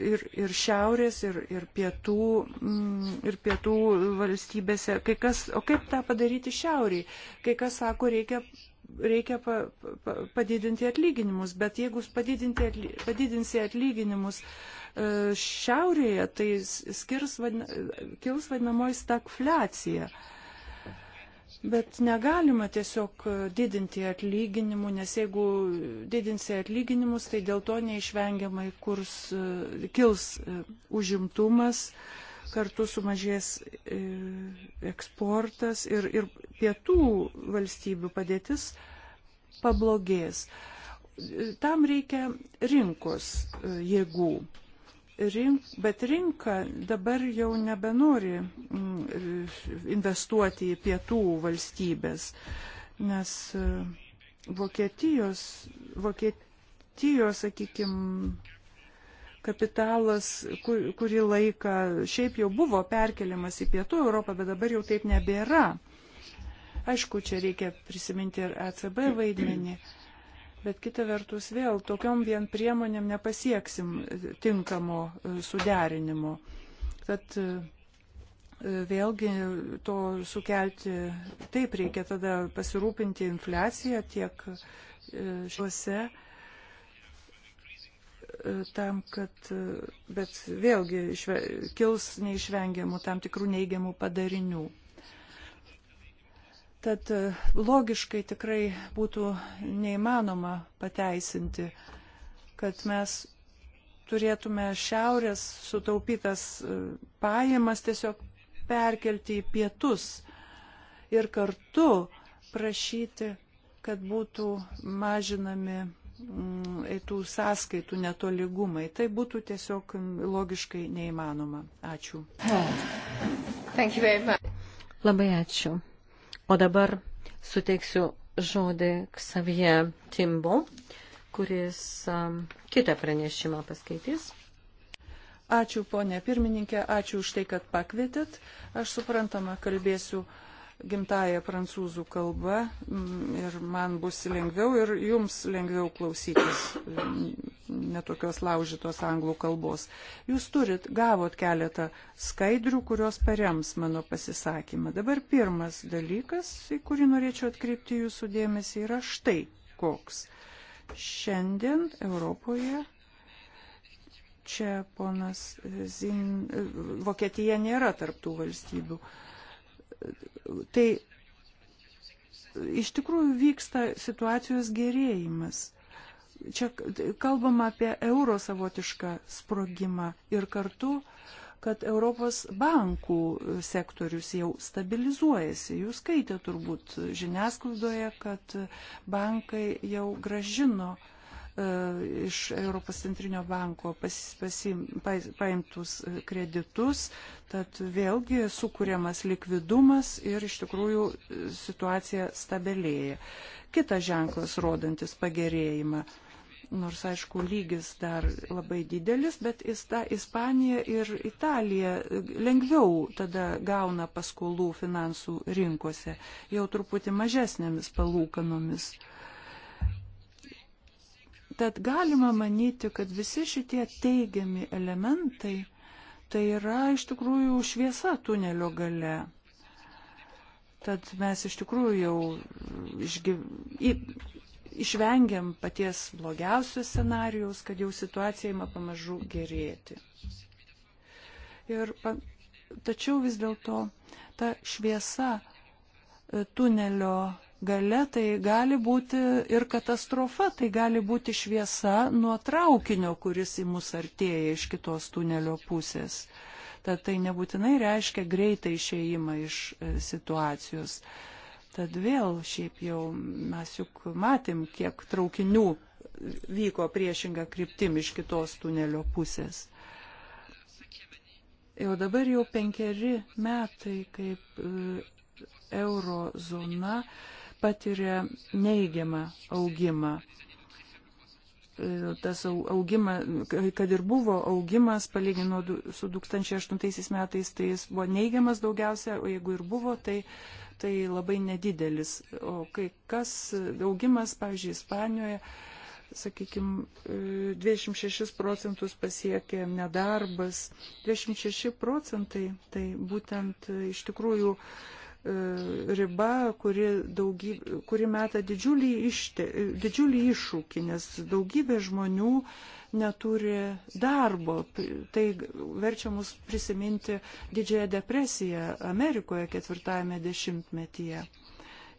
ir, ir šiaurės, ir, ir, pietų, mm, ir pietų valstybėse. Kai kas, o kaip tą padaryti šiauriai? Kai kas sako, reikia, reikia pa, pa, padidinti atlyginimus, bet jeigu atly, padidinsi atlyginimus e, šiaurėje, tai skirs, vadina, kils vadinamoji stagfliacija. Uh, Bet negalima tiesiog didinti atlyginimų, nes jeigu didinsi atlyginimus, tai dėl to neišvengiamai kurs, kils e, užimtumas, kartu sumažės e, eksportas ir, ir pietų valstybių padėtis pablogės. Tam reikia rinkos e, jėgų. Rink, bet rinka dabar jau nebenori mm, investuoti į pietų valstybės, nes e, Vokietijos, Vokietijos sakykime, kapitalas kur, kurį laiką šiaip jau buvo perkeliamas į pietų Europą, bet dabar jau taip nebėra. Aišku, čia reikia prisiminti ir ECB vaidmenį. Mm Bet kita vertus vėl tokiom vien priemonėm nepasieksim e, tinkamo e, suderinimo. Tad e, vėlgi to sukelti, taip reikia tada pasirūpinti infliaciją tiek šiuose tam, kad, bet vėlgi išve, kils neišvengiamų tam tikrų neigiamų padarinių. Tad e, logiškai tikrai būtų neįmanoma pateisinti, kad mes turėtume šiaurės sutaupytas e, pajamas tiesiog perkelti į pietus ir kartu prašyti, kad būtų mažinami mm, e, tų sąskaitų netoligumai. Tai būtų tiesiog logiškai neįmanoma. Ačiū. Labai ačiū. O dabar suteiksiu žodį Xavier Timbo, kuris um, kitą pranešimą paskaitys. Ačiū, ponė pirmininkė, ačiū už tai, kad pakvietėt. Aš suprantama, kalbėsiu uh, gimtaja prancūzų kalba mm, ir man bus lengviau ir jums lengviau klausytis mm, netokios laužytos anglų kalbos. Jūs turit, gavot keletą skaidrių, kurios parems mano pasisakymą. Dabar pirmas dalykas, į kurį norėčiau atkreipti jūsų dėmesį, yra štai koks. Šiandien Europoje čia ponas Zin, Vokietija nėra tarptų valstybių tai iš tikrųjų vyksta situacijos gerėjimas. Čia kalbama apie euro savotišką sprogimą ir kartu, kad Europos bankų sektorius jau stabilizuojasi. Jūs skaitė turbūt žiniasklaidoje, kad bankai jau gražino uh, E, iš Europos centrinio banko pas, pasim, pa, paimtus kreditus, tad vėlgi sukūriamas likvidumas ir iš tikrųjų situacija stabilieja. Kitas ženklas rodantis pagerėjimą nors aišku lygis dar labai didelis, bet Ispanija ir Italija lengviau tada gauna paskolų finansų rinkose, jau truputį mažesnėmis palūkanomis. Uh, Tad galima manyti, kad visi šitie teigiami elementai tai yra iš tikrųjų šviesa tunelio gale. Tad mes iš tikrųjų jau išgy... į... išvengiam paties blogiausios scenarijus, kad jau situacija ima pamažu gerėti. Ir pa... Tačiau vis dėlto ta šviesa e, tunelio gale tai gali būti ir katastrofa, tai gali būti šviesa nuo traukinio, kuris į mus artėja iš kitos tunelio pusės. Tad tai nebūtinai reiškia greitą išėjimą iš e, situacijos. Tad vėl šiaip jau mes juk matėm, kiek traukinių vyko priešinga kryptim iš kitos tunelio pusės. Jau dabar jau penkeri metai, kaip e, eurozona patiria neigiamą augimą. Tas augimas, kad ir buvo augimas, palygino su 2008 metais, tai jis buvo neigiamas daugiausia, o jeigu ir buvo, tai, tai labai nedidelis. O kai kas augimas, pavyzdžiui, Ispanijoje, sakykime, 26 procentus pasiekė nedarbas, 26 procentai, tai būtent e, iš tikrųjų E, riba, kuri, daugy, kuri meta didžiulį, ište, didžiulį iššūkį, nes daugybė žmonių neturi darbo. Tai verčia mus prisiminti didžiąją depresiją Amerikoje ketvirtajame dešimtmetyje.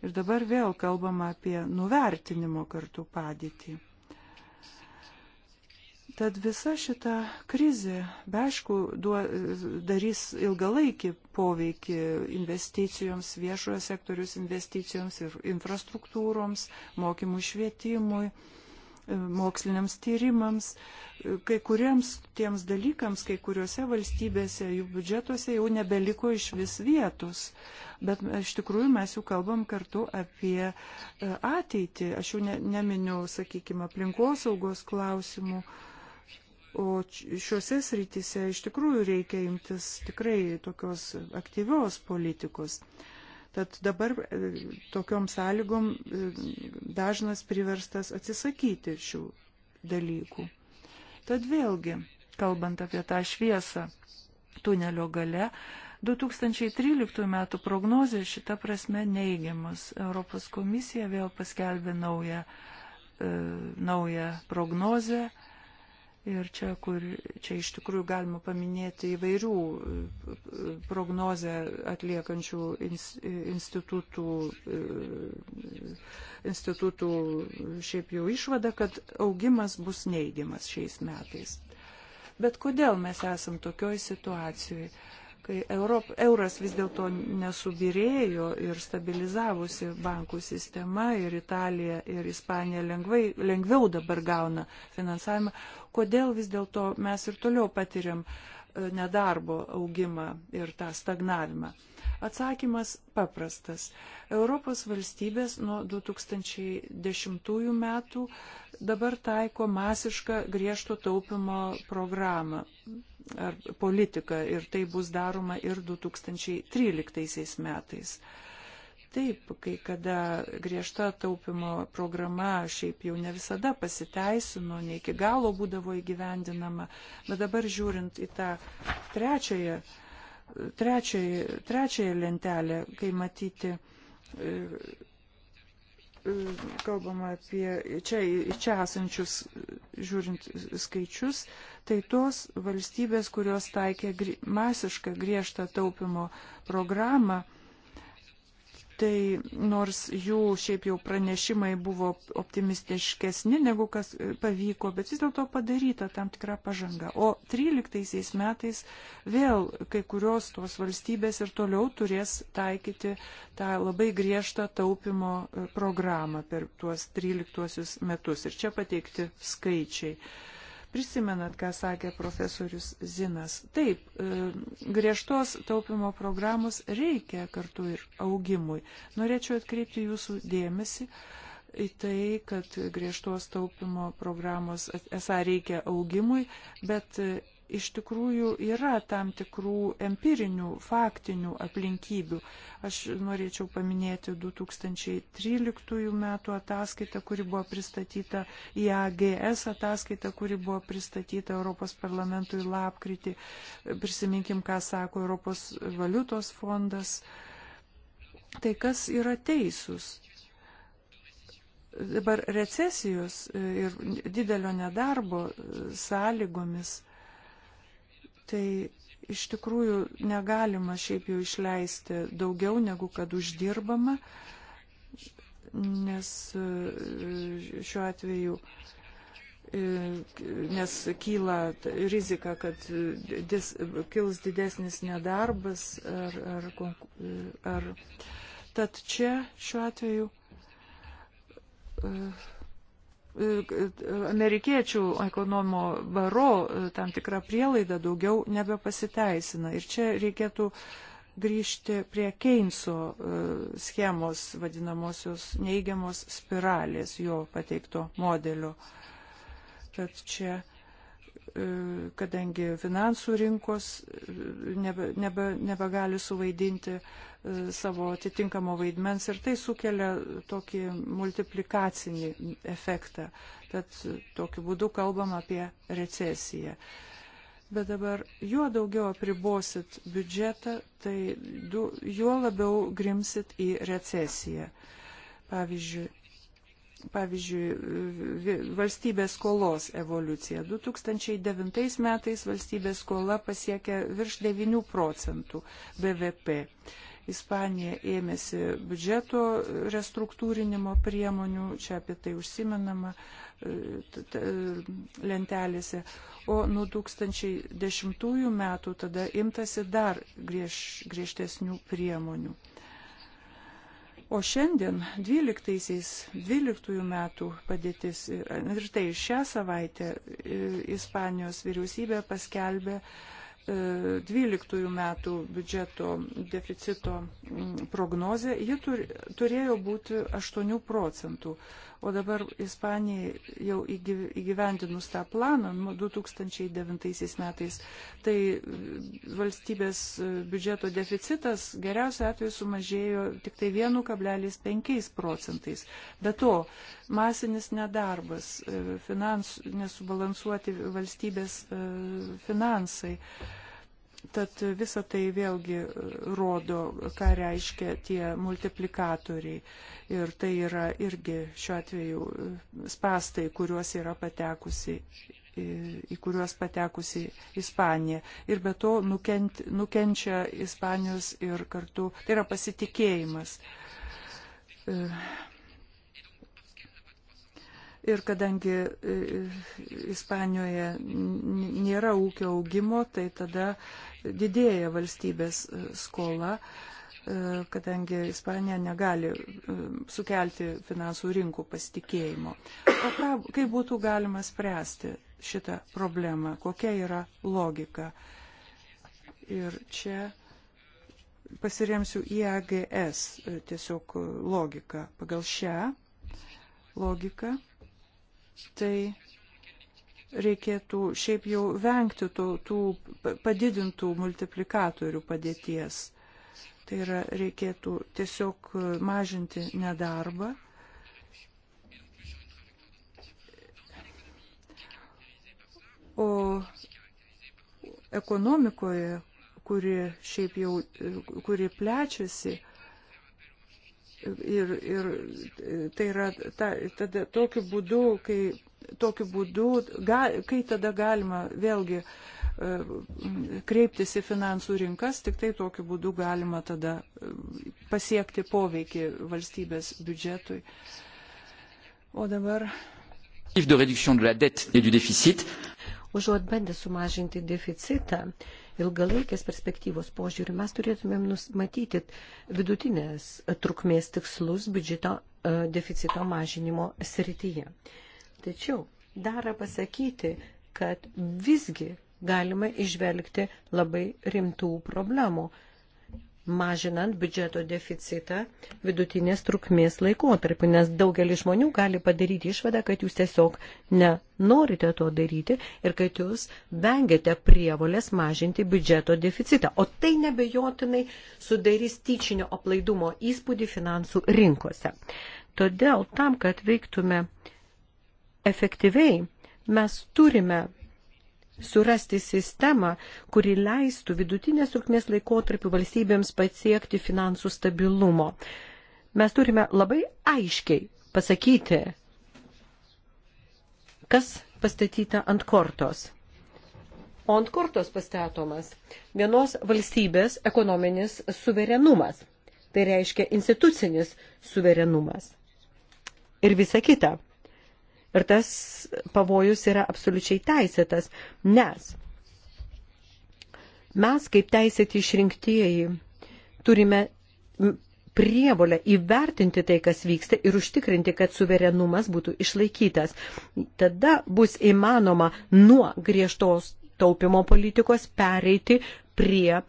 Ir dabar vėl kalbama apie nuvertinimo kartu padėtį. Tad visa šita krizė, be aišku, duo, darys ilgalaikį poveikį investicijoms, viešojo sektorius investicijoms ir infrastruktūroms, mokymų švietimui, moksliniams tyrimams. Kai kuriems tiems dalykams, kai kuriuose valstybėse, jų biudžetuose jau nebeliko iš vis vietos. Bet iš tikrųjų mes jau kalbam kartu apie e, ateitį. Aš jau ne, neminiu, sakykime, aplinkosaugos klausimų O šiuose srityse iš tikrųjų reikia imtis tikrai tokios aktyvios politikos. Tad dabar e, tokiom sąlygom e, dažnas priverstas atsisakyti šių dalykų. Tad vėlgi, kalbant apie tą šviesą tunelio gale, 2013 m. prognozija šita prasme neigiamas. Europos komisija vėl paskelbė naują, e, naują prognozę Ir čia, kur, čia iš tikrųjų galima paminėti įvairių e, prognozę atliekančių e, institutų, e, institutų šiaip jau išvada, kad augimas bus neigiamas šiais metais. Bet kodėl mes esam tokioj situacijoje? kai Europ, euras vis dėlto nesubirėjo ir stabilizavusi bankų sistema ir Italija ir Ispanija lengvai, lengviau dabar gauna finansavimą, kodėl vis dėlto mes ir toliau patiriam e, nedarbo augimą ir tą stagnavimą. Atsakymas paprastas. Europos valstybės nuo 2010 metų dabar taiko masišką griežto taupimo programą ar politiką ir tai bus daroma ir 2013 metais. Taip, kai kada griežta taupimo programa šiaip jau ne visada pasiteisino, ne iki galo būdavo įgyvendinama, bet dabar žiūrint į tą trečiąją, trečiąją, trečiąją lentelę, kai matyti e, e, kalbama apie čia, čia esančius žiūrint skaičius, tai tos valstybės, kurios taikė gri masišką griežtą taupimo programą, tai nors jų šiaip jau pranešimai buvo optimistiškesni negu kas e, pavyko, bet vis dėlto padaryta tam tikra pažanga. O 13 metais vėl kai kurios tos valstybės ir toliau turės taikyti tą labai griežtą taupimo e, programą per tuos 13 metus. Ir čia pateikti skaičiai. Prisimenat, ką sakė profesorius Zinas. Taip, e, griežtos taupimo programos reikia kartu ir augimui. Norėčiau atkreipti jūsų dėmesį į tai, kad griežtos taupimo programos esą reikia augimui, bet iš tikrųjų yra tam tikrų empirinių, faktinių aplinkybių. Aš norėčiau paminėti 2013 metų ataskaitą, kuri buvo pristatyta į AGS ataskaitą, kuri buvo pristatyta Europos parlamentui lapkritį. Prisiminkim, ką sako Europos valiutos fondas. Tai kas yra teisūs? dabar recesijos ir didelio nedarbo sąlygomis tai iš tikrųjų negalima šiaip jau išleisti daugiau negu kad uždirbama, nes e, šiuo atveju e, nes kyla rizika, kad e, dis, kils didesnis nedarbas ar, ar, ar tad čia šiuo atveju uh, E, amerikiečių ekonomo baro e, tam tikra prielaida daugiau nebepasiteisina. Ir čia reikėtų grįžti prie Keinso e, schemos vadinamosios neigiamos spiralės jo pateikto modelio. Tad čia E, kadangi finansų rinkos e, nebe, nebe, nebegali suvaidinti e, savo atitinkamo vaidmens ir tai sukelia tokį multiplikacinį efektą. Tad tokiu būdu kalbam apie recesiją. Bet dabar juo daugiau apribosit biudžetą, tai du, juo labiau grimsit į recesiją. Pavyzdžiui, pavyzdžiui, valstybės skolos evoliucija. 2009 metais valstybės skola pasiekė virš 9 procentų BVP. Ispanija ėmėsi biudžeto restruktūrinimo priemonių, čia apie tai užsimenama e, lentelėse, o nuo 2010 metų tada imtasi dar griež, griežtesnių priemonių. O šiandien 12, 12 metų padėtis ir tai šią savaitę e, Ispanijos vyriausybė paskelbė 12 e, metų biudžeto deficito prognozė, ji turėjo būti 8 procentų. O dabar Ispanija jau įgyvendinus tą planą 2009 metais, tai e, valstybės e, biudžeto deficitas geriausia atveju sumažėjo tik tai 1,5 procentais. Be to, masinis nedarbas, e, finans, nesubalansuoti valstybės finansai. Uh, Tad visa tai vėlgi e, rodo, ką reiškia tie multiplikatoriai. Ir tai yra irgi šiuo atveju e, spastai, kuriuos yra patekusi į, į kuriuos patekusi Ispanija. Ir be to nukent, nukenčia Ispanijos ir kartu, tai yra pasitikėjimas. E, Ir kadangi e, Ispanijoje nėra ūkio augimo, tai tada didėja valstybės e, skola, e, kadangi Ispanija negali sukelti finansų rinkų pasitikėjimo. O ką, kaip būtų galima spręsti šitą problemą? Kokia yra logika? Ir čia pasiremsiu IAGS tiesiog logiką. Pagal šią logiką tai reikėtų šiaip jau vengti tų, tų padidintų multiplikatorių padėties. Tai yra, reikėtų tiesiog mažinti nedarbą. O ekonomikoje, kuri šiaip jau, kuri plečiasi, Ir, ir e, tai yra ta, tada, tokiu būdu, kai, tokiu būdu ga, kai tada galima vėlgi e, kreiptis į finansų rinkas, tik tai tokiu būdu galima tada e, pasiekti poveikį valstybės biudžetui. O dabar. Užuot bandę sumažinti deficitą, ilgalaikės perspektyvos požiūrių mes turėtumėm numatyti vidutinės trukmės tikslus biudžeto e, deficito mažinimo srityje. Tačiau dera pasakyti, kad visgi galima išvelgti labai rimtų problemų mažinant biudžeto deficitą vidutinės trukmės laikotarpį, nes daugelis žmonių gali padaryti išvadą, kad jūs tiesiog nenorite to daryti ir kad jūs vengiate prievolės mažinti biudžeto deficitą. O tai nebejotinai sudarys tyčinio aplaidumo įspūdį finansų rinkose. Todėl tam, kad veiktume efektyviai, mes turime surasti sistemą, kuri leistų vidutinės trukmės laikotarpių valstybėms pasiekti finansų stabilumo. Mes turime labai aiškiai pasakyti, kas pastatyta ant kortos. O ant kortos pastatomas vienos valstybės ekonominis suverenumas. Tai reiškia institucinis suverenumas. Ir visa kita. Ir tas pavojus yra absoliučiai teisėtas, nes mes kaip teisėti išrinktieji turime prievolę įvertinti tai, kas vyksta ir užtikrinti, kad suverenumas būtų išlaikytas. Tada bus įmanoma nuo griežtos taupimo politikos pereiti prie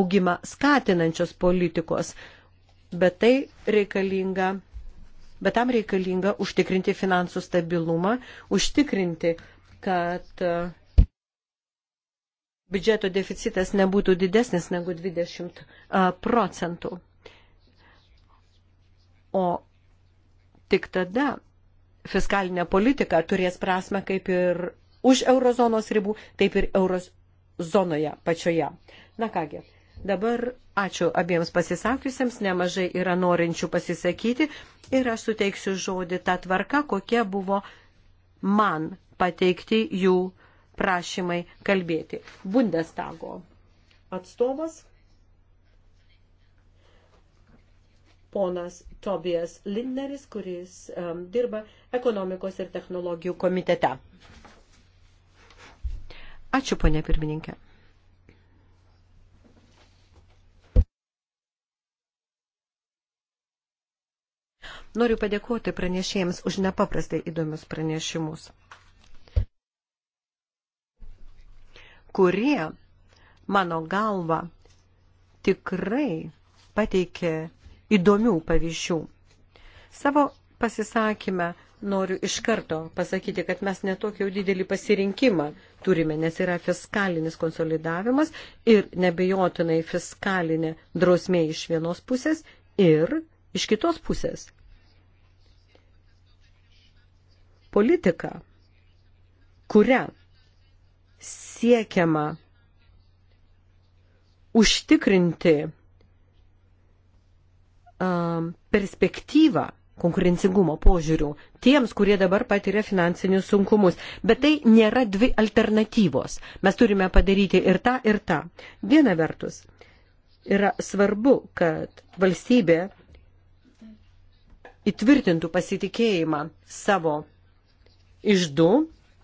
augimą skatinančios politikos. Bet tai reikalinga bet tam reikalinga užtikrinti finansų stabilumą, užtikrinti, kad e, biudžeto deficitas nebūtų didesnis negu 20 e, procentų. O tik tada fiskalinė politika turės prasme kaip ir už eurozonos ribų, taip ir eurozonoje pačioje. Na kągi, Dabar ačiū abiems pasisakiusiems, nemažai yra norinčių pasisakyti ir aš suteiksiu žodį tą tvarką, kokie buvo man pateikti jų prašymai kalbėti. Bundestago atstovas ponas Tobijas Lindneris, kuris um, dirba ekonomikos ir technologijų komitete. Ačiū, ponė pirmininkė. Noriu padėkoti pranešėjams už nepaprastai įdomius pranešimus, kurie, mano galva, tikrai pateikė įdomių pavyzdžių. Savo pasisakymę noriu iš karto pasakyti, kad mes netokį jau didelį pasirinkimą turime, nes yra fiskalinis konsolidavimas ir nebejotinai fiskalinė drausmė iš vienos pusės ir iš kitos pusės politika, kuria siekiama užtikrinti perspektyvą konkurencingumo požiūrių tiems, kurie dabar patiria finansinius sunkumus. Bet tai nėra dvi alternatyvos. Mes turime padaryti ir tą, ir tą. Viena vertus, yra svarbu, kad valstybė įtvirtintų pasitikėjimą savo išdu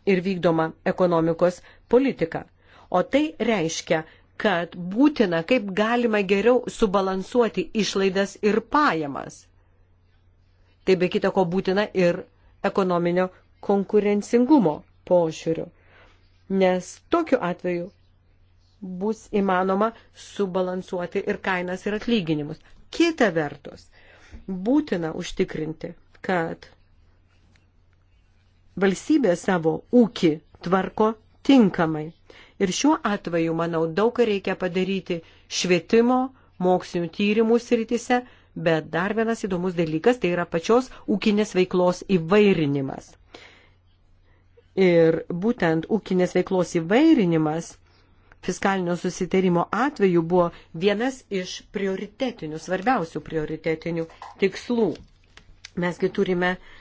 ir vykdoma ekonomikos politika. O tai reiškia, kad būtina kaip galima geriau subalansuoti išlaidas ir pajamas. Tai be kita ko būtina ir ekonominio konkurencingumo požiūriu. Nes tokiu atveju bus įmanoma subalansuoti ir kainas ir atlyginimus. Kita vertus, būtina užtikrinti, kad valstybė savo ūkį tvarko tinkamai. Ir šiuo atveju, manau, daug ką reikia padaryti švietimo, mokslinių tyrimų sritise, bet dar vienas įdomus dalykas tai yra pačios ūkinės veiklos įvairinimas. Ir būtent ūkinės veiklos įvairinimas fiskalinio susitarimo atveju buvo vienas iš prioritetinių, svarbiausių prioritetinių tikslų. Mesgi turime uh,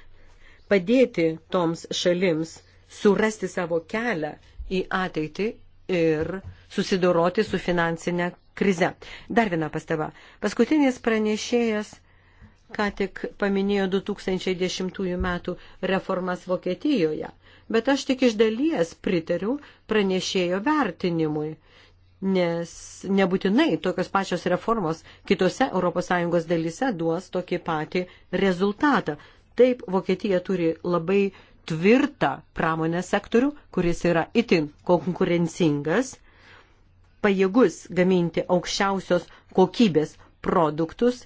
padėti toms šalims surasti savo kelią į ateitį ir susidoroti su finansinė krize. Dar viena pastaba. Paskutinis pranešėjas ką tik paminėjo 2010 metų reformas Vokietijoje, bet aš tik iš dalies pritariu pranešėjo vertinimui, nes nebūtinai tokios pačios reformos kitose ES dalyse duos tokį patį rezultatą. Taip, Vokietija turi labai tvirtą pramonės sektorių, kuris yra itin konkurencingas, pajėgus gaminti aukščiausios kokybės produktus,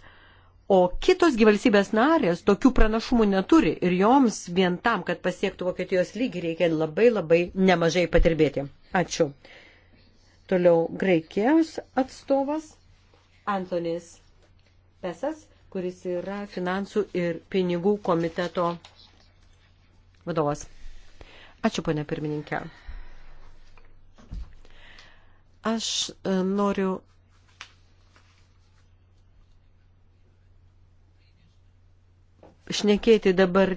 o kitos gyvalsybės narės tokių pranašumų neturi ir joms vien tam, kad pasiektų Vokietijos lygį, reikia labai labai nemažai patirbėti. Ačiū. Toliau Graikijos atstovas Antonis Pesas kuris yra finansų ir pinigų komiteto vadovas. Ačiū, ponė pirmininkė. Aš e, noriu šnekėti dabar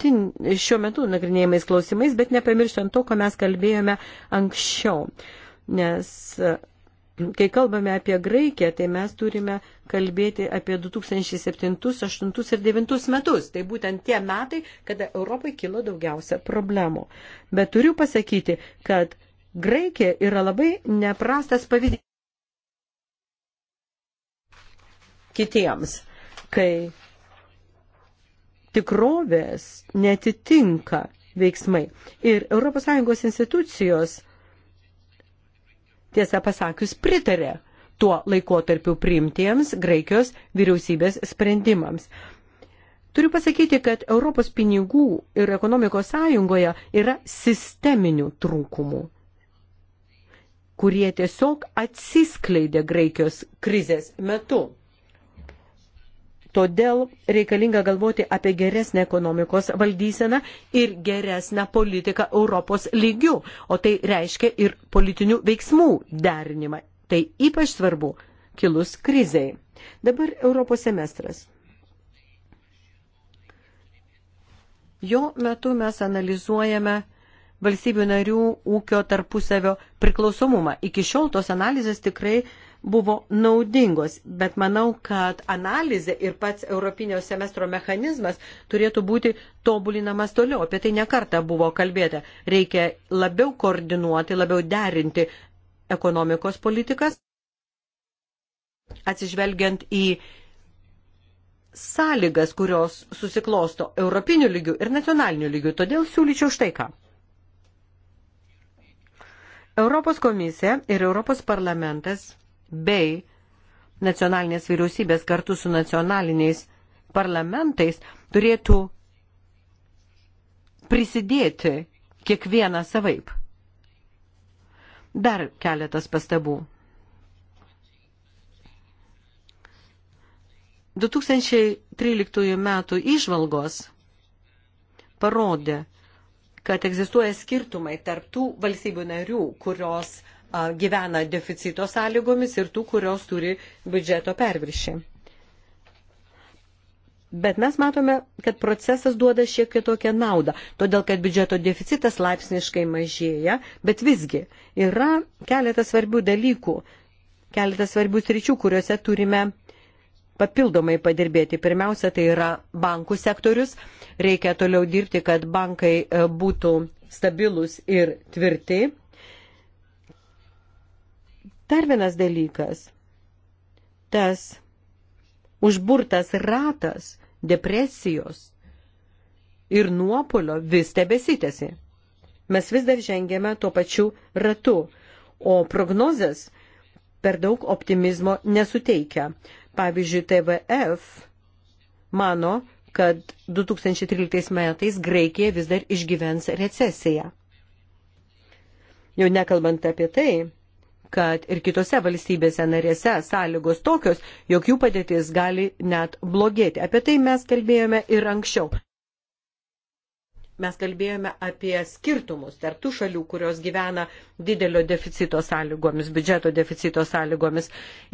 šiuo metu nagrinėjimais klausimais, bet nepamirštant to, ko mes kalbėjome anksčiau. Nes Kai kalbame apie Graikiją, tai mes turime kalbėti apie 2007, 2008 ir 2009 metus. Tai būtent tie metai, kada Europai kilo daugiausia problemų. Bet turiu pasakyti, kad Graikija yra labai neprastas pavyzdys kitiems, kai tikrovės netitinka veiksmai. Ir ES institucijos tiesą pasakius, pritarė tuo laikotarpiu priimtiems Graikijos vyriausybės sprendimams. Turiu pasakyti, kad Europos pinigų ir ekonomikos sąjungoje yra sisteminių trūkumų, kurie tiesiog atsiskleidė Graikijos krizės metu. Todėl reikalinga galvoti apie geresnę ekonomikos valdyseną ir geresnę politiką Europos lygių, o tai reiškia ir politinių veiksmų derinimą. Tai ypač svarbu kilus kriziai. Dabar Europos semestras. Jo metu mes analizuojame valstybių narių ūkio tarpusavio priklausomumą. Iki šiol tos analizės tikrai uh, buvo naudingos, bet manau, kad analizė ir pats Europinio semestro mechanizmas turėtų būti tobulinamas toliau. Apie tai nekarta buvo kalbėta. Reikia labiau koordinuoti, labiau derinti ekonomikos politikas, atsižvelgiant į sąlygas, kurios susiklosto europinių lygių ir nacionalinių lygių. Todėl siūlyčiau štai ką. Europos komisija ir Europos parlamentas bei nacionalinės vyriausybės kartu su nacionaliniais parlamentais turėtų prisidėti kiekvieną savaip. Dar keletas pastabų. 2013 metų išvalgos parodė, kad egzistuoja skirtumai tarptų valstybių narių, kurios uh, gyvena deficito sąlygomis ir tų, kurios turi biudžeto perviršį. Bet mes matome, kad procesas duoda šiek tiek tokią naudą, todėl kad biudžeto deficitas laipsniškai mažėja, bet visgi yra keletas svarbių dalykų, keletas svarbių sričių, kuriuose turime papildomai padirbėti. Pirmiausia, tai yra bankų sektorius. Reikia toliau dirbti, kad bankai e, būtų stabilus ir tvirti. Dar vienas dalykas. Tas užburtas ratas depresijos ir nuopolio vis tebesitėsi. Mes vis dar žengėme tuo pačiu ratu, o prognozes per daug optimizmo nesuteikia. Pavyzdžiui, TVF mano, kad 2013 metais Graikija vis dar išgyvens recesiją. Jau nekalbant apie tai, kad ir kitose valstybėse narėse sąlygos tokios, jog jų padėtis gali net blogėti. Apie tai mes kalbėjome ir anksčiau. Mes kalbėjome apie skirtumus tarp tų šalių, kurios gyvena didelio deficito sąlygomis, biudžeto deficito sąlygomis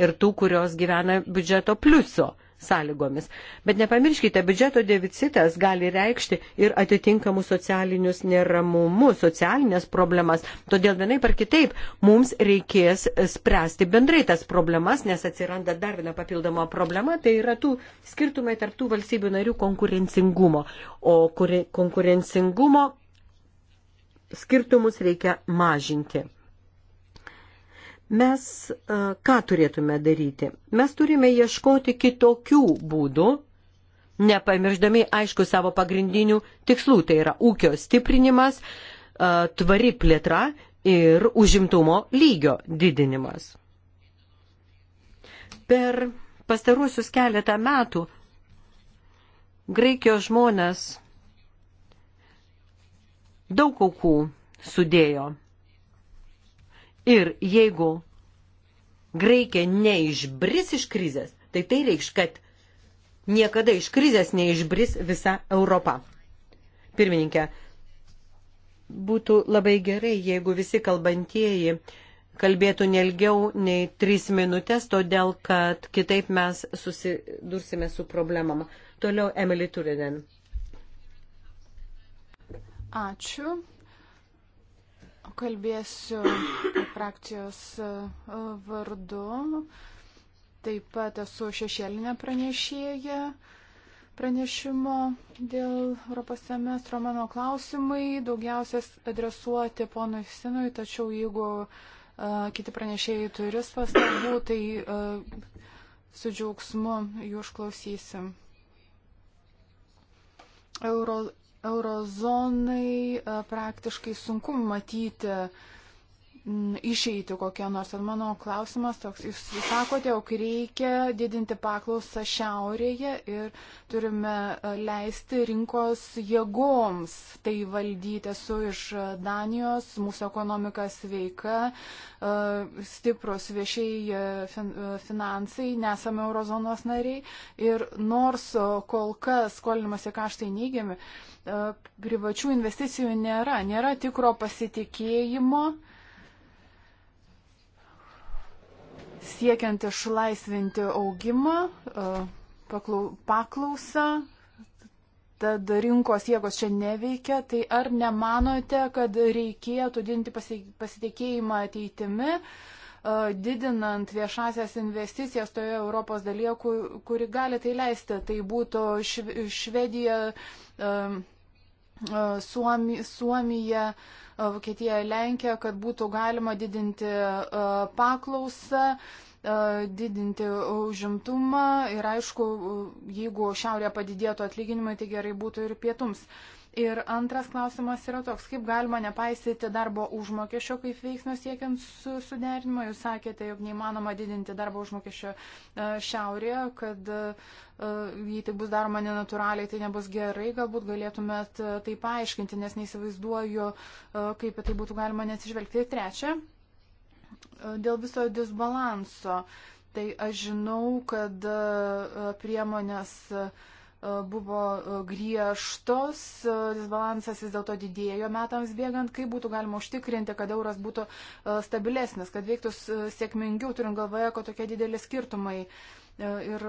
ir tų, kurios gyvena biudžeto pliuso sąlygomis. Bet nepamirškite, biudžeto deficitas gali reikšti ir atitinkamus socialinius neramumus, socialinės problemas. Todėl vienai par kitaip mums reikės spręsti bendrai tas problemas, nes atsiranda dar viena papildoma problema, tai yra tų skirtumai tarptų valstybių narių konkurencingumo. O konkurencingumo skirtumus reikia mažinti. Mes ką turėtume daryti? Mes turime ieškoti kitokių būdų, nepamirždami aišku savo pagrindinių tikslų, tai yra ūkio stiprinimas, tvari plėtra ir užimtumo lygio didinimas. Per pastaruosius keletą metų Graikijos žmonės daug aukų sudėjo Ir jeigu Graikija neišbris iš krizės, tai tai reikš, kad niekada iš krizės neišbris visa Europa. Pirmininkė, būtų labai gerai, jeigu visi kalbantieji kalbėtų nelgiau nei tris minutės, todėl kad kitaip mes susidursime su problemama. Toliau Emily Turinen. Ačiū kalbėsiu frakcijos e, vardu. Taip pat esu šešėlinė pranešėja pranešimo dėl Europos semestro. Mano klausimai daugiausias adresuoti ponui Sinui, tačiau jeigu uh, kiti pranešėjai turi pastabų, tai uh, su džiaugsmu jų išklausysim. Euro eurozonai e, praktiškai sunku matyti uh, Mm, išeiti kokią nors. Ir mano klausimas toks, jūs sakote, jog reikia didinti paklausą šiaurėje ir turime e, leisti rinkos jėgoms tai valdyti. Esu iš Danijos, mūsų ekonomika sveika, e, stiprus viešiai e, finansai, nesame eurozonos nariai ir nors kol kas skolinimas į kaštai neigiami, privačių investicijų nėra, nėra tikro pasitikėjimo. siekiant išlaisvinti augimą, e, paklausą, tad rinkos jėgos čia neveikia, tai ar nemanote, kad reikėtų didinti pasitikėjimą ateitimi, e, didinant viešasias investicijas toje Europos dalyje, kuri gali tai leisti, tai būtų Švedija. Um, E, Suomi, Suomija, e, Vokietija, Lenkija, kad būtų galima didinti e, paklausą, didinti užimtumą ir aišku, jeigu šiaurėje padidėtų atlyginimai, tai gerai būtų ir pietums. Uh, Ir antras klausimas yra toks, kaip galima nepaisyti darbo užmokesčio kaip veiksnio siekiant su suderinimo. Jūs sakėte, jog neįmanoma didinti darbo užmokesčio e, šiaurėje, kad e, jei tai bus daroma nenaturaliai, tai nebus gerai. Galbūt galėtumėt e, tai paaiškinti, nes neįsivaizduoju, kaip tai būtų galima nesižvelgti. Ir trečia, dėl viso disbalanso. Tai aš žinau, kad priemonės. Uh, E, buvo e, griežtos, e, disbalansas vis dėlto didėjo metams bėgant, kaip būtų galima užtikrinti, kad euras būtų stabilesnis, kad veiktų sėkmingiau, turint galvoje, kad tokie dideli skirtumai ir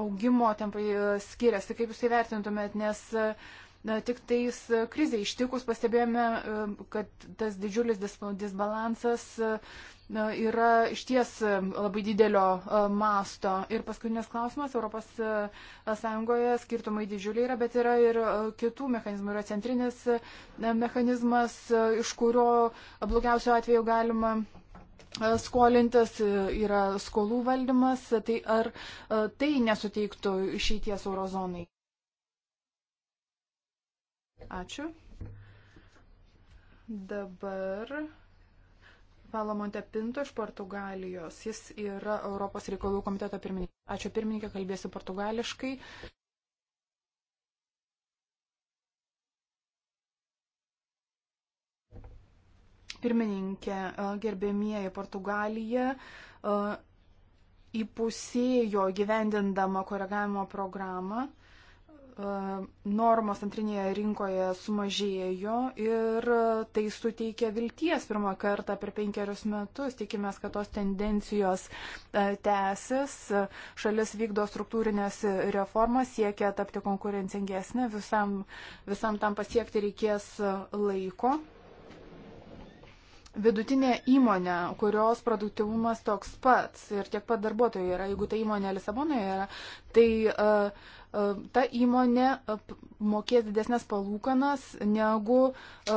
augimo tempai skiriasi, kaip jūs įvertintumėt, tai nes tik tais krizai ištikus pastebėjome, kad tas didžiulis disbalansas dis na, yra išties labai didelio e, masto. Ir paskutinis klausimas, ES e, skirtumai didžiuliai yra, bet yra ir e, kitų mechanizmų. Yra centrinis mechanizmas, iš kurio blogiausio atveju galima skolintas, yra skolų valdymas. Tai ar tai nesuteiktų išeities eurozonai? Ačiū. Dabar Palo Montepinto iš Portugalijos. Jis yra Europos reikalų komiteto pirmininkė. Ačiū pirmininkė, kalbėsiu portugališkai. Pirmininkė, e, gerbėmieji Portugalija e, įpusėjo gyvendindama koregavimo programą E, normos antrinėje rinkoje sumažėjo ir tai suteikia vilties pirmą kartą per penkerius metus. Tikimės, kad tos tendencijos e, tęsis. Šalis vykdo struktūrinės reformas, siekia tapti konkurencingesnė. Visam, visam tam pasiekti reikės laiko vidutinė įmonė, kurios produktivumas toks pats ir tiek pat darbuotojų yra, jeigu ta įmonė Lisabonoje yra, tai uh, uh, ta įmonė e, mokės didesnės palūkanas negu uh,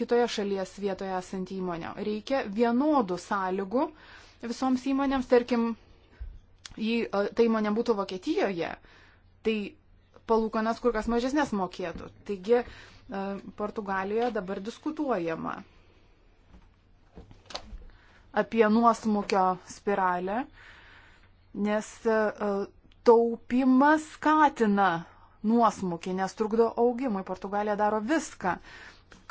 kitoje šalies vietoje esanti įmonė. Reikia vienodų sąlygų visoms įmonėms, tarkim, jei ta įmonė būtų Vokietijoje, tai palūkanas kur kas mažesnės mokėtų. Taigi Portugalijoje dabar diskutuojama apie nuosmukio spiralę, nes e, taupimas skatina nuosmukį, nes trukdo augimui. Portugalija daro viską,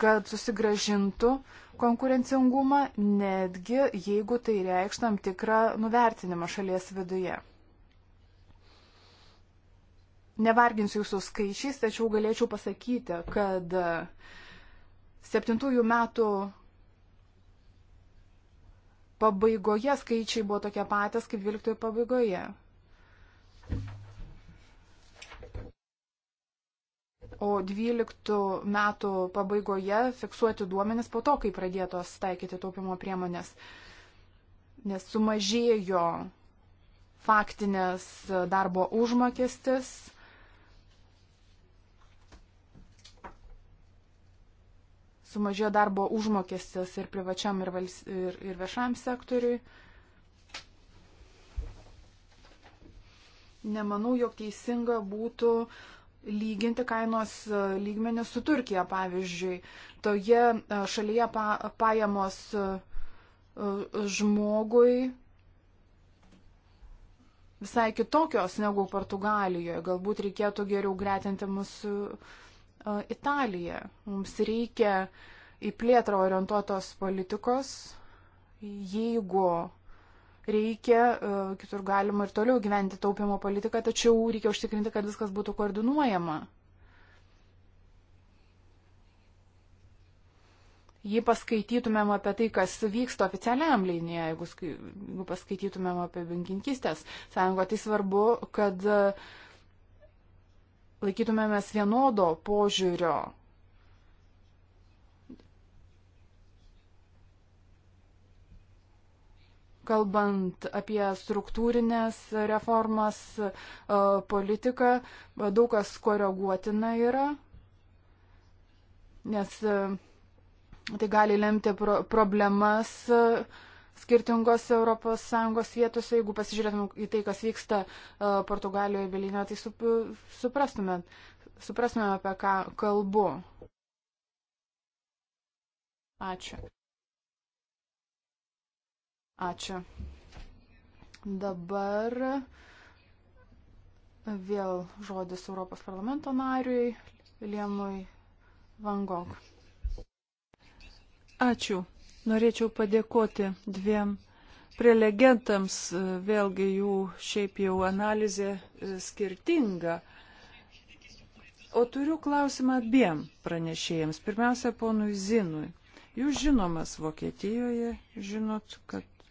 kad susigražintų konkurencingumą, netgi jeigu tai reikš tam tikrą nuvertinimą šalies viduje. Nevarginsiu jūsų skaičiais, tačiau galėčiau pasakyti, kad e, septintųjų metų pabaigoje skaičiai buvo tokie patys kaip 12 pabaigoje. O 12 metų pabaigoje fiksuoti duomenis po to, kai pradėtos taikyti taupimo priemonės, nes sumažėjo faktinės darbo užmokestis sumažėjo darbo užmokestis ir privačiam, ir, vals, ir, ir viešam sektoriui. Nemanau, jog teisinga būtų lyginti kainos lygmenį su Turkija, pavyzdžiui. Toje e, šalyje pa, pajamos e, žmogui visai kitokios negu Portugalijoje. Galbūt reikėtų geriau gretinti mūsų su Italija. Mums reikia į plėtrą orientuotos politikos, jeigu reikia, kitur galima ir toliau gyventi taupimo politiką, tačiau reikia užtikrinti, kad viskas būtų koordinuojama. Jei paskaitytumėm apie tai, kas vyksta oficialiam linija, jeigu, jeigu paskaitytumėm apie bankinkistės sąjungą, tai svarbu, kad uh, laikytumėmės vienodo požiūrio. Kalbant apie struktūrinės reformas, e, politiką, daug kas koreguotina yra, nes e, tai gali lemti problemas skirtingose ES vietose. Jeigu pasižiūrėtum į tai, kas vyksta e, Portugalijoje, Belinėje, tai suprastume, suprastume, apie ką kalbu. Ačiū. Ačiū. Dabar vėl žodis Europos parlamento nariui Liemui Van Gogh. Ačiū. Norėčiau padėkoti dviem prelegentams, vėlgi jų šiaip jau analizė e, skirtinga. O turiu klausimą abiem pranešėjams. Pirmiausia, ponui Zinui. Jūs žinomas Vokietijoje, žinot, kad,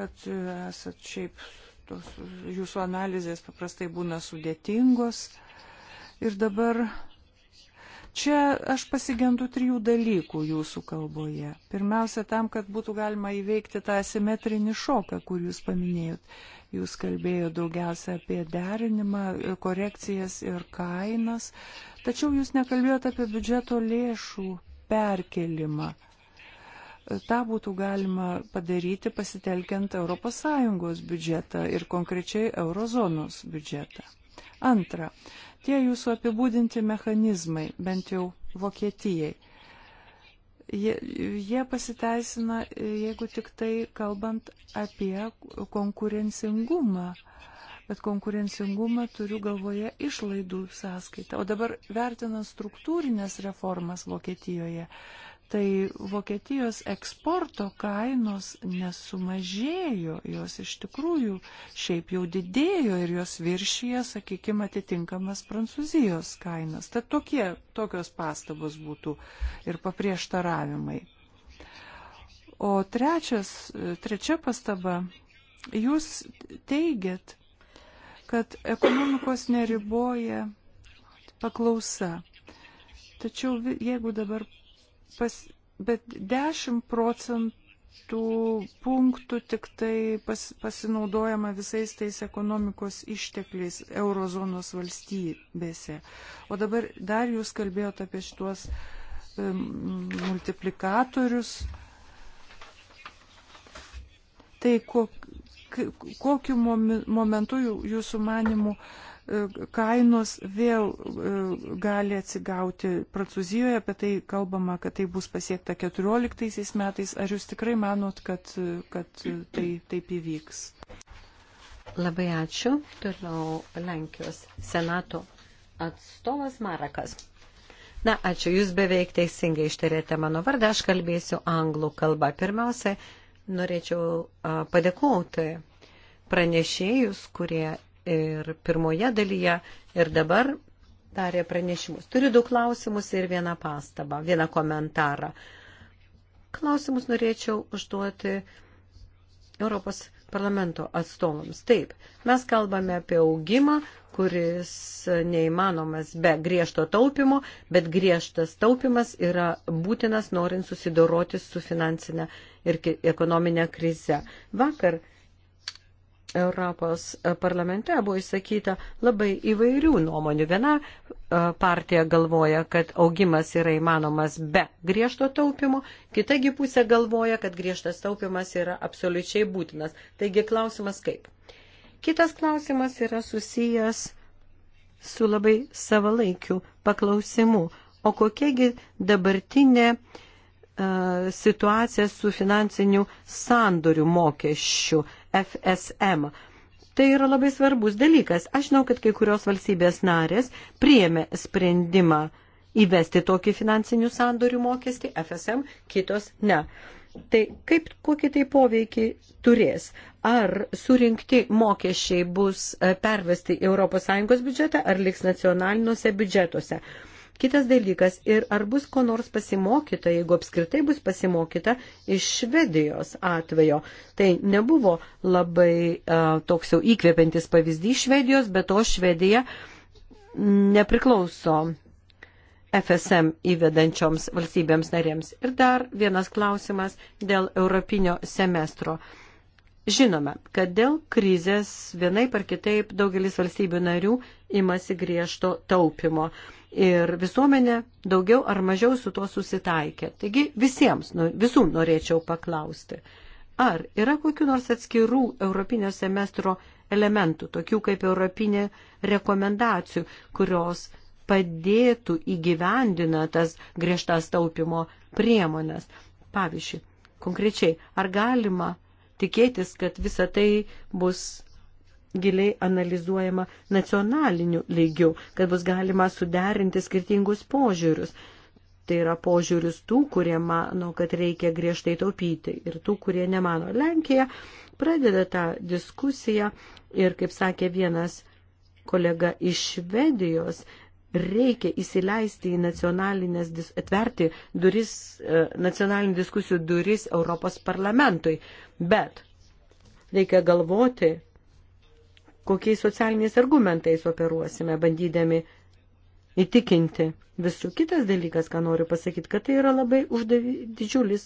kad e, esat šiaip, tos, jūsų analizės paprastai būna sudėtingos. Ir dabar Čia aš pasigendu trijų dalykų jūsų kalboje. Pirmiausia, tam, kad būtų galima įveikti tą asimetrinį šoką, kur jūs paminėjot. Jūs kalbėjote daugiausia apie derinimą, korekcijas ir kainas, tačiau jūs nekalbėjote apie biudžeto lėšų perkelimą. Ta būtų galima padaryti pasitelkiant ES biudžetą ir konkrečiai eurozonos biudžetą. Antra, tie jūsų apibūdinti mechanizmai, bent jau Vokietijai, jie, jie pasiteisina, jeigu tik tai kalbant apie konkurencingumą. Bet konkurencingumą turiu galvoje išlaidų sąskaitą. O dabar vertinant struktūrinės reformas Vokietijoje, tai Vokietijos eksporto kainos nesumažėjo, jos iš tikrųjų šiaip jau didėjo ir jos viršyje, sakykime, atitinkamas Prancūzijos kainas. Tad tokie, tokios pastabos būtų ir paprieštaravimai. O trečias, trečia pastaba, jūs teigiat, kad ekonomikos neriboja paklausa. Tačiau jeigu dabar pas, bet 10 procentų punktų tik tai pas, pasinaudojama visais tais ekonomikos ištekliais eurozonos valstybėse. O dabar dar jūs kalbėjote apie šitos um, multiplikatorius. Tai kok, kokiu momentu jūsų manimų uh, E, kainos vėl e, gali atsigauti Prancūzijoje, apie tai kalbama, kad tai bus pasiekta 14 metais. Ar jūs tikrai manot, kad, e, kad tai taip įvyks? Labai ačiū. Toliau Lenkijos senato atstovas Marakas. Na, ačiū, jūs beveik teisingai ištarėte mano vardą, aš kalbėsiu anglų kalbą. Pirmiausia, norėčiau padėkoti pranešėjus, kurie ir pirmoje dalyje, ir dabar darė pranešimus. Turiu du klausimus ir vieną pastabą, vieną komentarą. Klausimus norėčiau užduoti Europos parlamento atstovams. Taip, mes kalbame apie augimą, kuris neįmanomas be griežto taupimo, bet griežtas taupimas yra būtinas norint susidoroti su finansinė ir ekonominė krize. Vakar Europos e, parlamente buvo išsakyta labai įvairių nuomonių. Viena e, partija galvoja, kad augimas yra įmanomas be griežto taupimo, kitagi pusė galvoja, kad griežtas taupimas yra absoliučiai būtinas. Taigi klausimas kaip. Kitas klausimas yra susijęs su labai savalaikiu paklausimu. O kokiagi dabartinė uh, situacija su finansiniu sandoriu mokesčiu FSM. Tai yra labai svarbus dalykas. Aš žinau, kad kai kurios valstybės narės priėmė sprendimą įvesti tokį finansinių sandorių mokestį, FSM, kitos ne. Tai kaip kokį tai poveikį turės? Ar surinkti mokesčiai bus e, pervesti ES biudžetą, ar liks nacionaliniuose biudžetuose? Uh, Kitas dalykas, ir ar bus ko nors pasimokyta, jeigu apskritai bus pasimokyta iš Švedijos atvejo. Tai nebuvo labai uh, toks jau įkvepiantis pavyzdys Švedijos, bet to Švedija nepriklauso FSM įvedančioms valstybėms narėms. Ir dar vienas klausimas dėl europinio semestro. Žinome, kad dėl krizės vienaip ar kitaip daugelis valstybių narių imasi griežto taupimo. Uh, ir visuomenė daugiau ar mažiau su tuo susitaikė. Taigi visiems, nu, visų norėčiau paklausti, ar yra kokiu nors atskirų Europinio semestro elementų, tokių kaip Europinė rekomendacijų, kurios padėtų įgyvendina tas griežtas taupimo priemonės. Pavyzdžiui, konkrečiai, ar galima tikėtis, kad visa tai bus giliai analizuojama nacionaliniu lygiu, kad bus galima suderinti skirtingus požiūrius. Tai yra požiūris tų, kurie mano, kad reikia griežtai taupyti ir tų, kurie nemano. Lenkija pradeda tą diskusiją ir, kaip sakė vienas kolega iš Švedijos, reikia įsileisti į nacionalinės, atverti duris, e, nacionalinių diskusijų duris Europos parlamentui. Bet reikia galvoti, kokiais socialiniais argumentais operuosime, bandydami įtikinti. Visų kitas dalykas, ką noriu pasakyti, kad tai yra labai uždavi, didžiulis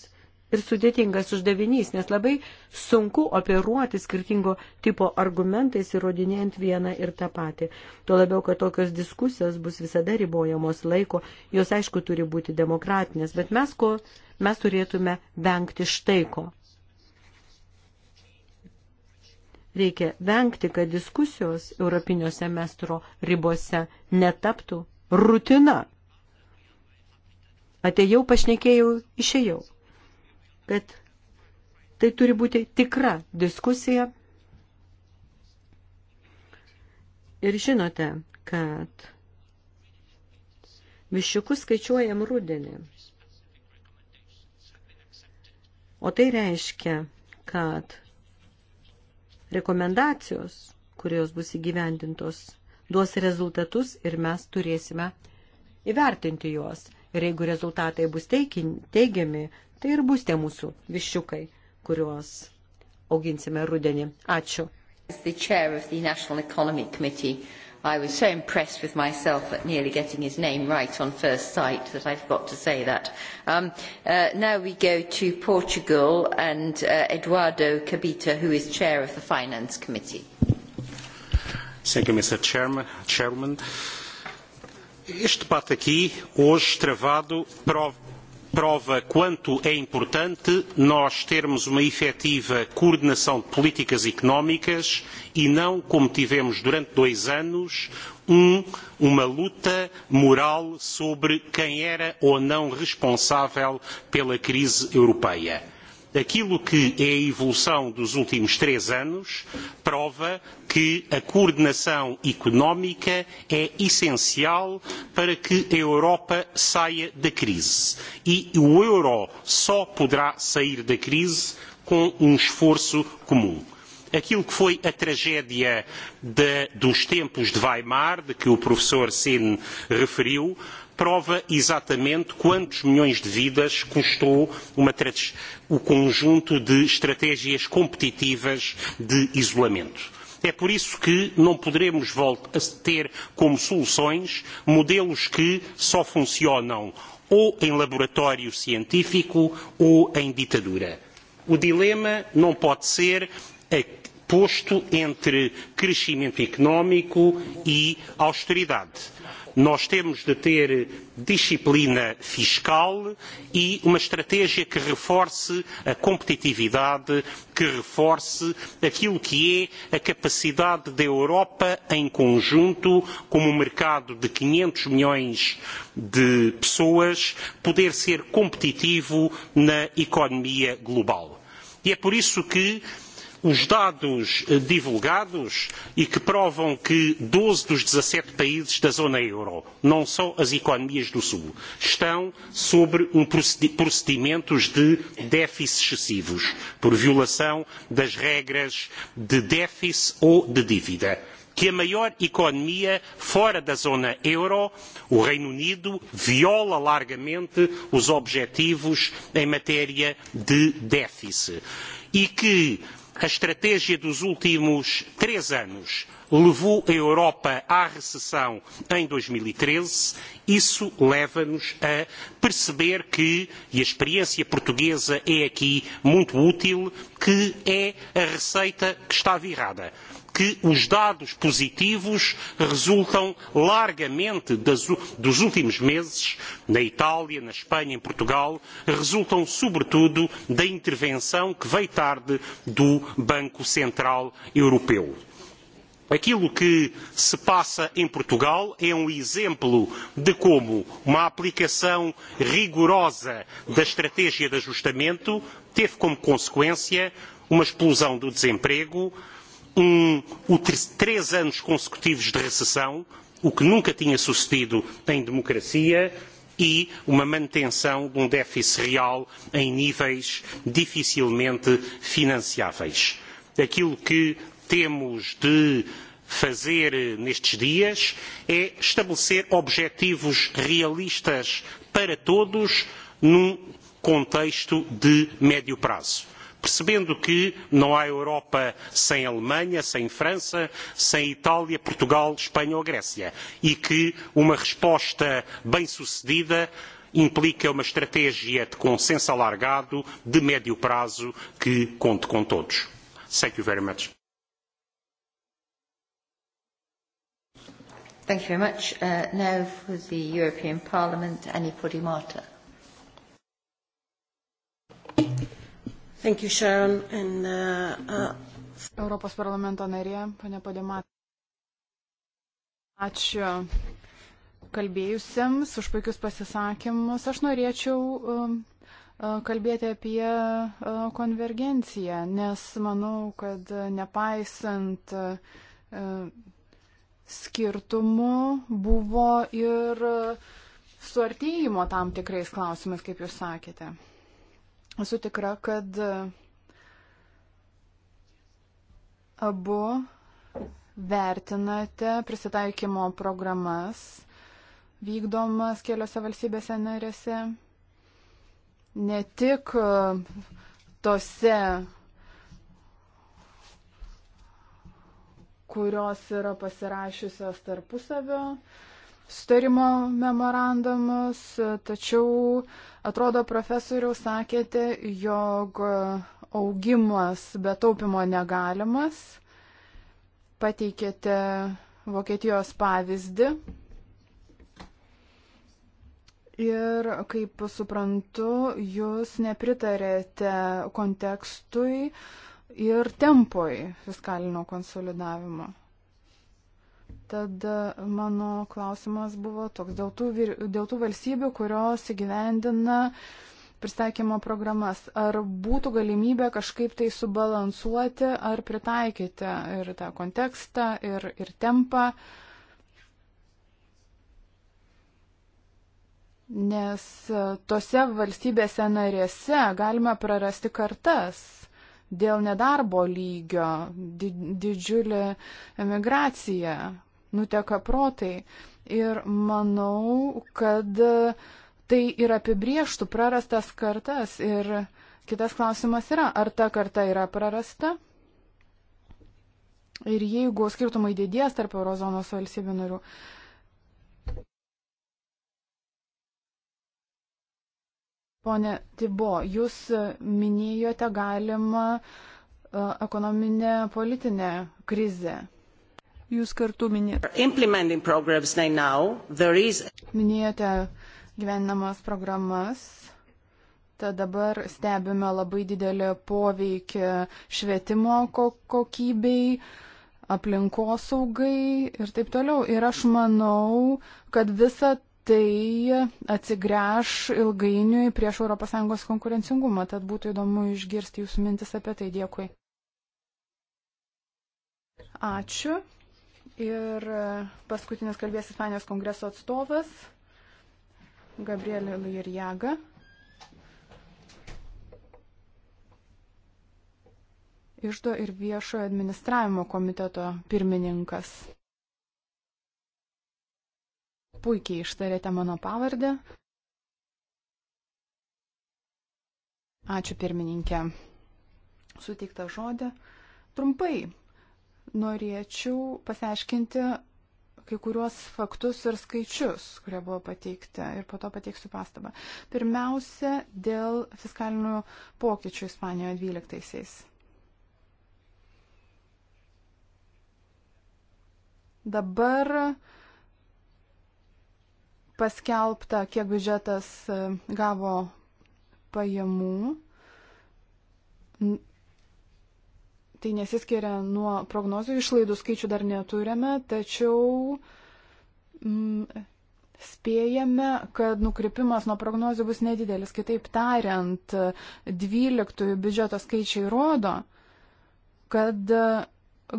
ir sudėtingas uždavinys, nes labai sunku operuoti skirtingo tipo argumentais įrodinėjant vieną ir tą patį. Tuo labiau, kad tokios diskusijos bus visada ribojamos laiko, jos aišku turi būti demokratinės, bet mes ko mes turėtume vengti štai ko. Reikia vengti, kad diskusijos Europinio semestro ribose netaptų rutina. Atėjau, pašnekėjau, išėjau. Bet tai turi būti tikra diskusija. Ir žinote, kad viščiukus skaičiuojam rudenį. O tai reiškia, kad rekomendacijos, kurios bus įgyvendintos, duos rezultatus ir mes turėsime įvertinti juos. Ir jeigu rezultatai bus teigiami, tai ir bus tie mūsų viščiukai, kuriuos auginsime rudenį. Ačiū. I was so impressed with myself at nearly getting his name right on first sight that I've got to say that. Um, uh, now we go to Portugal and uh, Eduardo Cabita, who is chair of the Finance Committee. Thank you, Mr. Chairman. Chairman. Este debate aqui, hoje travado, prova prova quanto é importante nós termos uma efetiva coordenação de políticas económicas e não, como tivemos durante dois anos, um, uma luta moral sobre quem era ou não responsável pela crise europeia aquilo que é a evolução dos últimos três anos prova que a coordenação económica é essencial para que a Europa saia da crise. E o euro só poderá sair da crise com um esforço comum aquilo que foi a tragédia de, dos tempos de Weimar, de que o professor Sin referiu, prova exatamente quantos milhões de vidas custou uma, o conjunto de estratégias competitivas de isolamento. É por isso que não poderemos ter como soluções modelos que só funcionam ou em laboratório científico ou em ditadura. O dilema não pode ser posto entre crescimento económico e austeridade nós temos de ter disciplina fiscal e uma estratégia que reforce a competitividade, que reforce aquilo que é a capacidade da Europa em conjunto, como um mercado de 500 milhões de pessoas, poder ser competitivo na economia global. E é por isso que os dados eh, divulgados e que provam que 12 dos 17 países da zona euro, não só as economias do Sul, estão sobre um procedimentos de déficit excessivos, por violação das regras de déficit ou de dívida que a maior economia fora da zona euro, o Reino Unido, viola largamente os objetivos em matéria de déficit e que a estratégia dos últimos três anos levou a Europa à recessão em 2013, e isso leva-nos a perceber que, e a experiência portuguesa é aqui muito útil, que é a receita que está virada que os dados positivos resultam largamente das, dos últimos meses, na Itália, na Espanha, em Portugal, resultam sobretudo da intervenção que veio tarde do Banco Central Europeu. Aquilo que se passa em Portugal é um exemplo de como uma aplicação rigorosa da estratégia de ajustamento teve como consequência uma explosão do desemprego, um, o um ter, três anos consecutivos de recessão, o que nunca tinha sucedido em democracia, e uma manutenção de um déficit real em níveis dificilmente financiáveis. Aquilo que temos de fazer nestes dias é estabelecer objetivos realistas para todos num contexto de médio prazo percebendo que não há Europa sem Alemanha, sem França, sem Itália, Portugal, Espanha ou Grécia e que uma resposta bem-sucedida implica uma estratégia de consenso alargado de médio prazo que conte com todos. Thank you very much. Thank you very much. Uh, now for the European Parliament, Annie Podimata. Thank you, Sharon. And, uh, uh... Europos parlamento narė, ponė Padimat. Ačiū kalbėjusiems už puikius pasisakymus. Aš norėčiau um, uh, kalbėti apie uh, konvergenciją, nes manau, kad nepaisant uh, skirtumų buvo ir suartėjimo tam tikrais klausimais, kaip jūs sakėte esu tikra, kad e, abu vertinate prisitaikymo programas vykdomas keliose valstybėse narėse. Ne tik e, tose, kurios yra pasirašiusios tarpusavio sutarimo memorandumus, tačiau atrodo profesoriau sakėte, jog augimas be taupimo negalimas. Pateikėte Vokietijos pavyzdį. Ir kaip suprantu, jūs nepritarėte kontekstui ir tempui fiskalinio konsolidavimo. Tad e, mano klausimas buvo toks dėl tų, vir, dėl tų valstybių, kurios įgyvendina pristaikymo programas. Ar būtų galimybė kažkaip tai subalansuoti ar pritaikyti ir tą kontekstą, ir, ir tempą? Nes e, tose valstybėse narėse galima prarasti kartas dėl nedarbo lygio, di didžiulė emigracija, nuteka protai. Ir manau, kad tai ir apibrieštų prarastas kartas. Ir kitas klausimas yra, ar ta karta yra prarasta? Ir jeigu skirtumai didės tarp eurozonos valstybių narių, Pone Tibo, jūs minėjote galimą e, ekonominę politinę krizę. Jūs kartu minėjote. Minėjote gyvenamas programas. Tad dabar stebime labai didelį poveikį švietimo kokybei, aplinkosaugai ir taip toliau. Ir aš manau, kad visa tai atsigręš ilgainiui prieš ES konkurencingumą. Tad būtų įdomu išgirsti jūsų mintis apie tai. Dėkui. Ačiū. Ir paskutinis kalbės Ispanijos kongreso atstovas Gabrielė Lirjaga. Išdo ir viešojo administravimo komiteto pirmininkas. Puikiai ištarėte mano pavardę. Ačiū pirmininkė. Suteikta žodė. Trumpai norėčiau pasiaiškinti kai kuriuos faktus ir skaičius, kurie buvo pateikti ir po to pateiksiu pastabą. Pirmiausia, dėl fiskalinių pokyčių Ispanijoje 12-aisiais. Dabar paskelbta, kiek biudžetas e, gavo pajamų Tai nesiskiria nuo prognozių, išlaidų skaičių dar neturime, tačiau mm, spėjame, kad nukrypimas nuo prognozių bus nedidelis. Kitaip tariant, 12 biudžeto skaičiai rodo, kad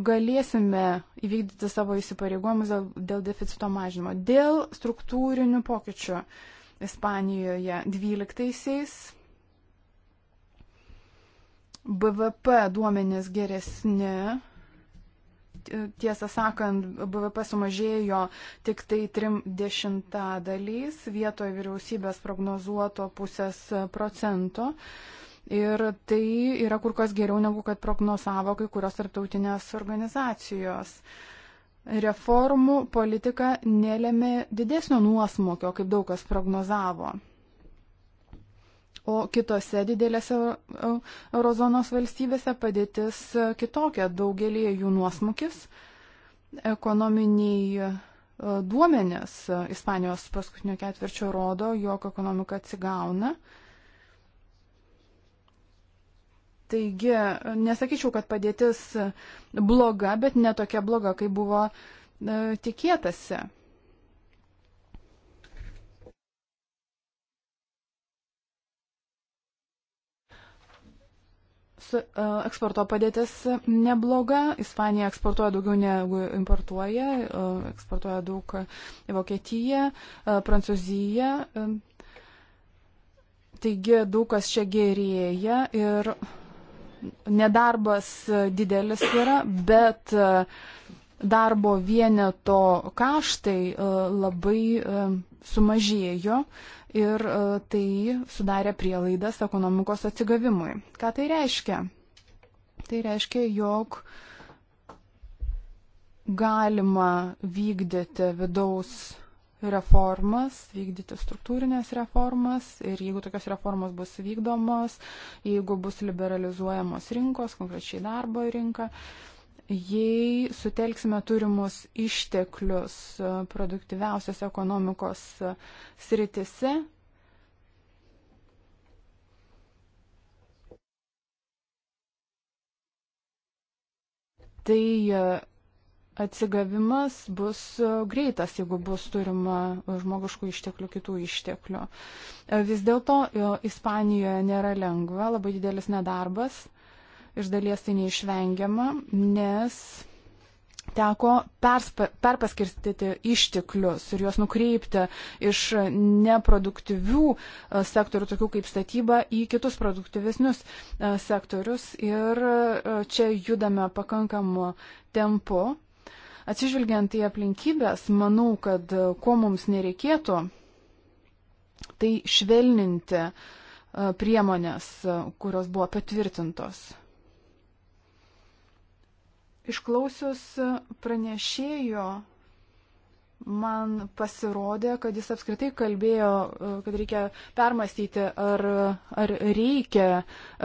galėsime įvykdyti savo įsipareigojimus dėl, dėl deficito mažinimo. Dėl struktūrinių pokyčių Ispanijoje 12-aisiais BVP duomenys geresni. Tiesą sakant, BVP sumažėjo tik tai 30 dalys vietoje vyriausybės prognozuoto pusės procento. Ir tai yra kur kas geriau negu kad prognozavo kai kurios tarptautinės organizacijos. Reformų politika nelėmė didesnio nuosmokio, kaip daug kas prognozavo. O kitose didelėse e, eurozonos valstybėse padėtis kitokia, daugelį jų nuosmukis, ekonominiai e, duomenės e, Ispanijos paskutinio ketvirčio rodo, jog ekonomika atsigauna. Taigi, nesakyčiau, kad padėtis bloga, bet netokia bloga, kaip buvo tikėtasi. E, eksporto padėtis nebloga. Ispanija eksportuoja daugiau negu importuoja, e, eksportuoja daug į Vokietiją, e, Prancūziją. Taigi daug kas čia gerėja ir nedarbas didelis yra, bet uh, darbo vieneto kaštai e, labai e, sumažėjo ir e, tai sudarė prielaidas ekonomikos atsigavimui. Ką tai reiškia? Tai reiškia, jog galima vykdyti vidaus reformas, vykdyti struktūrinės reformas ir jeigu tokios reformos bus vykdomos, jeigu bus liberalizuojamos rinkos, konkrečiai darbo rinka, uh, Jei sutelksime turimus išteklius produktyviausios ekonomikos sritise, tai e, atsigavimas bus e, greitas, jeigu bus turima žmogiškų išteklių, kitų išteklių. E, vis dėlto Ispanijoje nėra lengva, labai didelis nedarbas. Iš dalies tai neišvengiama, nes teko perspa, perpaskirstyti išteklius ir juos nukreipti iš neproduktyvių e, sektorių, tokių kaip statyba, į kitus produktyvesnius e, sektorius. Ir e, čia judame pakankamu tempu. Atsižvelgiant į aplinkybės, manau, kad ko mums nereikėtų, tai švelninti priemonės, kurios buvo patvirtintos Išklausius pranešėjo, man pasirodė, kad jis apskritai kalbėjo, kad reikia permastyti, ar, ar reikia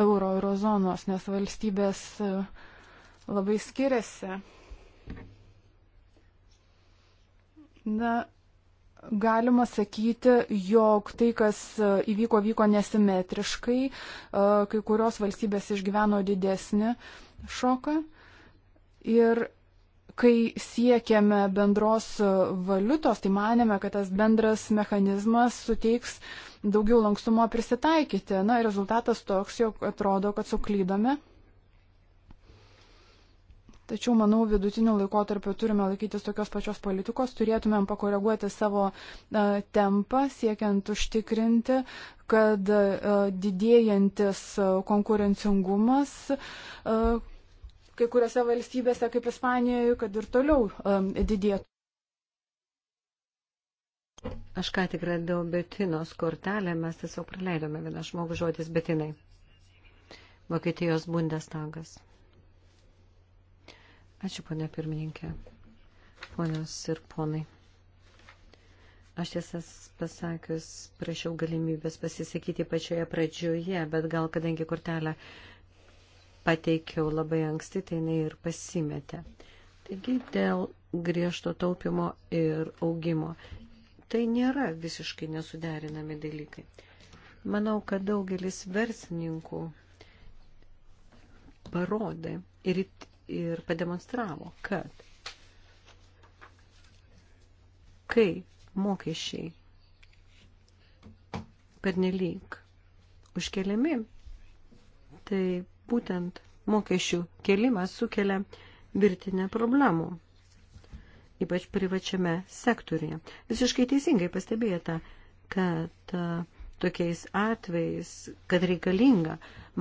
euro eurozonos, nes valstybės labai skiriasi. Na, galima sakyti, jog tai, kas įvyko, vyko nesimetriškai, kai kurios valstybės išgyveno didesnį šoką. Ir kai siekėme bendros valiutos, tai manėme, kad tas bendras mechanizmas suteiks daugiau lankstumo prisitaikyti. Na, rezultatas toks, jog atrodo, kad suklydome. Tačiau, manau, vidutiniu laikotarpiu turime laikytis tokios pačios politikos, turėtumėm pakoreguoti savo a, e, tempą, siekiant užtikrinti, kad a, e, didėjantis e, konkurencingumas a, kai kuriuose valstybėse, kaip Ispanijoje, kad ir toliau um, didėtų. Aš ką tik radau Betinos kortelę, mes tiesiog praleidome vieną žmogų žodis Betinai. Vokietijos Bundestagas. Ačiū, ponė pirmininkė. Ponios ir ponai. Aš tiesas pasakius, prašiau galimybės pasisakyti pačioje pradžioje, bet gal kadangi kortelę pateikiau labai anksti, tai jinai ir pasimetė. Taigi dėl griežto taupimo ir augimo. Tai nėra visiškai nesuderinami dalykai. Manau, kad daugelis verslininkų parodė ir, ir pademonstravo, kad kai mokesčiai pernelyg užkeliami, tai būtent mokesčių kelimas sukelia virtinę problemų, ypač privačiame sektorija. Visiškai teisingai pastebėjote, kad e, tokiais atvejais, kad reikalinga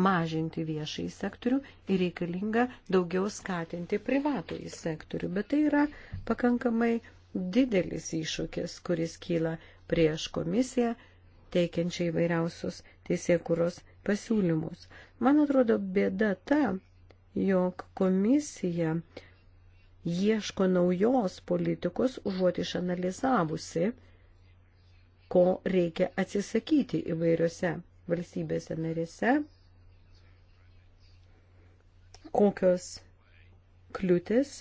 mažinti viešai sektorių ir reikalinga daugiau skatinti privatų į sektorių. Bet tai yra pakankamai didelis iššūkis, kuris kyla prieš komisiją, teikiančią įvairiausius teisėkuros pasiūlymus. Man atrodo, bėda ta, jog komisija ieško naujos politikos, užuot išanalizavusi, ko reikia atsisakyti įvairiose valstybėse narėse, kokios kliūtis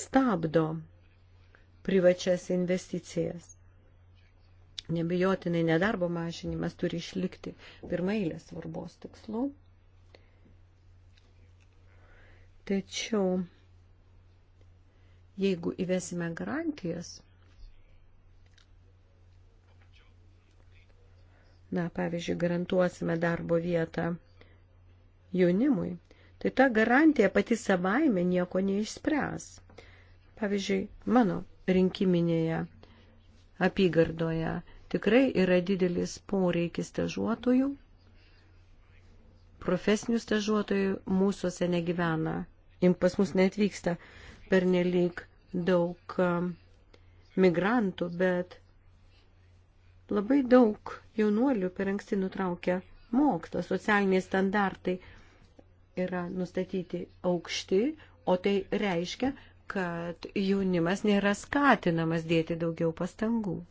stabdo privačias investicijas. Nebijotinai nedarbo mažinimas turi išlikti pirmailės svarbos tikslų. Tačiau, jeigu įvesime garantijas, na, pavyzdžiui, garantuosime darbo vietą jaunimui, tai ta garantija pati savaime nieko neišspręs. Pavyzdžiui, mano rinkiminėje apygardoje Tikrai yra didelis poreikis stažuotojų. Profesinių stažuotojų mūsųse negyvena. Im pas mus netvyksta per nelik daug um, migrantų, bet labai daug jaunuolių per anksti nutraukia mokslą. Socialiniai standartai yra nustatyti aukšti, o tai reiškia, kad jaunimas nėra skatinamas dėti daugiau pastangų.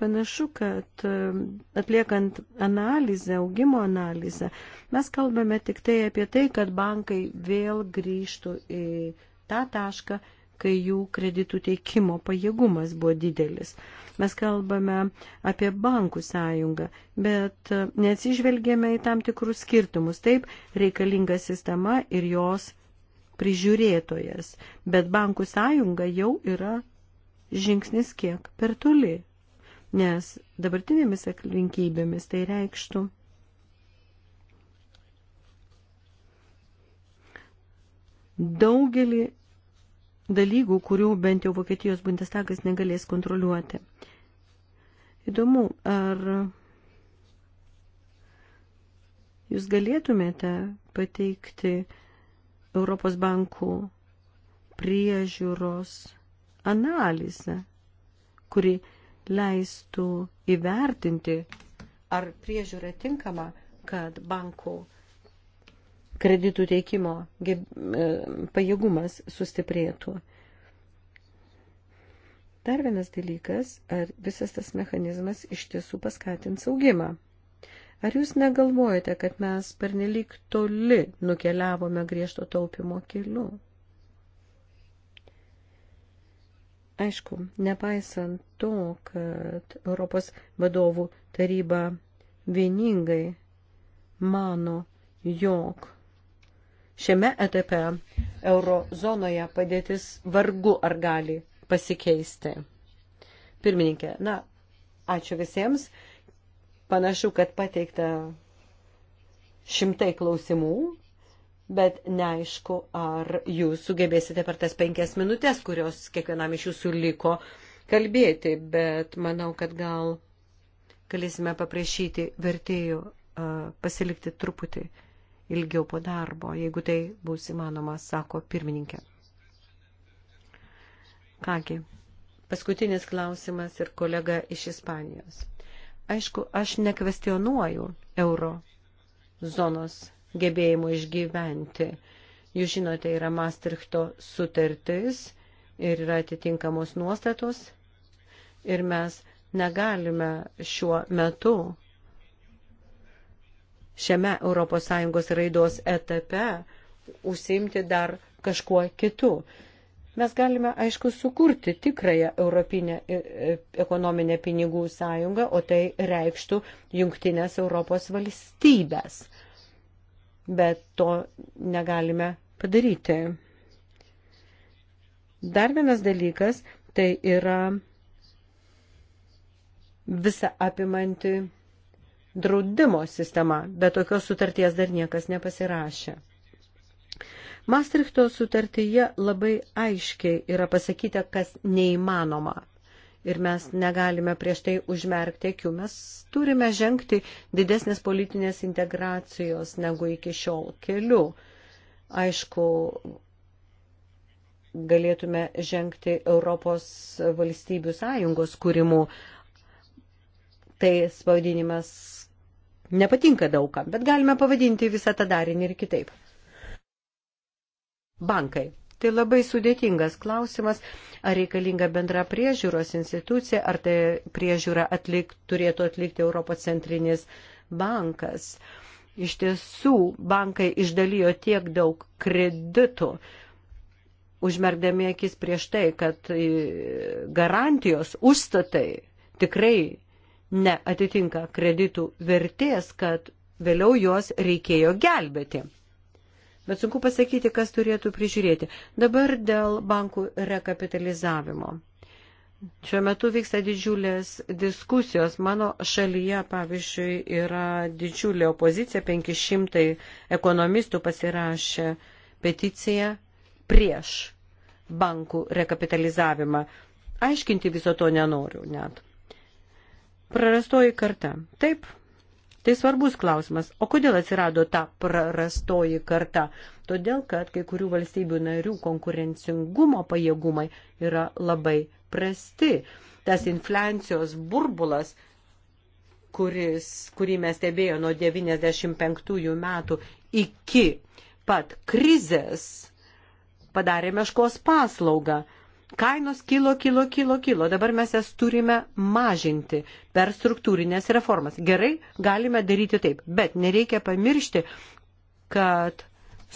Panašu, kad um, atliekant analizę, augimo analizę, mes kalbame tik tai apie tai, kad bankai vėl grįžtų į tą tašką, kai jų kreditų teikimo pajėgumas buvo didelis. Mes kalbame apie bankų sąjungą, bet um, neatsižvelgėme į tam tikrus skirtumus. Taip, reikalinga sistema ir jos prižiūrėtojas, bet bankų sąjunga jau yra žingsnis kiek per toli nes dabartinėmis aplinkybėmis tai reikštų daugelį dalykų, kurių bent jau Vokietijos Bundestagas negalės kontroliuoti. Įdomu, ar jūs galėtumėte pateikti Europos bankų priežiūros analizę, kuri leistų įvertinti, ar priežiūra tinkama, kad bankų kreditų teikimo e, pajėgumas sustiprėtų. Dar vienas dalykas, ar visas tas mechanizmas iš tiesų paskatins augimą. Ar jūs negalvojate, kad mes pernelyg toli nukeliavome griežto taupimo keliu? Aišku, nepaisant to, kad Europos vadovų taryba vieningai mano, jog šiame etape eurozonoje padėtis vargu ar gali pasikeisti. Pirmininkė, na, ačiū visiems. Panašu, kad pateikta šimtai klausimų, bet neaišku, ar jūs sugebėsite per tas penkias minutės, kurios kiekvienam iš jūsų liko, kalbėti, bet manau, kad gal galėsime paprašyti vertėjų pasilikti truputį ilgiau po darbo, jeigu tai bus įmanoma, sako pirmininkė. Kągi, paskutinis klausimas ir kolega iš Ispanijos. Aišku, aš nekvestionuoju euro zonos gebėjimo išgyventi. Jūs žinote, yra Maastrichto sutartis ir yra atitinkamos nuostatos ir mes negalime šiuo metu šiame ES raidos etape užsimti dar kažkuo kitu. Mes galime, aišku, sukurti tikrąją Europinę e, e, ekonominę pinigų sąjungą, o tai reikštų jungtinės Europos valstybės bet to negalime padaryti. Dar vienas dalykas tai yra visa apimanti draudimo sistema, bet tokios sutarties dar niekas nepasirašė. Mastrichto sutartyje labai aiškiai yra pasakyta, kas neįmanoma ir mes negalime prieš tai užmerkti akių. Mes turime žengti didesnės politinės integracijos negu iki šiol keliu. Aišku, galėtume žengti Europos valstybių sąjungos kūrimu. Tai spaudinimas nepatinka daugam, bet galime pavadinti visą tą darinį ir kitaip. Bankai. Tai labai sudėtingas klausimas, ar reikalinga bendra priežiūros institucija, ar tai priežiūra atlik, turėtų atlikti Europos centrinis bankas. Iš tiesų, bankai išdalijo tiek daug kreditų, užmergdami akis prieš tai, kad e, garantijos užstatai tikrai neatitinka kreditų vertės, kad vėliau juos reikėjo gelbėti. Bet sunku pasakyti, kas turėtų prižiūrėti. Dabar dėl bankų rekapitalizavimo. Šiuo metu vyksta didžiulės diskusijos. Mano šalyje, pavyzdžiui, yra didžiulė opozicija, 500 ekonomistų pasirašė peticiją prieš bankų rekapitalizavimą. Aiškinti viso to nenoriu net. Prarastoji karta. Taip, Tai svarbus klausimas. O kodėl atsirado ta prarastoji karta? Todėl, kad kai kurių valstybių narių konkurencingumo pajėgumai yra labai prasti. Tas infliacijos burbulas, kuris, kurį mes stebėjo nuo 95 metų iki pat krizės, padarė meškos paslaugą. Kainos kilo, kilo, kilo, kilo. Dabar mes jas turime mažinti per struktūrinės reformas. Gerai, galime daryti taip, bet nereikia pamiršti, kad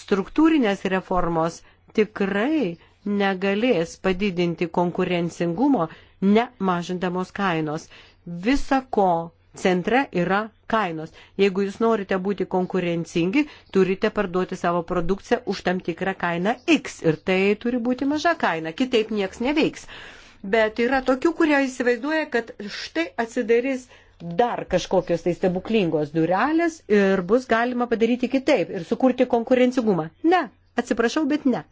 struktūrinės reformos tikrai negalės padidinti konkurencingumo, nemažindamos kainos. Visa ko centre yra kainos. Jeigu jūs norite būti konkurencingi, turite parduoti savo produkciją už tam tikrą kainą X ir tai turi būti maža kaina, kitaip nieks neveiks. Bet yra tokių, kurie įsivaizduoja, kad štai atsidarys dar kažkokios tai stebuklingos durelės ir bus galima padaryti kitaip ir sukurti konkurencingumą. Ne, atsiprašau, bet ne.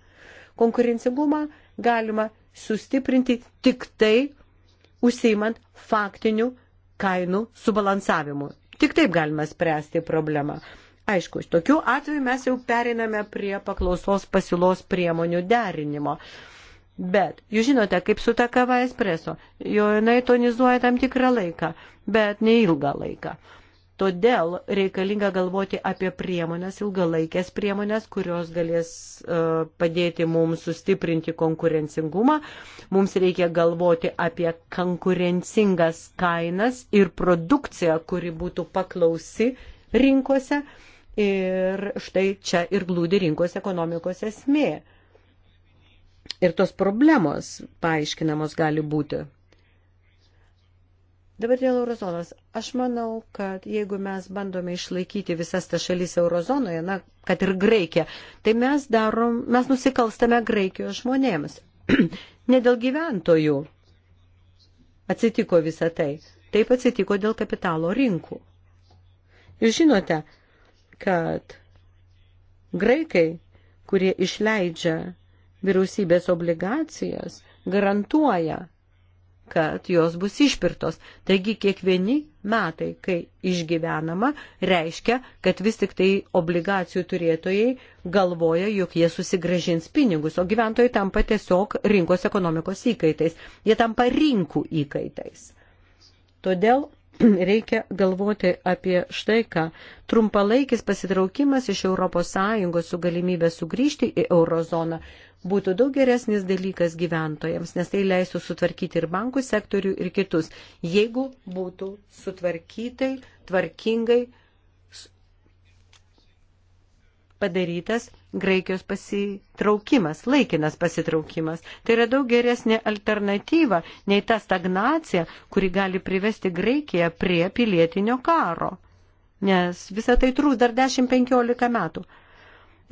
Konkurencingumą galima sustiprinti tik tai užsiimant faktinių kainų subalansavimu. Tik taip galima spręsti problemą. Aišku, iš tokių atvejų mes jau periname prie paklausos pasiūlos priemonių derinimo. Bet jūs žinote, kaip su ta kava espreso, jo jinai tonizuoja tam tikrą laiką, bet neilgą laiką. Todėl reikalinga galvoti apie priemonės, ilgalaikės priemonės, kurios galės e, padėti mums sustiprinti konkurencingumą. Mums reikia galvoti apie konkurencingas kainas ir produkciją, kuri būtų paklausi rinkose. Ir štai čia ir glūdi rinkos ekonomikos esmė. Ir tos problemos paaiškinamos gali būti Dabar dėl eurozonos. Aš manau, kad jeigu mes bandome išlaikyti visas tas šalis eurozonoje, na, kad ir Graikiją, tai mes darom, mes nusikalstame Graikijos žmonėms. ne dėl gyventojų atsitiko visa tai. Taip atsitiko dėl kapitalo rinkų. Jūs žinote, kad graikai, kurie išleidžia vyriausybės obligacijas, garantuoja kad jos bus išpirtos. Taigi kiekvieni metai, kai išgyvenama, reiškia, kad vis tik tai obligacijų turėtojai galvoja, jog jie susigražins pinigus, o gyventojai tampa tiesiog rinkos ekonomikos įkaitais. Jie tampa rinkų įkaitais. Todėl reikia galvoti apie štai ką. Trumpalaikis pasitraukimas iš ES su galimybė sugrįžti į eurozoną būtų daug geresnis dalykas gyventojams, nes tai leistų sutvarkyti ir bankų sektorių, ir kitus, jeigu būtų sutvarkytai, tvarkingai padarytas Graikijos pasitraukimas, laikinas pasitraukimas. Tai yra daug geresnė alternatyva nei ta stagnacija, kuri gali privesti Graikiją prie pilietinio karo. Nes visą tai trūks dar 10-15 metų.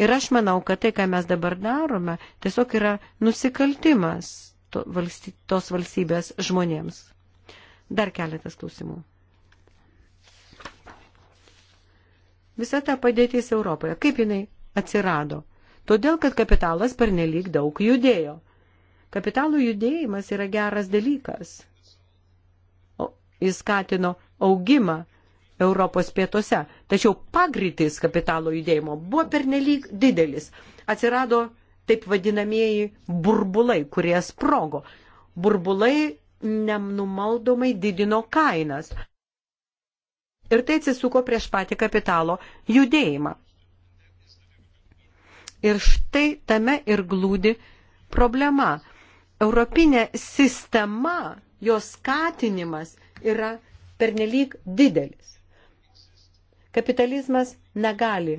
Ir aš manau, kad tai, ką mes dabar darome, tiesiog yra nusikaltimas to valsty, tos valstybės žmonėms. Dar keletas klausimų. Visa ta padėtis Europoje, kaip jinai atsirado? Todėl, kad kapitalas pernelyg daug judėjo. Kapitalų judėjimas yra geras dalykas. O jis skatino augimą, Europos pietuose. Tačiau pagritis kapitalo judėjimo buvo pernelyg didelis. Atsirado taip vadinamieji burbulai, kurie sprogo. Burbulai nenumaldomai didino kainas. Ir tai atsisuko prieš patį kapitalo judėjimą. Ir štai tame ir glūdi problema. Europinė sistema, jos skatinimas yra pernelyg didelis. Kapitalizmas negali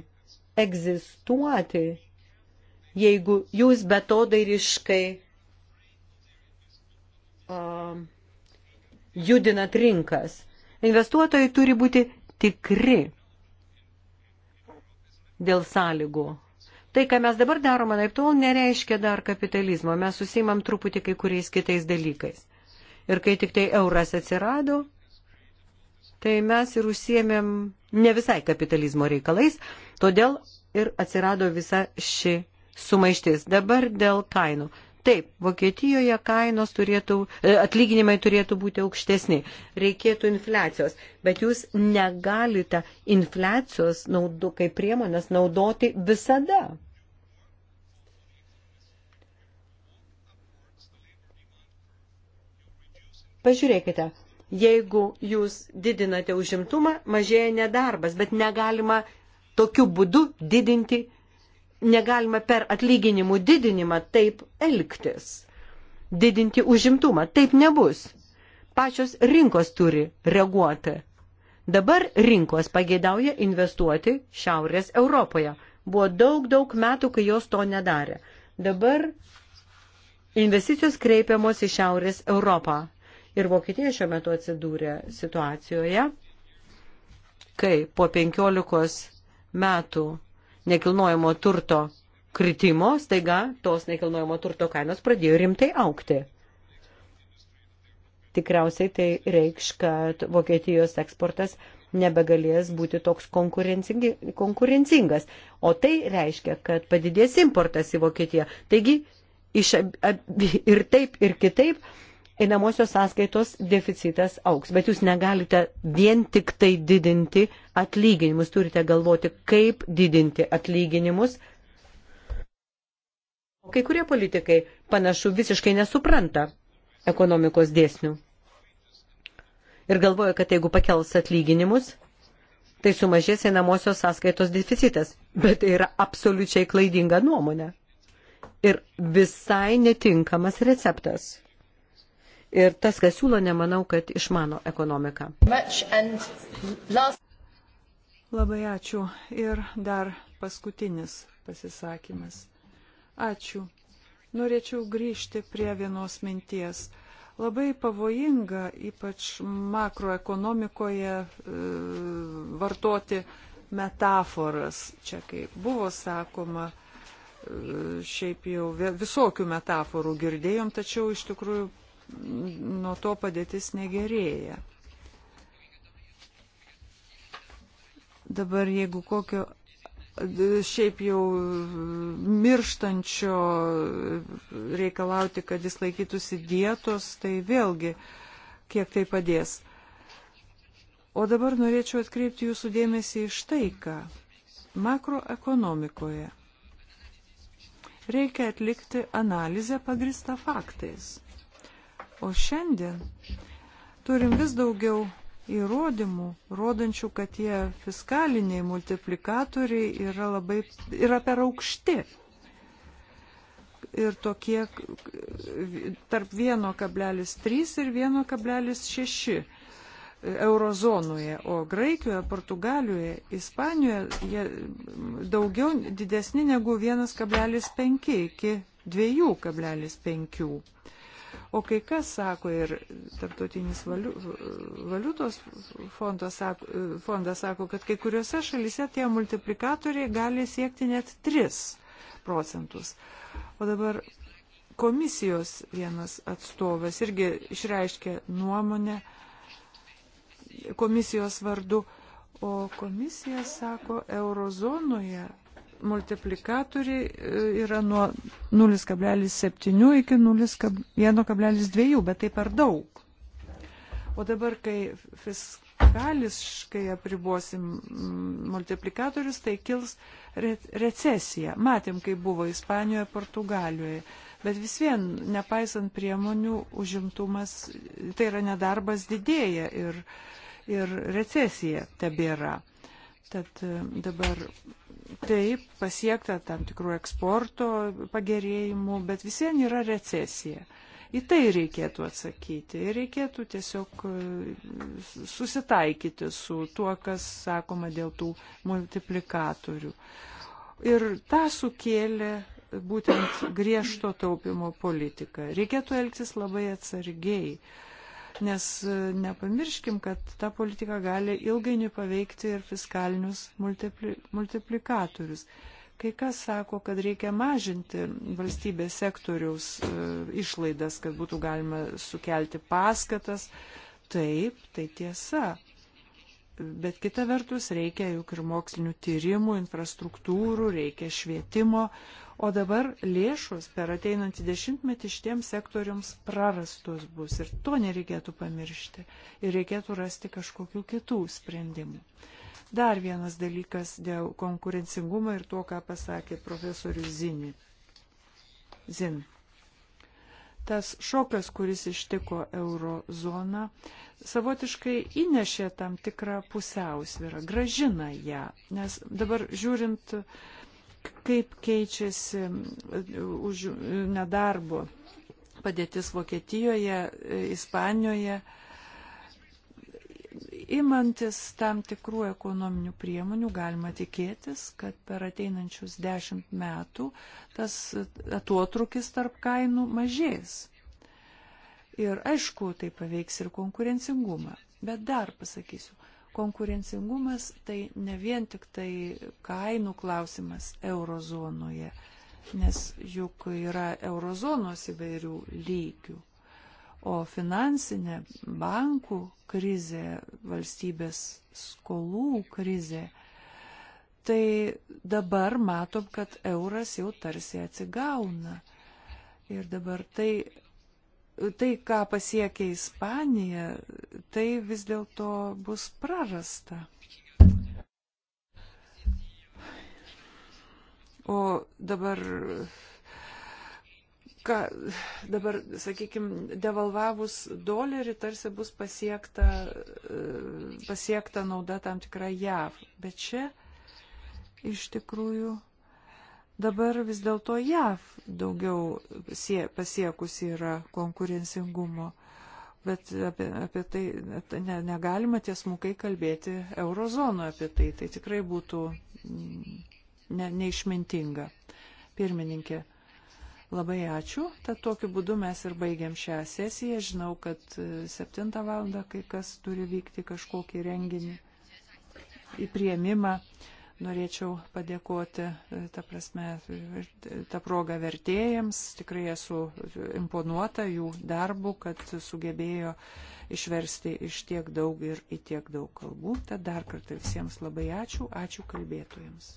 egzistuoti, jeigu jūs betodairiškai um, judinat rinkas. Investuotojai turi būti tikri dėl sąlygų. Tai, ką mes dabar darome, taip tol nereiškia dar kapitalizmo. Mes susimam truputį kai kuriais kitais dalykais. Ir kai tik tai euras atsirado, tai mes ir užsiemėm ne visai kapitalizmo reikalais, todėl ir atsirado visa ši sumaištis. Dabar dėl kainų. Taip, Vokietijoje kainos turėtų, e, atlyginimai turėtų būti aukštesni, reikėtų infliacijos, bet jūs negalite infliacijos naudu, kaip priemonės naudoti visada. Pažiūrėkite, jeigu jūs didinate užimtumą, mažėja nedarbas, bet negalima tokiu būdu didinti, negalima per atlyginimų didinimą taip elgtis, didinti užimtumą. Taip nebus. Pačios rinkos turi reaguoti. Dabar rinkos pageidauja investuoti Šiaurės Europoje. Buvo daug, daug metų, kai jos to nedarė. Dabar investicijos kreipiamos į Šiaurės Europą Ir Vokietija šiuo metu atsidūrė situacijoje, kai po 15 metų nekilnojamo turto kritimo staiga tos nekilnojamo turto kainos pradėjo rimtai aukti tikriausiai tai reikš, kad Vokietijos eksportas nebegalės būti toks konkurencingas. O tai reiškia, kad padidės importas į Vokietiją. Taigi, iš, ab, ir taip, ir kitaip einamosios sąskaitos deficitas auks, bet jūs negalite vien tik tai didinti atlyginimus, turite galvoti, kaip didinti atlyginimus. O kai kurie politikai panašu visiškai nesupranta ekonomikos dėsnių. Ir galvoja, kad jeigu pakels atlyginimus, tai sumažės einamosios sąskaitos deficitas. Bet tai yra absoliučiai klaidinga nuomonė. Ir visai netinkamas receptas. Ir tas, kas siūlo, nemanau, kad išmano ekonomiką. Labai ačiū. Ir dar paskutinis pasisakymas. Ačiū. Norėčiau grįžti prie vienos minties. Labai pavojinga, ypač makroekonomikoje, e, vartoti metaforas. Čia kaip buvo sakoma, e, šiaip jau visokių metaforų girdėjom, tačiau iš tikrųjų nuo to padėtis negerėja. Dabar jeigu kokio šiaip jau mirštančio reikalauti, kad jis laikytųsi dietos, tai vėlgi kiek tai padės. O dabar norėčiau atkreipti jūsų dėmesį iš tai, ką makroekonomikoje reikia atlikti analizę pagristą faktais. O šiandien turim vis daugiau įrodymų, rodančių, kad tie fiskaliniai multiplikatoriai yra, labai, yra per aukšti. Ir tokie tarp 1,3 ir 1,6 eurozonoje, o Graikijoje, Portugalijoje, Ispanijoje jie daugiau didesni negu 1,5 iki 2,5. O kai kas sako ir Tarptautinis valiu, valiutos fondas sako, fondas sako, kad kai kuriuose šalise tie multiplikatoriai gali siekti net 3 procentus. O dabar komisijos vienas atstovas irgi išreiškė nuomonę komisijos vardu, o komisija sako, eurozonoje multiplikatoriai e, yra nuo 0,7 iki 1,2, bet tai per daug. O dabar, kai fiskališkai apribosim mm, multiplikatorius, tai kils re recesija. Matėm, kaip buvo Ispanijoje, Portugalijoje. Bet vis vien, nepaisant priemonių, užimtumas, tai yra nedarbas didėja ir, ir recesija tebėra. Tad e, dabar Taip, pasiekta tam tikrų eksporto pagerėjimų, bet vis vien yra recesija. Į tai reikėtų atsakyti ir reikėtų tiesiog e, susitaikyti su tuo, kas sakoma dėl tų multiplikatorių. Ir tą sukėlė būtent griežto taupimo politika. Reikėtų elgtis labai atsargiai. Uh, Nes e, nepamirškim, kad ta politika gali ilgainiui paveikti ir fiskalinius multipli, multiplikatorius. Kai kas sako, kad reikia mažinti valstybės sektoriaus e, išlaidas, kad būtų galima sukelti paskatas. Taip, tai tiesa. Bet kita vertus reikia juk ir mokslinių tyrimų, infrastruktūrų, reikia švietimo, o dabar lėšos per ateinantį dešimtmetį šitiems sektoriams prarastos bus ir to nereikėtų pamiršti ir reikėtų rasti kažkokių kitų sprendimų. Dar vienas dalykas dėl konkurencingumo ir to, ką pasakė profesorius Zini. Zin tas šokas, kuris ištiko eurozoną, savotiškai įnešė tam tikrą pusiausvyrą, gražina ją. Nes dabar žiūrint, kaip keičiasi e, už nedarbo padėtis Vokietijoje, e, Ispanijoje, imantis tam tikrų ekonominių priemonių galima tikėtis, kad per ateinančius dešimt metų tas atotrukis tarp kainų mažės. Ir aišku, tai paveiks ir konkurencingumą. Bet dar pasakysiu, konkurencingumas tai ne vien tik tai kainų klausimas eurozonoje, nes juk yra eurozonos įvairių lygių O finansinė bankų krizė, valstybės skolų krizė, tai dabar matom, kad euras jau tarsi atsigauna. Ir dabar tai, tai ką pasiekė Ispanija, tai vis dėlto bus prarasta. O dabar ką dabar, sakykime, devalvavus dolerį tarsi bus pasiekta, e, pasiekta nauda tam tikra JAV. Bet čia iš tikrųjų dabar vis dėlto JAV daugiau sie, pasiekus yra konkurencingumo. Bet apie, apie tai ne, negalima tiesmukai kalbėti eurozono apie tai. Tai tikrai būtų mm, ne, neišmintinga. Pirmininkė. Labai ačiū. Tad tokiu būdu mes ir baigiam šią sesiją. Žinau, kad 7 e, val. kai kas turi vykti kažkokį renginį į prieimimą. Norėčiau padėkoti, e, ta prasme, e, tą progą vertėjams. Tikrai esu imponuota jų darbu, kad sugebėjo išversti iš tiek daug ir į tiek daug kalbų. Tad dar kartą visiems labai ačiū. Ačiū kalbėtojams.